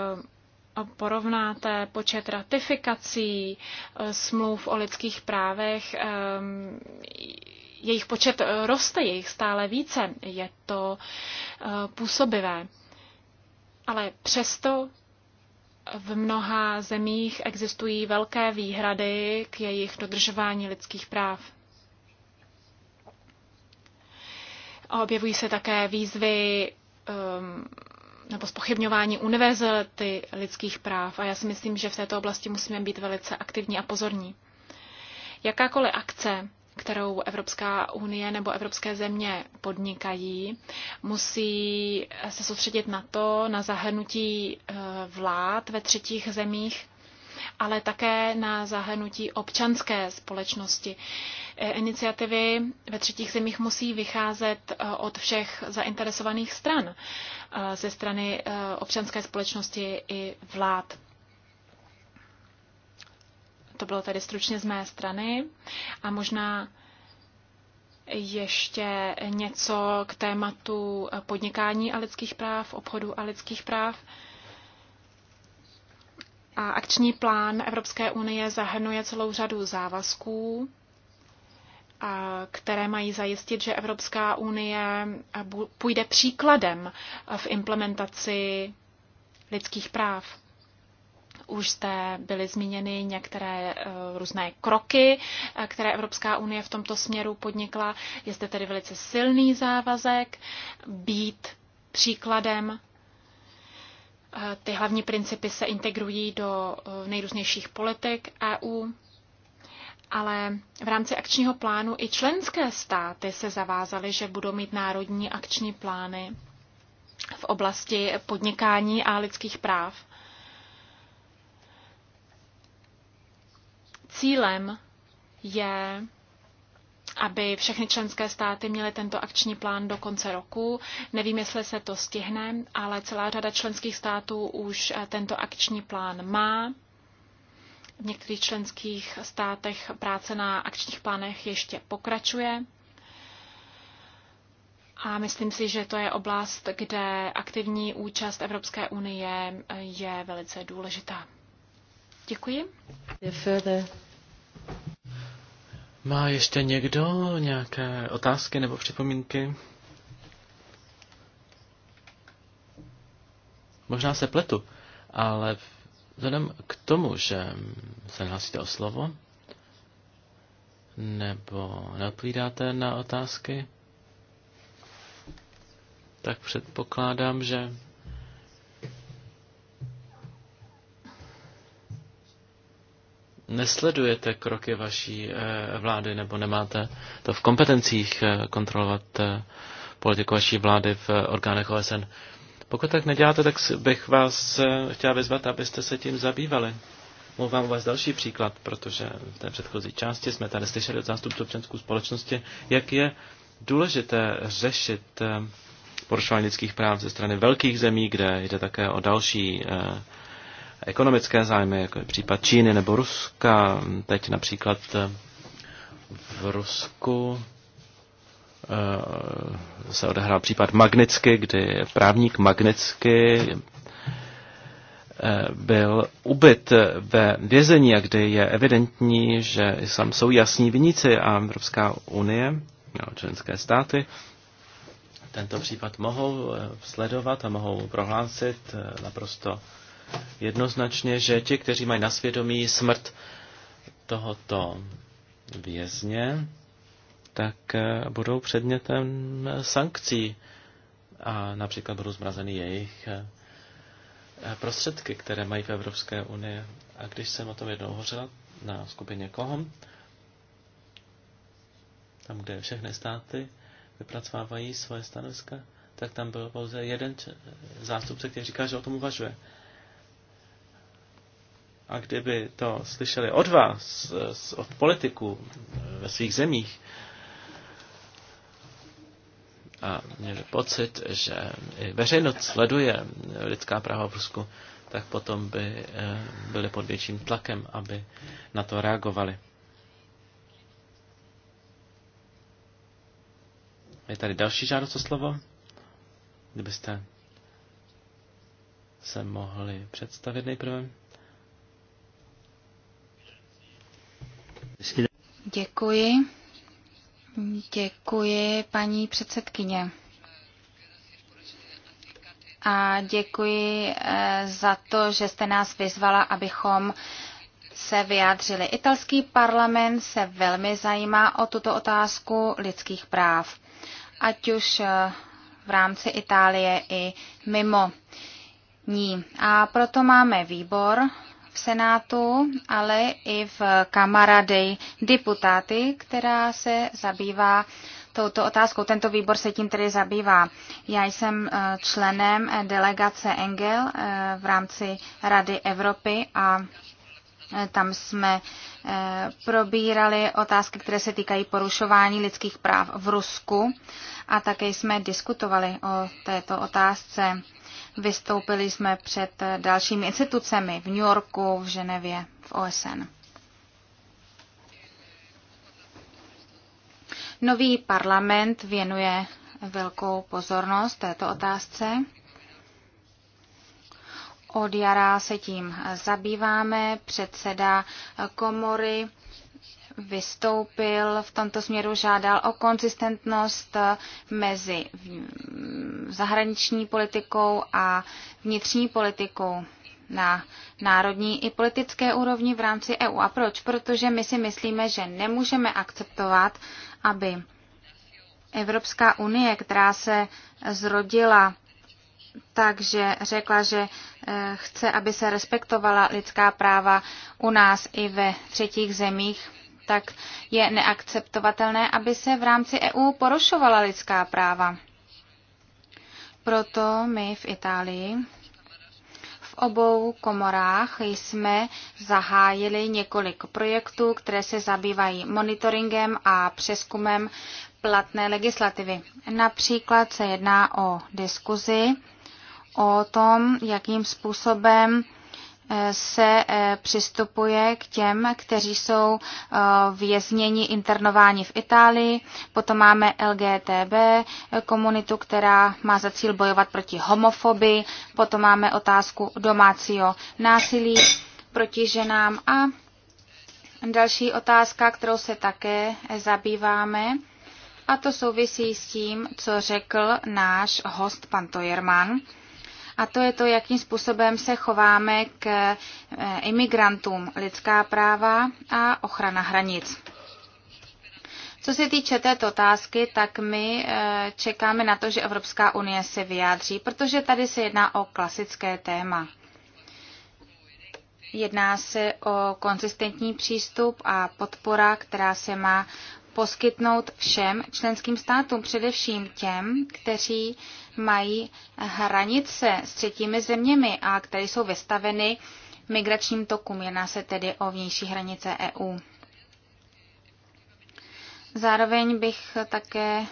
porovnáte počet ratifikací eh, smluv o lidských právech, ehm, jejich počet eh, roste, jejich stále více. Je to eh, působivé. Ale přesto v mnoha zemích existují velké výhrady k jejich dodržování lidských práv. Objevují se také výzvy um, nebo spochybňování univerzality lidských práv a já si myslím, že v této oblasti musíme být velice aktivní a pozorní. Jakákoliv akce, kterou Evropská unie nebo evropské země podnikají, musí se soustředit na to, na zahrnutí eh, vlád ve třetích zemích ale také na zahrnutí občanské společnosti. Eh, iniciativy ve třetích zemích musí vycházet eh, od všech zainteresovaných stran, eh, ze strany občanské společnosti i vlád. To bylo tedy stručně z mé strany a možná ještě něco k tématu podnikání a lidských práv, obchodu a lidských práv. A akční plán Evropské unie zahrnuje celou řadu závazků, které mají zajistit, že Evropská unie půjde příkladem v implementaci lidských práv. Už zde byly zmíněny některé e, různé kroky, e, které Evropská unie v tomto směru podnikla. Je zde tedy velice silný závazek být příkladem ty hlavní principy se integrují do eh, nejrůznějších politik EU, ale v rámci akčního plánu i členské státy se zavázaly, že budou mít národní akční plány v oblasti podnikání a lidských práv. Cílem je aby všechny členské státy měly tento akční plán do konce roku. Nevím, jestli se to stihne, ale celá řada členských států už eh, tento akční plán má. V některých členských státech práce na akčních plánech ještě pokračuje. A myslím si, že to je oblast, kde aktivní účast Evropské unie eh, je velice důležitá. Děkuji. Má ještě někdo nějaké otázky nebo připomínky? Možná se pletu, ale vzhledem k tomu, že se hlásíte o slovo, nebo neodpovídáte na otázky, tak předpokládám, že nesledujete kroky vaší eh, vlády nebo nemáte to v kompetencích eh, kontrolovat eh, politiku vaší vlády v orgánech OSN. Pokud tak neděláte, tak bych vás chtěla vyzvat, abyste se tím zabývali. Mohu vám vás další příklad, protože v té předchozí části jsme tady slyšeli od zástupců občanské společnosti, jak je důležité řešit porušování lidských práv ze strany velkých zemí, kde jde také o další ekonomické zájmy, jako je případ Číny nebo Ruska. Teď například eh, v Rusku eh, se odehrál případ Magnitsky, kdy právník Magnitsky eh, byl ubyt ve vězení a kdy je evidentní, že sam jsou jasní viníci a Evropská unie, no, členské státy, tento případ mohou sledovat a mohou prohlásit naprosto jednoznačně, že ti, kteří mají na svědomí smrt tohoto vězně, tak eh, budou předmětem sankcí a například budou zmrazeny jejich eh, prostředky, které mají v Evropské unii. A když jsem o tom jednou hořela na skupině KOHOM, tam, kde všechny státy vypracovávají svoje stanoviska, tak tam byl pouze jeden zástupce, který říká, že o tom uvažuje. A kdyby to slyšeli od vás, od politiků eh, ve svých zemích, a měli pocit, že i veřejnost sleduje lidská práva v Rusku, tak potom by eh, byli pod větším tlakem, aby na to reagovali. Je tady další žádost o slovo? Kdybyste se mohli představit nejprve. Děkuji. Děkuji, paní předsedkyně. A děkuji eh, za to, že jste nás vyzvala, abychom se vyjádřili. Italský parlament se velmi zajímá o tuto otázku lidských práv, ať už eh, v rámci Itálie i mimo ní. A proto máme výbor, v Senátu, ale i v Kamara dei která se zabývá touto otázkou. Tento výbor se tím tedy zabývá. Já jsem eh, členem delegace Engel eh, v rámci Rady Evropy a eh, tam jsme probírali otázky, které se týkají porušování lidských práv v Rusku a také jsme diskutovali o této otázce. Vystoupili jsme před dalšími institucemi v New Yorku, v Ženevě, v OSN. Nový parlament věnuje velkou pozornost této otázce. Od jara se tím zabýváme. Předseda komory vystoupil v tomto směru, žádal o konzistentnost eh, mezi zahraniční politikou a vnitřní politikou na národní i politické úrovni v rámci EU. A proč? Protože my si myslíme, že nemůžeme akceptovat, aby Evropská unie, která se zrodila takže řekla, že eh, chce, aby se respektovala lidská práva u nás i ve třetích zemích, tak je neakceptovatelné, aby se v rámci EU porušovala lidská práva. Proto my v Itálii v obou komorách jsme zahájili několik projektů, které se zabývají monitoringem a přeskumem platné legislativy. Například se jedná o diskuzi o tom, jakým způsobem se eh, přistupuje k těm, kteří jsou eh, vězněni, internováni v Itálii. Potom máme LGTB eh, komunitu, která má za cíl bojovat proti homofobii. Potom máme otázku domácího násilí proti ženám a další otázka, kterou se také zabýváme. A to souvisí s tím, co řekl náš host pan Tojerman a to je to, jakým způsobem se chováme k eh, imigrantům, lidská práva a ochrana hranic. Co se týče této otázky, tak my eh, čekáme na to, že Evropská unie se vyjádří, protože tady se jedná o klasické téma. Jedná se o konzistentní přístup a podpora, která se má poskytnout všem členským státům, především těm, kteří mají hranice s třetími zeměmi a které jsou vystaveny migračním tokům. Jedná se tedy o vnější hranice EU. Zároveň bych také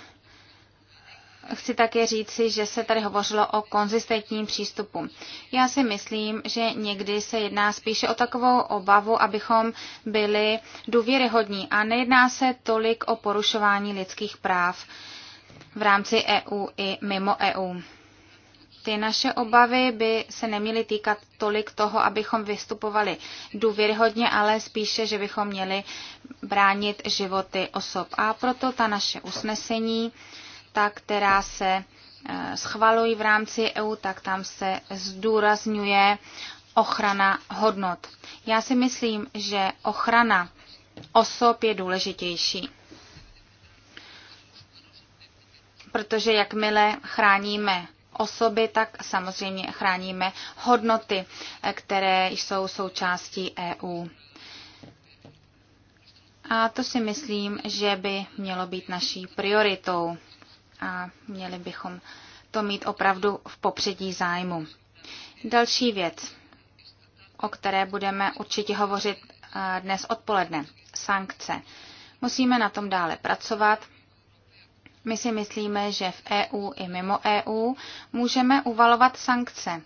chci také říci, že se tady hovořilo o konzistentním přístupu. Já si myslím, že někdy se jedná spíše o takovou obavu, abychom byli důvěryhodní a nejedná se tolik o porušování lidských práv v rámci EU i mimo EU. Ty naše obavy by se neměly týkat tolik toho, abychom vystupovali důvěryhodně, ale spíše, že bychom měli bránit životy osob. A proto ta naše usnesení, ta, která se e, schvalují v rámci EU, tak tam se zdůrazňuje ochrana hodnot. Já si myslím, že ochrana osob je důležitější. protože jakmile chráníme osoby, tak samozřejmě chráníme hodnoty, eh, které jsou součástí EU. A to si myslím, že by mělo být naší prioritou a měli bychom to mít opravdu v popředí zájmu. Další věc, o které budeme určitě hovořit eh, dnes odpoledne, sankce. Musíme na tom dále pracovat, my si myslíme, že v EU i mimo EU můžeme uvalovat sankce.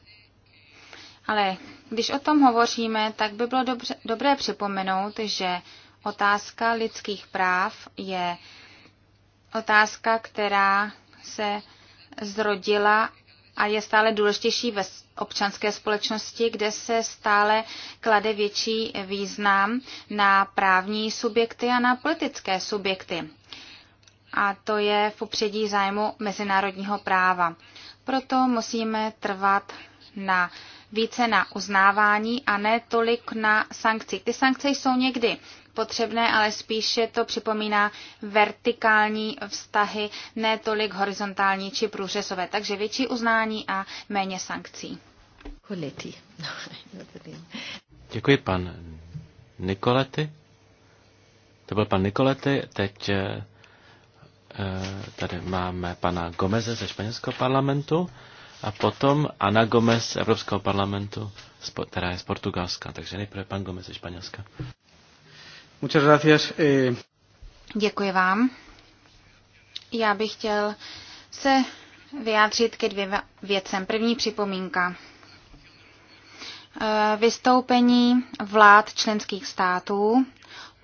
Ale když o tom hovoříme, tak by bylo dobře, dobré připomenout, že otázka lidských práv je otázka, která se zrodila a je stále důležitější ve občanské společnosti, kde se stále klade větší význam na právní subjekty a na politické subjekty a to je v popředí zájmu mezinárodního práva. Proto musíme trvat na více na uznávání a ne tolik na sankci. Ty sankce jsou někdy potřebné, ale spíše to připomíná vertikální vztahy, ne tolik horizontální či průřezové. Takže větší uznání a méně sankcí. Děkuji, pan Nikolety. To byl pan Nikolety. Teď eh, Eh, tady máme pana Gomeze ze španělského parlamentu a potom Ana Gomez z Evropského parlamentu, která je z Portugalska. Takže nejprve pan Gomez ze Španělska. Muchas gracias. Eh. Děkuji vám. Já bych chtěl se vyjádřit ke dvě věcem. První připomínka. Eh, vystoupení vlád členských států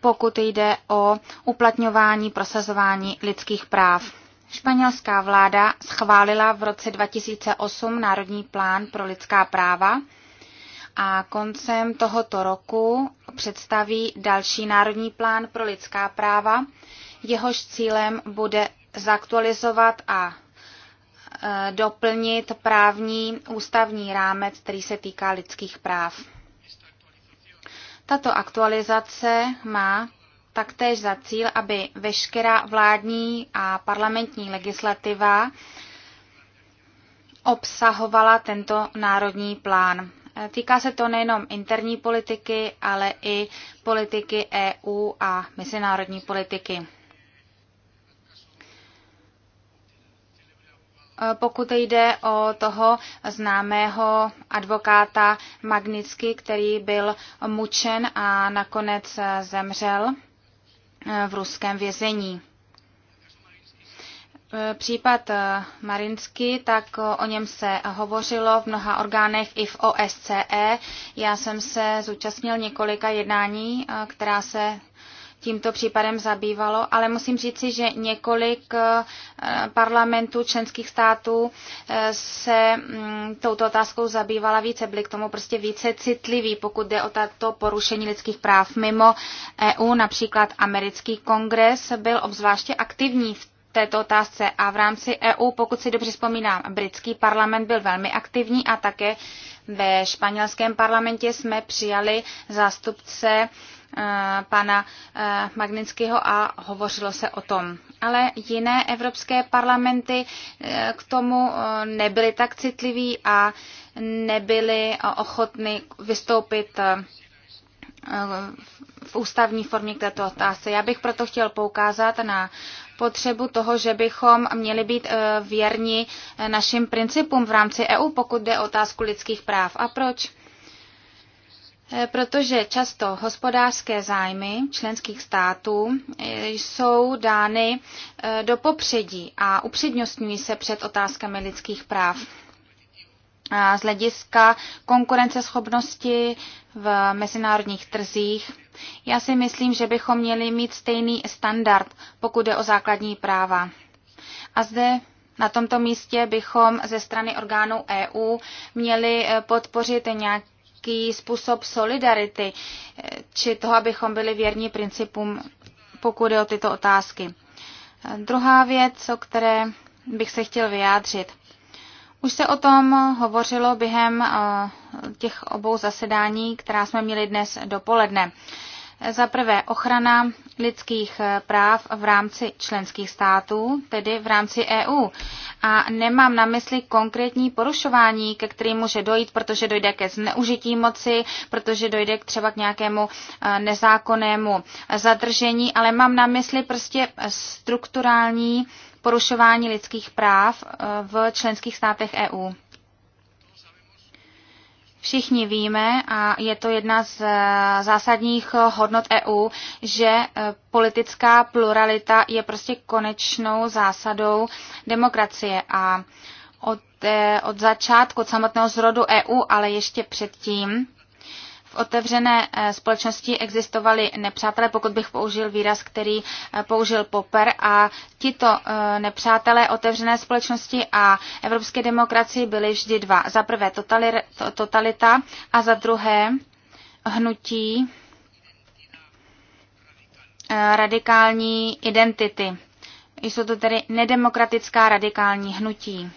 pokud jde o uplatňování prosazování lidských práv. Španělská vláda schválila v roce 2008 Národní plán pro lidská práva a koncem tohoto roku představí další Národní plán pro lidská práva. Jehož cílem bude zaktualizovat a e, doplnit právní ústavní rámec, který se týká lidských práv. Tato aktualizace má taktéž za cíl, aby veškerá vládní a parlamentní legislativa obsahovala tento národní plán. Týká se to nejenom interní politiky, ale i politiky EU a mezinárodní politiky. pokud jde o toho známého advokáta Magnicky, který byl mučen a nakonec zemřel eh, v ruském vězení. Eh, případ eh, Marinsky, tak o něm se hovořilo v mnoha orgánech i v OSCE. Já jsem se zúčastnil několika jednání, která se tímto případem zabývalo, ale musím říci, že několik eh, parlamentů členských států eh, se mm, touto otázkou zabývala více, byly k tomu prostě více citliví, pokud jde o tato porušení lidských práv mimo EU, například americký kongres byl obzvláště aktivní v této otázce a v rámci EU, pokud si dobře vzpomínám, britský parlament byl velmi aktivní a také ve španělském parlamentě jsme přijali zástupce Eh, pana eh, Magnického a hovořilo se o tom. Ale jiné evropské parlamenty eh, k tomu nebyly tak citliví a nebyly ochotny vystoupit v ústavní formě k této otázce. Já bych proto chtěl poukázat na potřebu toho, že bychom měli být věrni našim principům v rámci EU, pokud jde o otázku lidských práv. A proč? Eh, protože často hospodářské zájmy členských států eh, jsou dány eh, do popředí a upřednostňují se před otázkami lidských práv. A z hlediska konkurenceschopnosti v mezinárodních trzích, já si myslím, že bychom měli mít stejný standard, pokud jde o základní práva. A zde na tomto místě bychom ze strany orgánů EU měli podpořit nějaký nějaký způsob solidarity, eh, či toho, abychom byli věrní principům, pokud je o tyto otázky. Eh, druhá věc, o které bych se chtěl vyjádřit. Už se o tom hovořilo během eh, těch obou zasedání, která jsme měli dnes dopoledne. Za prvé ochrana lidských práv v rámci členských států, tedy v rámci EU. A nemám na mysli konkrétní porušování, ke kterým může dojít, protože dojde ke zneužití moci, protože dojde k třeba k nějakému eh, nezákonnému zadržení, ale mám na mysli prostě strukturální porušování lidských práv eh, v členských státech EU. Všichni víme, a je to jedna z eh, zásadních eh, hodnot EU, že eh, politická pluralita je prostě konečnou zásadou demokracie. A od, od začátku, od samotného zrodu EU, ale ještě předtím, v otevřené eh, společnosti existovali nepřátelé, pokud bych použil výraz, který eh, použil Popper, a tito eh, nepřátelé otevřené společnosti a evropské demokracii byly vždy dva. Za prvé totalita a za druhé hnutí radikální identity. Jsou to tedy nedemokratická radikální hnutí.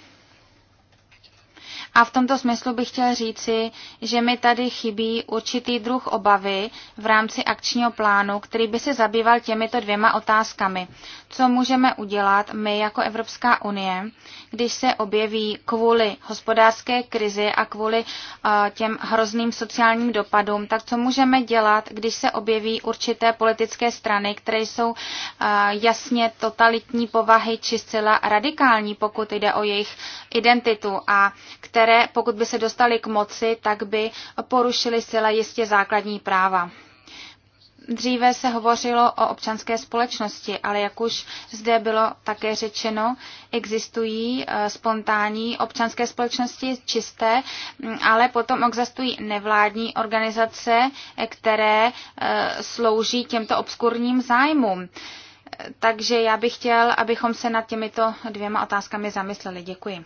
A v tomto smyslu bych chtěl říci, že mi tady chybí určitý druh obavy v rámci akčního plánu, který by se zabýval těmito dvěma otázkami. Co můžeme udělat my jako Evropská unie, když se objeví kvůli hospodářské krizi a kvůli uh, těm hrozným sociálním dopadům, tak co můžeme dělat, když se objeví určité politické strany, které jsou uh, jasně totalitní povahy či zcela radikální, pokud jde o jejich identitu a které které, pokud by se dostali k moci, tak by porušili zcela jistě základní práva. Dříve se hovořilo o občanské společnosti, ale jak už zde bylo také řečeno, existují eh, spontánní občanské společnosti čisté, mm, ale potom existují nevládní organizace, eh, které eh, slouží těmto obskurním zájmům. Takže já bych chtěl, abychom se nad těmito dvěma otázkami zamysleli. Děkuji.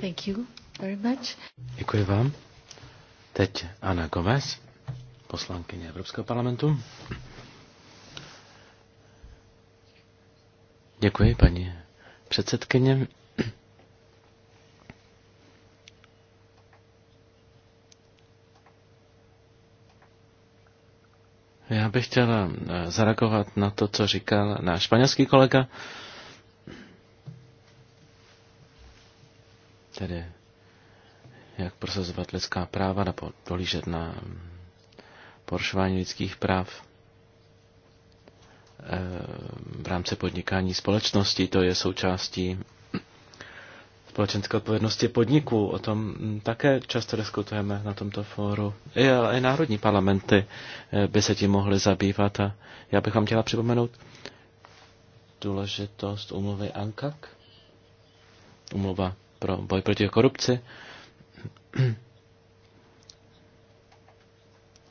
Thank you. Very much. Děkuji vám. Teď Ana Gomez, poslankyně Evropského parlamentu. Děkuji, paní předsedkyně. Já bych chtěla eh, zareagovat na to, co říkal náš španělský kolega. Tedy jak prosazovat lidská práva nebo dolížet na porušování lidských práv eh, v rámci podnikání společnosti. To je součástí společenské odpovědnosti podniků. O tom také často diskutujeme na tomto fóru. I, i národní parlamenty eh, by se tím mohly zabývat. A já bych vám chtěla připomenout důležitost umluvy ANKAK, umluva pro boj proti korupci,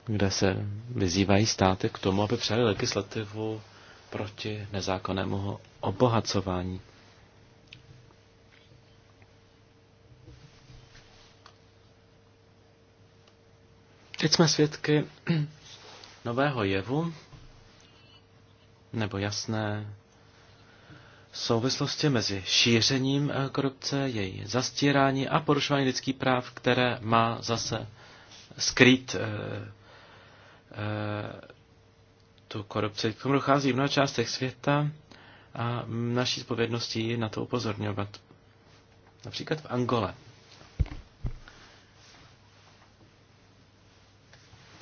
kde se vyzývají státy k tomu, aby přijali legislativu proti nezákonnému obohacování. Teď jsme svědky <clears throat> nového jevu, nebo jasné souvislosti mezi šířením eh, korupce, její zastírání a porušování lidských práv, které má zase skrýt e, e, tu korupci. K tomu dochází v mnoha částech světa a naší zpovědností je na to upozorňovat. Například v Angole.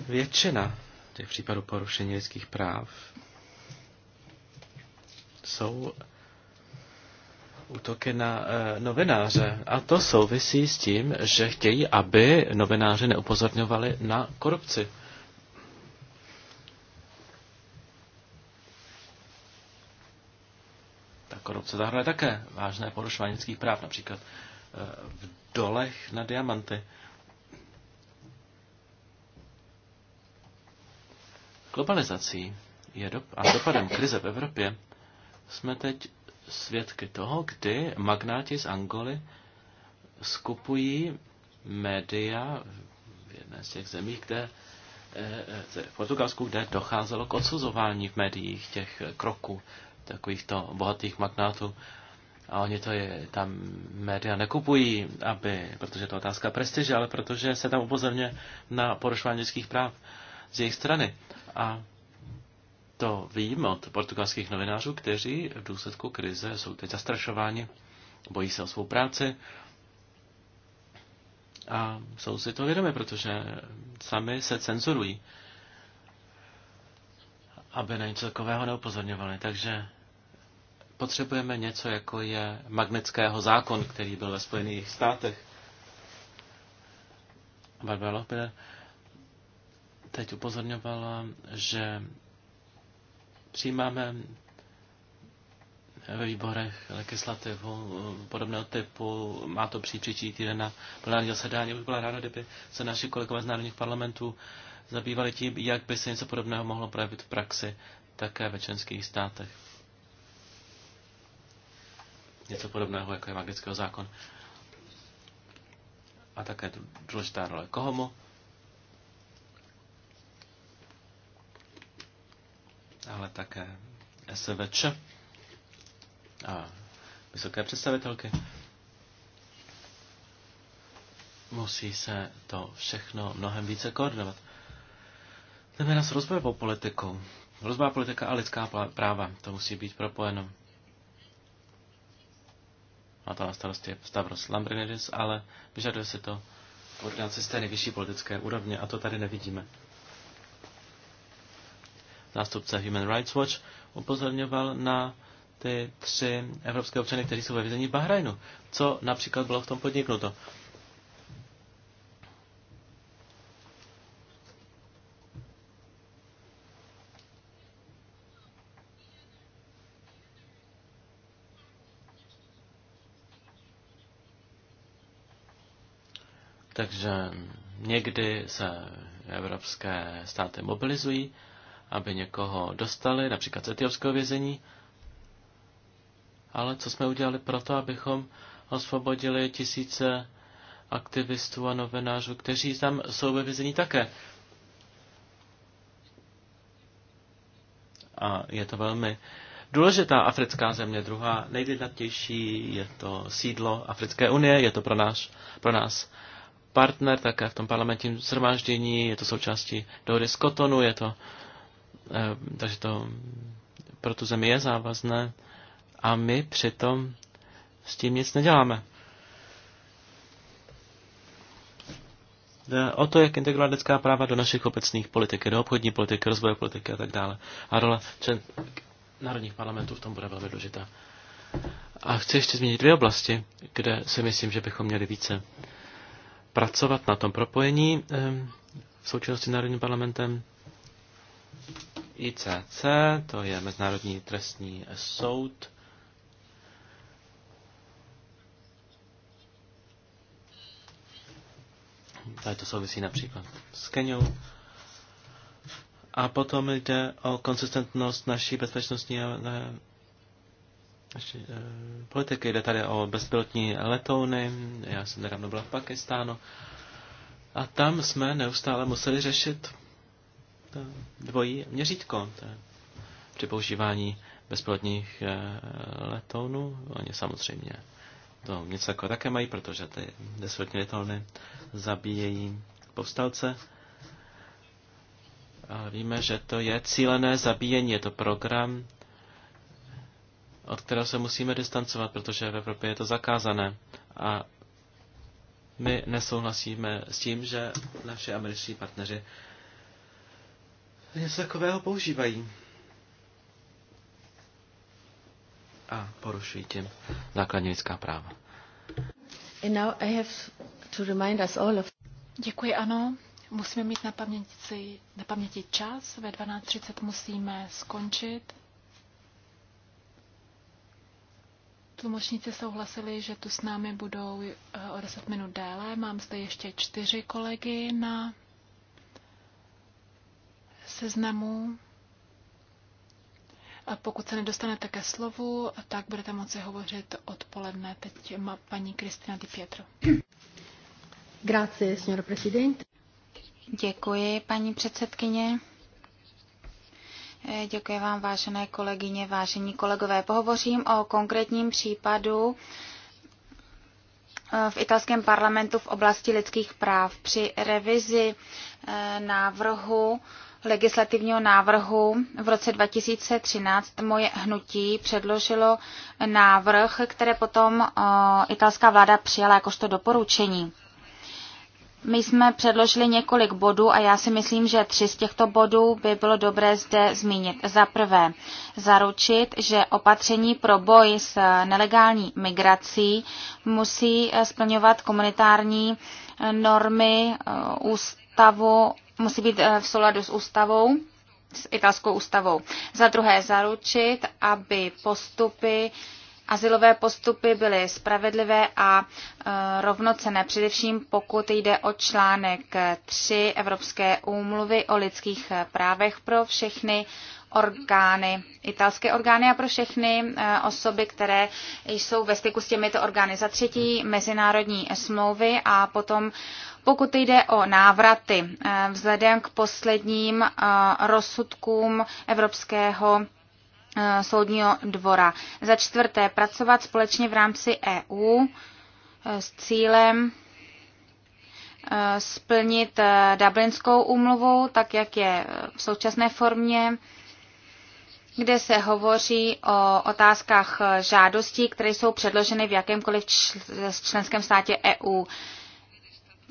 Většina těch případů porušení lidských práv jsou útoky na eh, novináře. A to souvisí s tím, že chtějí, aby novináři neupozorňovali na korupci. Ta korupce zahrnuje také vážné porušování lidských práv, například eh, v dolech na diamanty. Globalizací je dop- a dopadem krize v Evropě jsme teď svědky toho, kdy magnáti z Angoly skupují média v jedné z těch zemí, kde v eh, eh, Portugalsku, kde docházelo k odsuzování v médiích těch kroků takovýchto bohatých magnátů. A oni to je, tam média nekupují, aby, protože to je otázka prestiže, ale protože se tam upozorně na porušování lidských práv z jejich strany. A to vím od portugalských novinářů, kteří v důsledku krize jsou teď zastrašováni, bojí se o svou práci a jsou si to vědomi, protože sami se cenzurují, aby na něco takového neupozorňovali. Takže potřebujeme něco, jako je magnetického zákon, který byl ve Spojených státech. Barbara Lochbiller teď upozorňovala, že přijímáme ve výborech legislativu podobného typu. Má to přijít příští týden na plenární zasedání. byla ráda, kdyby se naši kolegové z národních parlamentů zabývali tím, jak by se něco podobného mohlo projevit v praxi také ve členských státech. Něco podobného, jako je magického zákon. A také důležitá role Kohomu. ale také SVČ a vysoké představitelky. Musí se to všechno mnohem více koordinovat. Jdeme na rozvojovou politiku. Rozvojová politika a lidská práva, to musí být propojeno. Má to na starosti Stavros Lambrinidis, ale vyžaduje se to koordinaci z té nejvyšší politické úrovně a to tady nevidíme zástupce Human Rights Watch upozorňoval na ty tři evropské občany, kteří jsou ve vězení v Bahrajnu. Co například bylo v tom podniknuto? Takže někdy se evropské státy mobilizují aby někoho dostali, například z etiopského vězení, ale co jsme udělali proto, abychom osvobodili tisíce aktivistů a novinářů, kteří tam jsou ve vězení také. A je to velmi důležitá africká země, druhá nejvědnatější, je to sídlo Africké unie, je to pro, náš, pro nás partner také v tom parlamentním zhromáždění, je to součástí dohody z Kotonu, je to Eh, takže to pro tu zemi je závazné a my přitom s tím nic neděláme. Jde o to, jak integrovat lidská práva do našich obecných politik, do obchodní politiky, rozvoje politiky a tak dále. A role člen národních parlamentů v tom bude velmi důležitá. A chci ještě zmínit dvě oblasti, kde si myslím, že bychom měli více pracovat na tom propojení eh, v součinnosti s Národním parlamentem. ICC, to je Mezinárodní trestní soud. Tady to souvisí například s Keniou. A potom jde o konsistentnost naší bezpečnostní eh, naší, e, politiky. Jde tady o bezpilotní letouny. Já jsem nedávno byla v Pakistánu. A tam jsme neustále museli řešit to dvojí měřítko to při používání bezpilotních eh, letounů. Oni samozřejmě to něco jako také mají, protože ty bezpilotní letouny zabíjejí povstalce. A víme, že to je cílené zabíjení, je to program, od kterého se musíme distancovat, protože v Evropě je to zakázané. A my nesouhlasíme s tím, že naši američtí partneři něco takového používají. A porušují tím základní lidská práva. And now I have to remind us all of... Děkuji, ano. Musíme mít na paměti, na paměti čas. Ve 12.30 musíme skončit. Tlumočníci souhlasili, že tu s námi budou eh, o 10 minut déle. Mám zde ještě čtyři kolegy na seznamu. A pokud se nedostanete ke slovu, tak budete moci hovořit odpoledne. Teď má paní Kristina Di Pietro. Grazie, signor Presidente. Děkuji, paní předsedkyně. Eh, děkuji vám, vážené kolegyně, vážení kolegové. Pohovořím o konkrétním případu eh, v italském parlamentu v oblasti lidských práv. Při revizi eh, návrhu legislativního návrhu v roce 2013 moje hnutí předložilo návrh, které potom eh, italská vláda přijala jakožto doporučení. My jsme předložili několik bodů a já si myslím, že tři z těchto bodů by bylo dobré zde zmínit. Za prvé, zaručit, že opatření pro boj s nelegální migrací musí eh, splňovat komunitární eh, normy ústavu musí být eh, v souladu s ústavou, s italskou ústavou. Za druhé zaručit, aby postupy Azylové postupy byly spravedlivé a eh, rovnocené, především pokud jde o článek 3 eh, Evropské úmluvy o lidských právech pro všechny orgány, italské orgány a pro všechny osoby, které jsou ve styku s těmito orgány. Za třetí mezinárodní smlouvy a potom pokud jde o návraty, eh, vzhledem k posledním eh, rozsudkům Evropského eh, soudního dvora. Za čtvrté, pracovat společně v rámci EU s cílem splnit Dublinskou úmluvu, tak jak je v současné formě, kde se hovoří o otázkách žádostí, které jsou předloženy v jakémkoliv členském státě EU.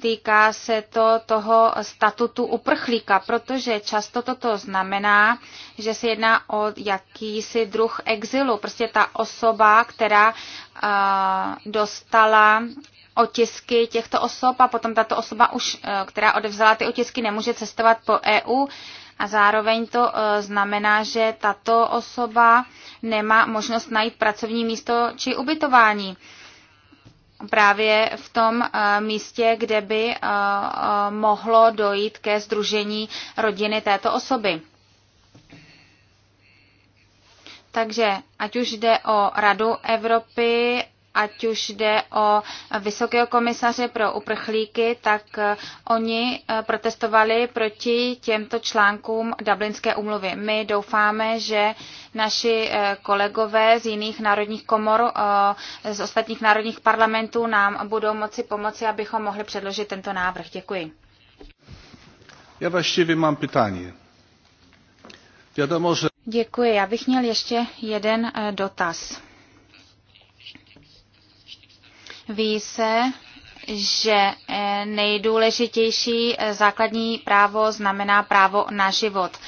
Týká se to toho statutu uprchlíka, protože často toto znamená, že se jedná o jakýsi druh exilu. Prostě ta osoba, která dostala otisky těchto osob a potom tato osoba, už, e, která odevzala ty otisky, nemůže cestovat po EU a zároveň to e, znamená, že tato osoba nemá možnost najít pracovní místo či ubytování právě v tom eh, místě, kde by eh, eh, mohlo dojít ke združení rodiny této osoby. Takže ať už jde o Radu Evropy ať už jde o vysokého komisaře pro uprchlíky, tak eh, oni eh, protestovali proti těmto článkům Dublinské umluvy. My doufáme, že naši eh, kolegové z jiných národních komor, z ostatních národních parlamentů nám budou moci pomoci, abychom mohli předložit tento návrh. Děkuji. Já vlastně mám pytání. Wiadomo, že... Děkuji. Já bych měl ještě jeden dotaz. Ví se, že eh, nejdůležitější eh, základní právo znamená právo na život.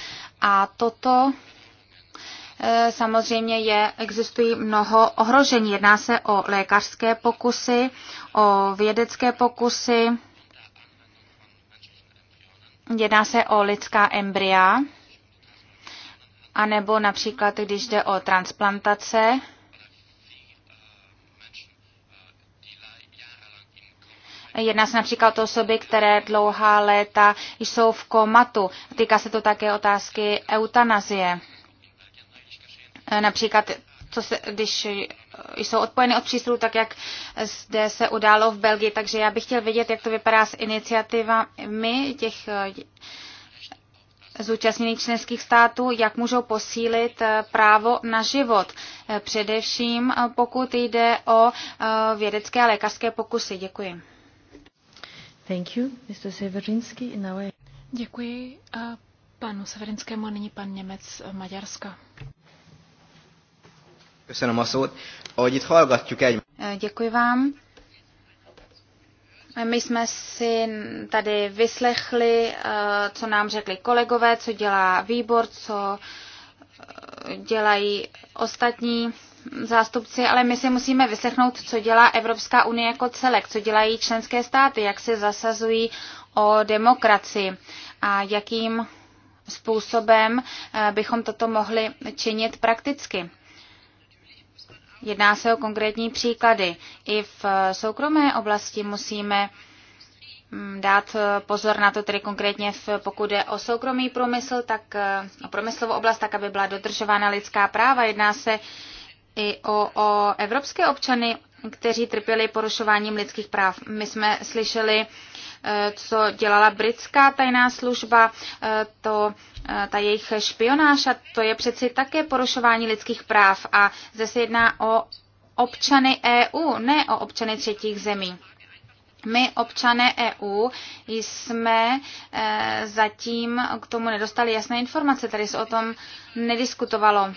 A toto eh, samozřejmě je, existují mnoho ohrožení. Jedná se o lékařské pokusy, o vědecké pokusy, jedná se o lidská embrya, anebo například, když jde o transplantace, Jedná se například o osoby, které dlouhá léta jsou v komatu. Týká se to také otázky eutanazie. Například, co se, když jsou odpojeny od přístrojů, tak jak zde se událo v Belgii. Takže já bych chtěl vědět, jak to vypadá s iniciativami těch eh, zúčastněných členských států, jak můžou posílit eh, právo na život, eh, především pokud jde o vědecké a lékařské pokusy. Děkuji. Thank you, Mr. Severinsky. Now I... Děkuji a eh, panu Severinskému a nyní pan Němec eh, Maďarska. Köszönöm a szót. Ahogy itt hallgatjuk egy... Eh, děkuji vám. My jsme si tady vyslechli, co nám řekli kolegové, co dělá výbor, co dělají ostatní zástupci, ale my si musíme vyslechnout, co dělá Evropská unie jako celek, co dělají členské státy, jak se zasazují o demokracii a jakým způsobem eh, bychom toto mohli činit prakticky. Jedná se o konkrétní příklady. I v eh, soukromé oblasti musíme mm, dát eh, pozor na to, tedy konkrétně v, pokud jde o soukromý průmysl, tak o průmyslovou oblast, tak aby byla dodržována lidská práva. Jedná se i o, o evropské občany, kteří trpěli porušováním lidských práv. My jsme slyšeli, e, co dělala britská tajná služba, e, to, e, ta jejich špionáž a to je přeci také porušování lidských práv a zde se jedná o občany EU, ne o občany třetích zemí. My, občané EU, jsme zatím k tomu nedostali jasné informace, tady se o tom nediskutovalo.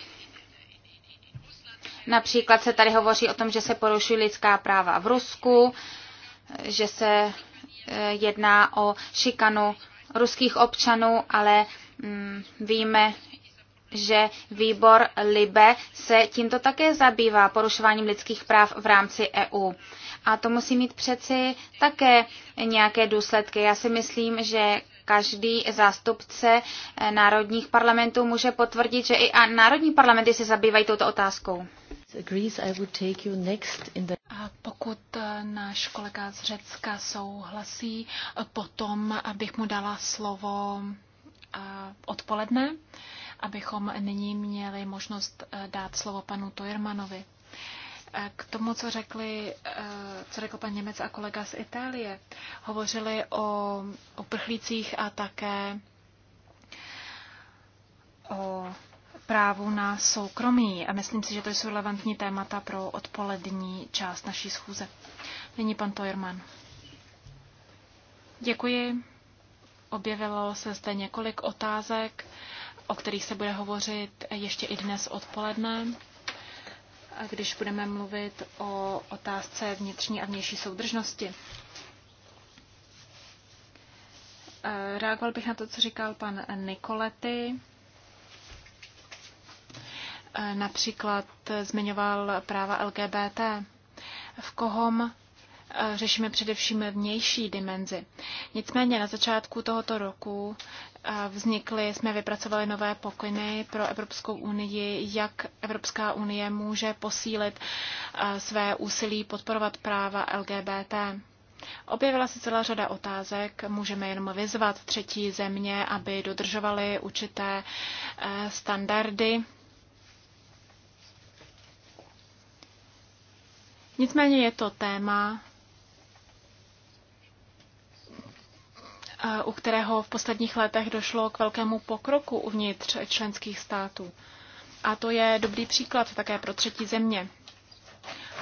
Například se tady hovoří o tom, že se porušují lidská práva v Rusku, že se eh, jedná o šikanu ruských občanů, ale mm, víme, že výbor LIBE se tímto také zabývá porušováním lidských práv v rámci EU. A to musí mít přeci také nějaké důsledky. Já si myslím, že každý zástupce eh, národních parlamentů může potvrdit, že i národní parlamenty se zabývají touto otázkou. A pokud eh, náš kolega z Řecka souhlasí, eh, potom abych mu dala slovo odpoledne, abychom nyní měli možnost dát slovo panu Tojermanovi. K tomu, co, řekli, eh, co řekl pan Němec a kolega z Itálie, hovořili o uprchlících a také o právu na soukromí. A myslím si, že to jsou relevantní témata pro odpolední část naší schůze. Nyní pan Tojerman. Děkuji. Objevilo se zde několik otázek, o kterých se bude hovořit ještě i dnes odpoledne když budeme mluvit o otázce vnitřní a vnější soudržnosti. Eh, reagoval bych na to, co říkal pan Nikolety. Eh, například zmiňoval práva LGBT. V Kohom Eh, řešíme především vnější dimenzi. Nicméně na začátku tohoto roku eh, vznikly, jsme vypracovali nové pokyny pro Evropskou unii, jak Evropská unie může posílit eh, své úsilí podporovat práva LGBT. Objevila se celá řada otázek. Můžeme jenom vyzvat třetí země, aby dodržovaly určité standardy. Nicméně je to téma, Eh, u kterého v posledních letech došlo k velkému pokroku uvnitř členských států. A to je dobrý příklad také pro třetí země.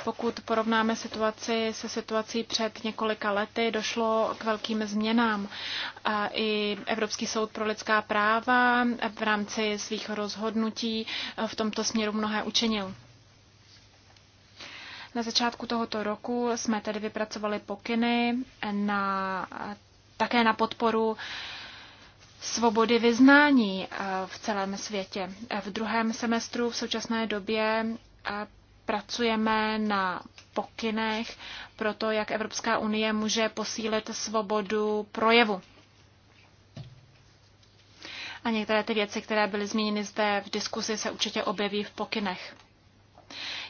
Pokud porovnáme situaci se situací před několika lety, došlo k velkým změnám. A I Evropský soud pro lidská práva v rámci svých rozhodnutí eh, v tomto směru mnohé učinil. Na začátku tohoto roku jsme tedy vypracovali pokyny na také na podporu svobody vyznání eh, v celém světě. Eh, v druhém semestru v současné době eh, pracujeme na pokynech pro to, jak Evropská unie může posílit svobodu projevu. A některé ty věci, které byly zmíněny zde v diskusi, se určitě objeví v pokynech.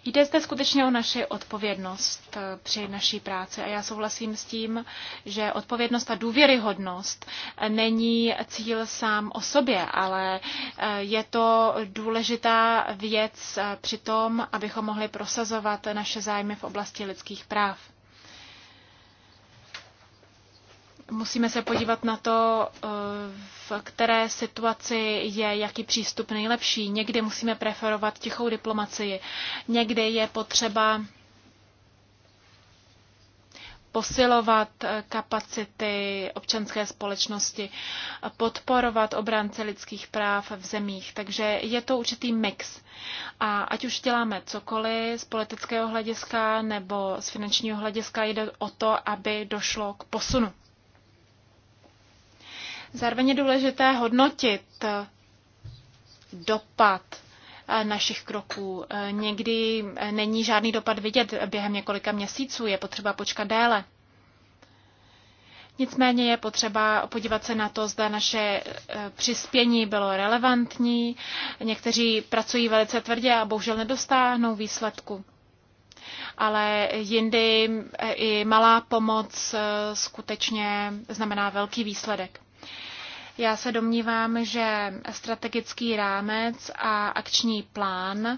Jde zde skutečně o naši odpovědnost eh, při naší práci a já souhlasím s tím, že odpovědnost a důvěryhodnost eh, není cíl sám o sobě, ale eh, je to důležitá věc při tom, abychom mohli prosazovat naše zájmy v oblasti lidských práv. Musíme se podívat na to, eh, v které situaci je jaký přístup nejlepší. Někdy musíme preferovat tichou diplomacii, někdy je potřeba posilovat eh, kapacity občanské společnosti, podporovat obránce lidských práv v zemích. Takže je to určitý mix. A ať už děláme cokoliv z politického hlediska nebo z finančního hlediska, jde o to, aby došlo k posunu. Zároveň je důležité hodnotit eh, dopad eh, našich kroků. Eh, někdy není žádný dopad vidět během několika měsíců, je potřeba počkat déle. Nicméně je potřeba podívat se na to, zda naše přispění bylo relevantní. Někteří pracují velice tvrdě a bohužel nedostáhnou výsledku. Ale jindy i malá pomoc skutečně znamená velký výsledek. Já se domnívám, že strategický rámec a akční plán eh,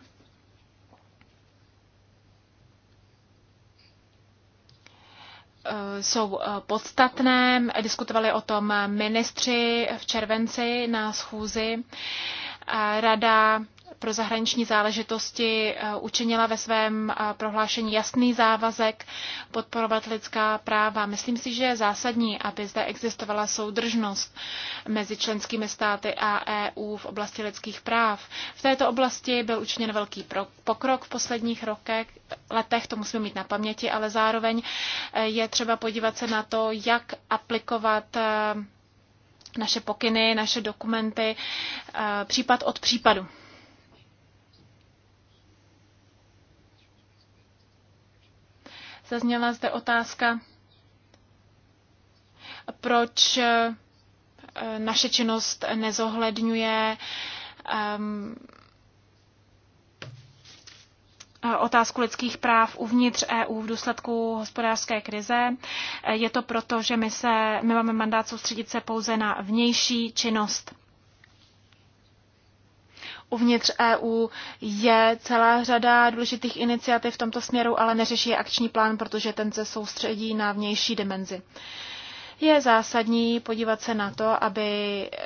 jsou eh, podstatné. Diskutovali o tom ministři v červenci na schůzi. Rada pro zahraniční záležitosti eh, učinila ve svém eh, prohlášení jasný závazek podporovat lidská práva. Myslím si, že je zásadní, aby zde existovala soudržnost mezi členskými státy a EU v oblasti lidských práv. V této oblasti byl učiněn velký pokrok v posledních rokech, letech, to musíme mít na paměti, ale zároveň eh, je třeba podívat se na to, jak aplikovat naše pokyny, naše dokumenty, případ od případu. Zazněla zde otázka, proč eh, naše činnost nezohledňuje um, otázku lidských práv uvnitř EU v důsledku hospodářské krize. Eh, je to proto, že my, se, my máme mandát soustředit se pouze na vnější činnost uvnitř EU je celá řada důležitých iniciativ v tomto směru, ale neřeší je akční plán, protože ten se soustředí na vnější dimenzi. Je zásadní podívat se na to, aby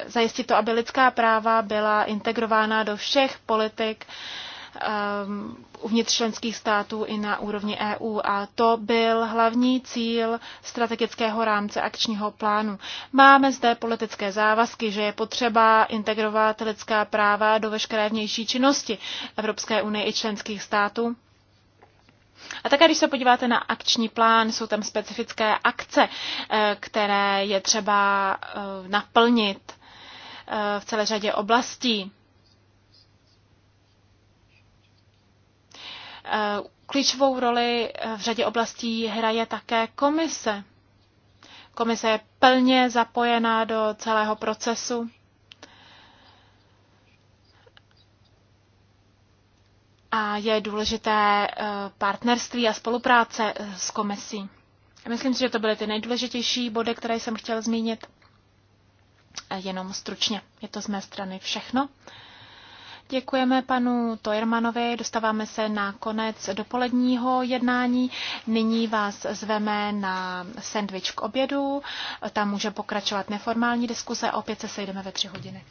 zajistit to, aby lidská práva byla integrována do všech politik Um, uvnitř členských států i na úrovni EU. A to byl hlavní cíl strategického rámce akčního plánu. Máme zde politické závazky, že je potřeba integrovat lidská práva do veškeré vnější činnosti Evropské unie i členských států. A také, když se podíváte na akční plán, jsou tam specifické akce, eh, které je třeba eh, naplnit eh, v celé řadě oblastí. Eh, klíčovou roli eh, v řadě oblastí hraje také komise. Komise je plně zapojená do celého procesu. A je důležité eh, partnerství a spolupráce s komisí. Myslím si, že to byly ty nejdůležitější body, které jsem chtěl zmínit. Jenom stručně. Je to z mé strany všechno. Děkujeme panu Tojermanovi, dostáváme se na konec dopoledního jednání. Nyní vás zveme na sendvič k obědu, tam může pokračovat neformální diskuse, opět se sejdeme ve tři hodiny.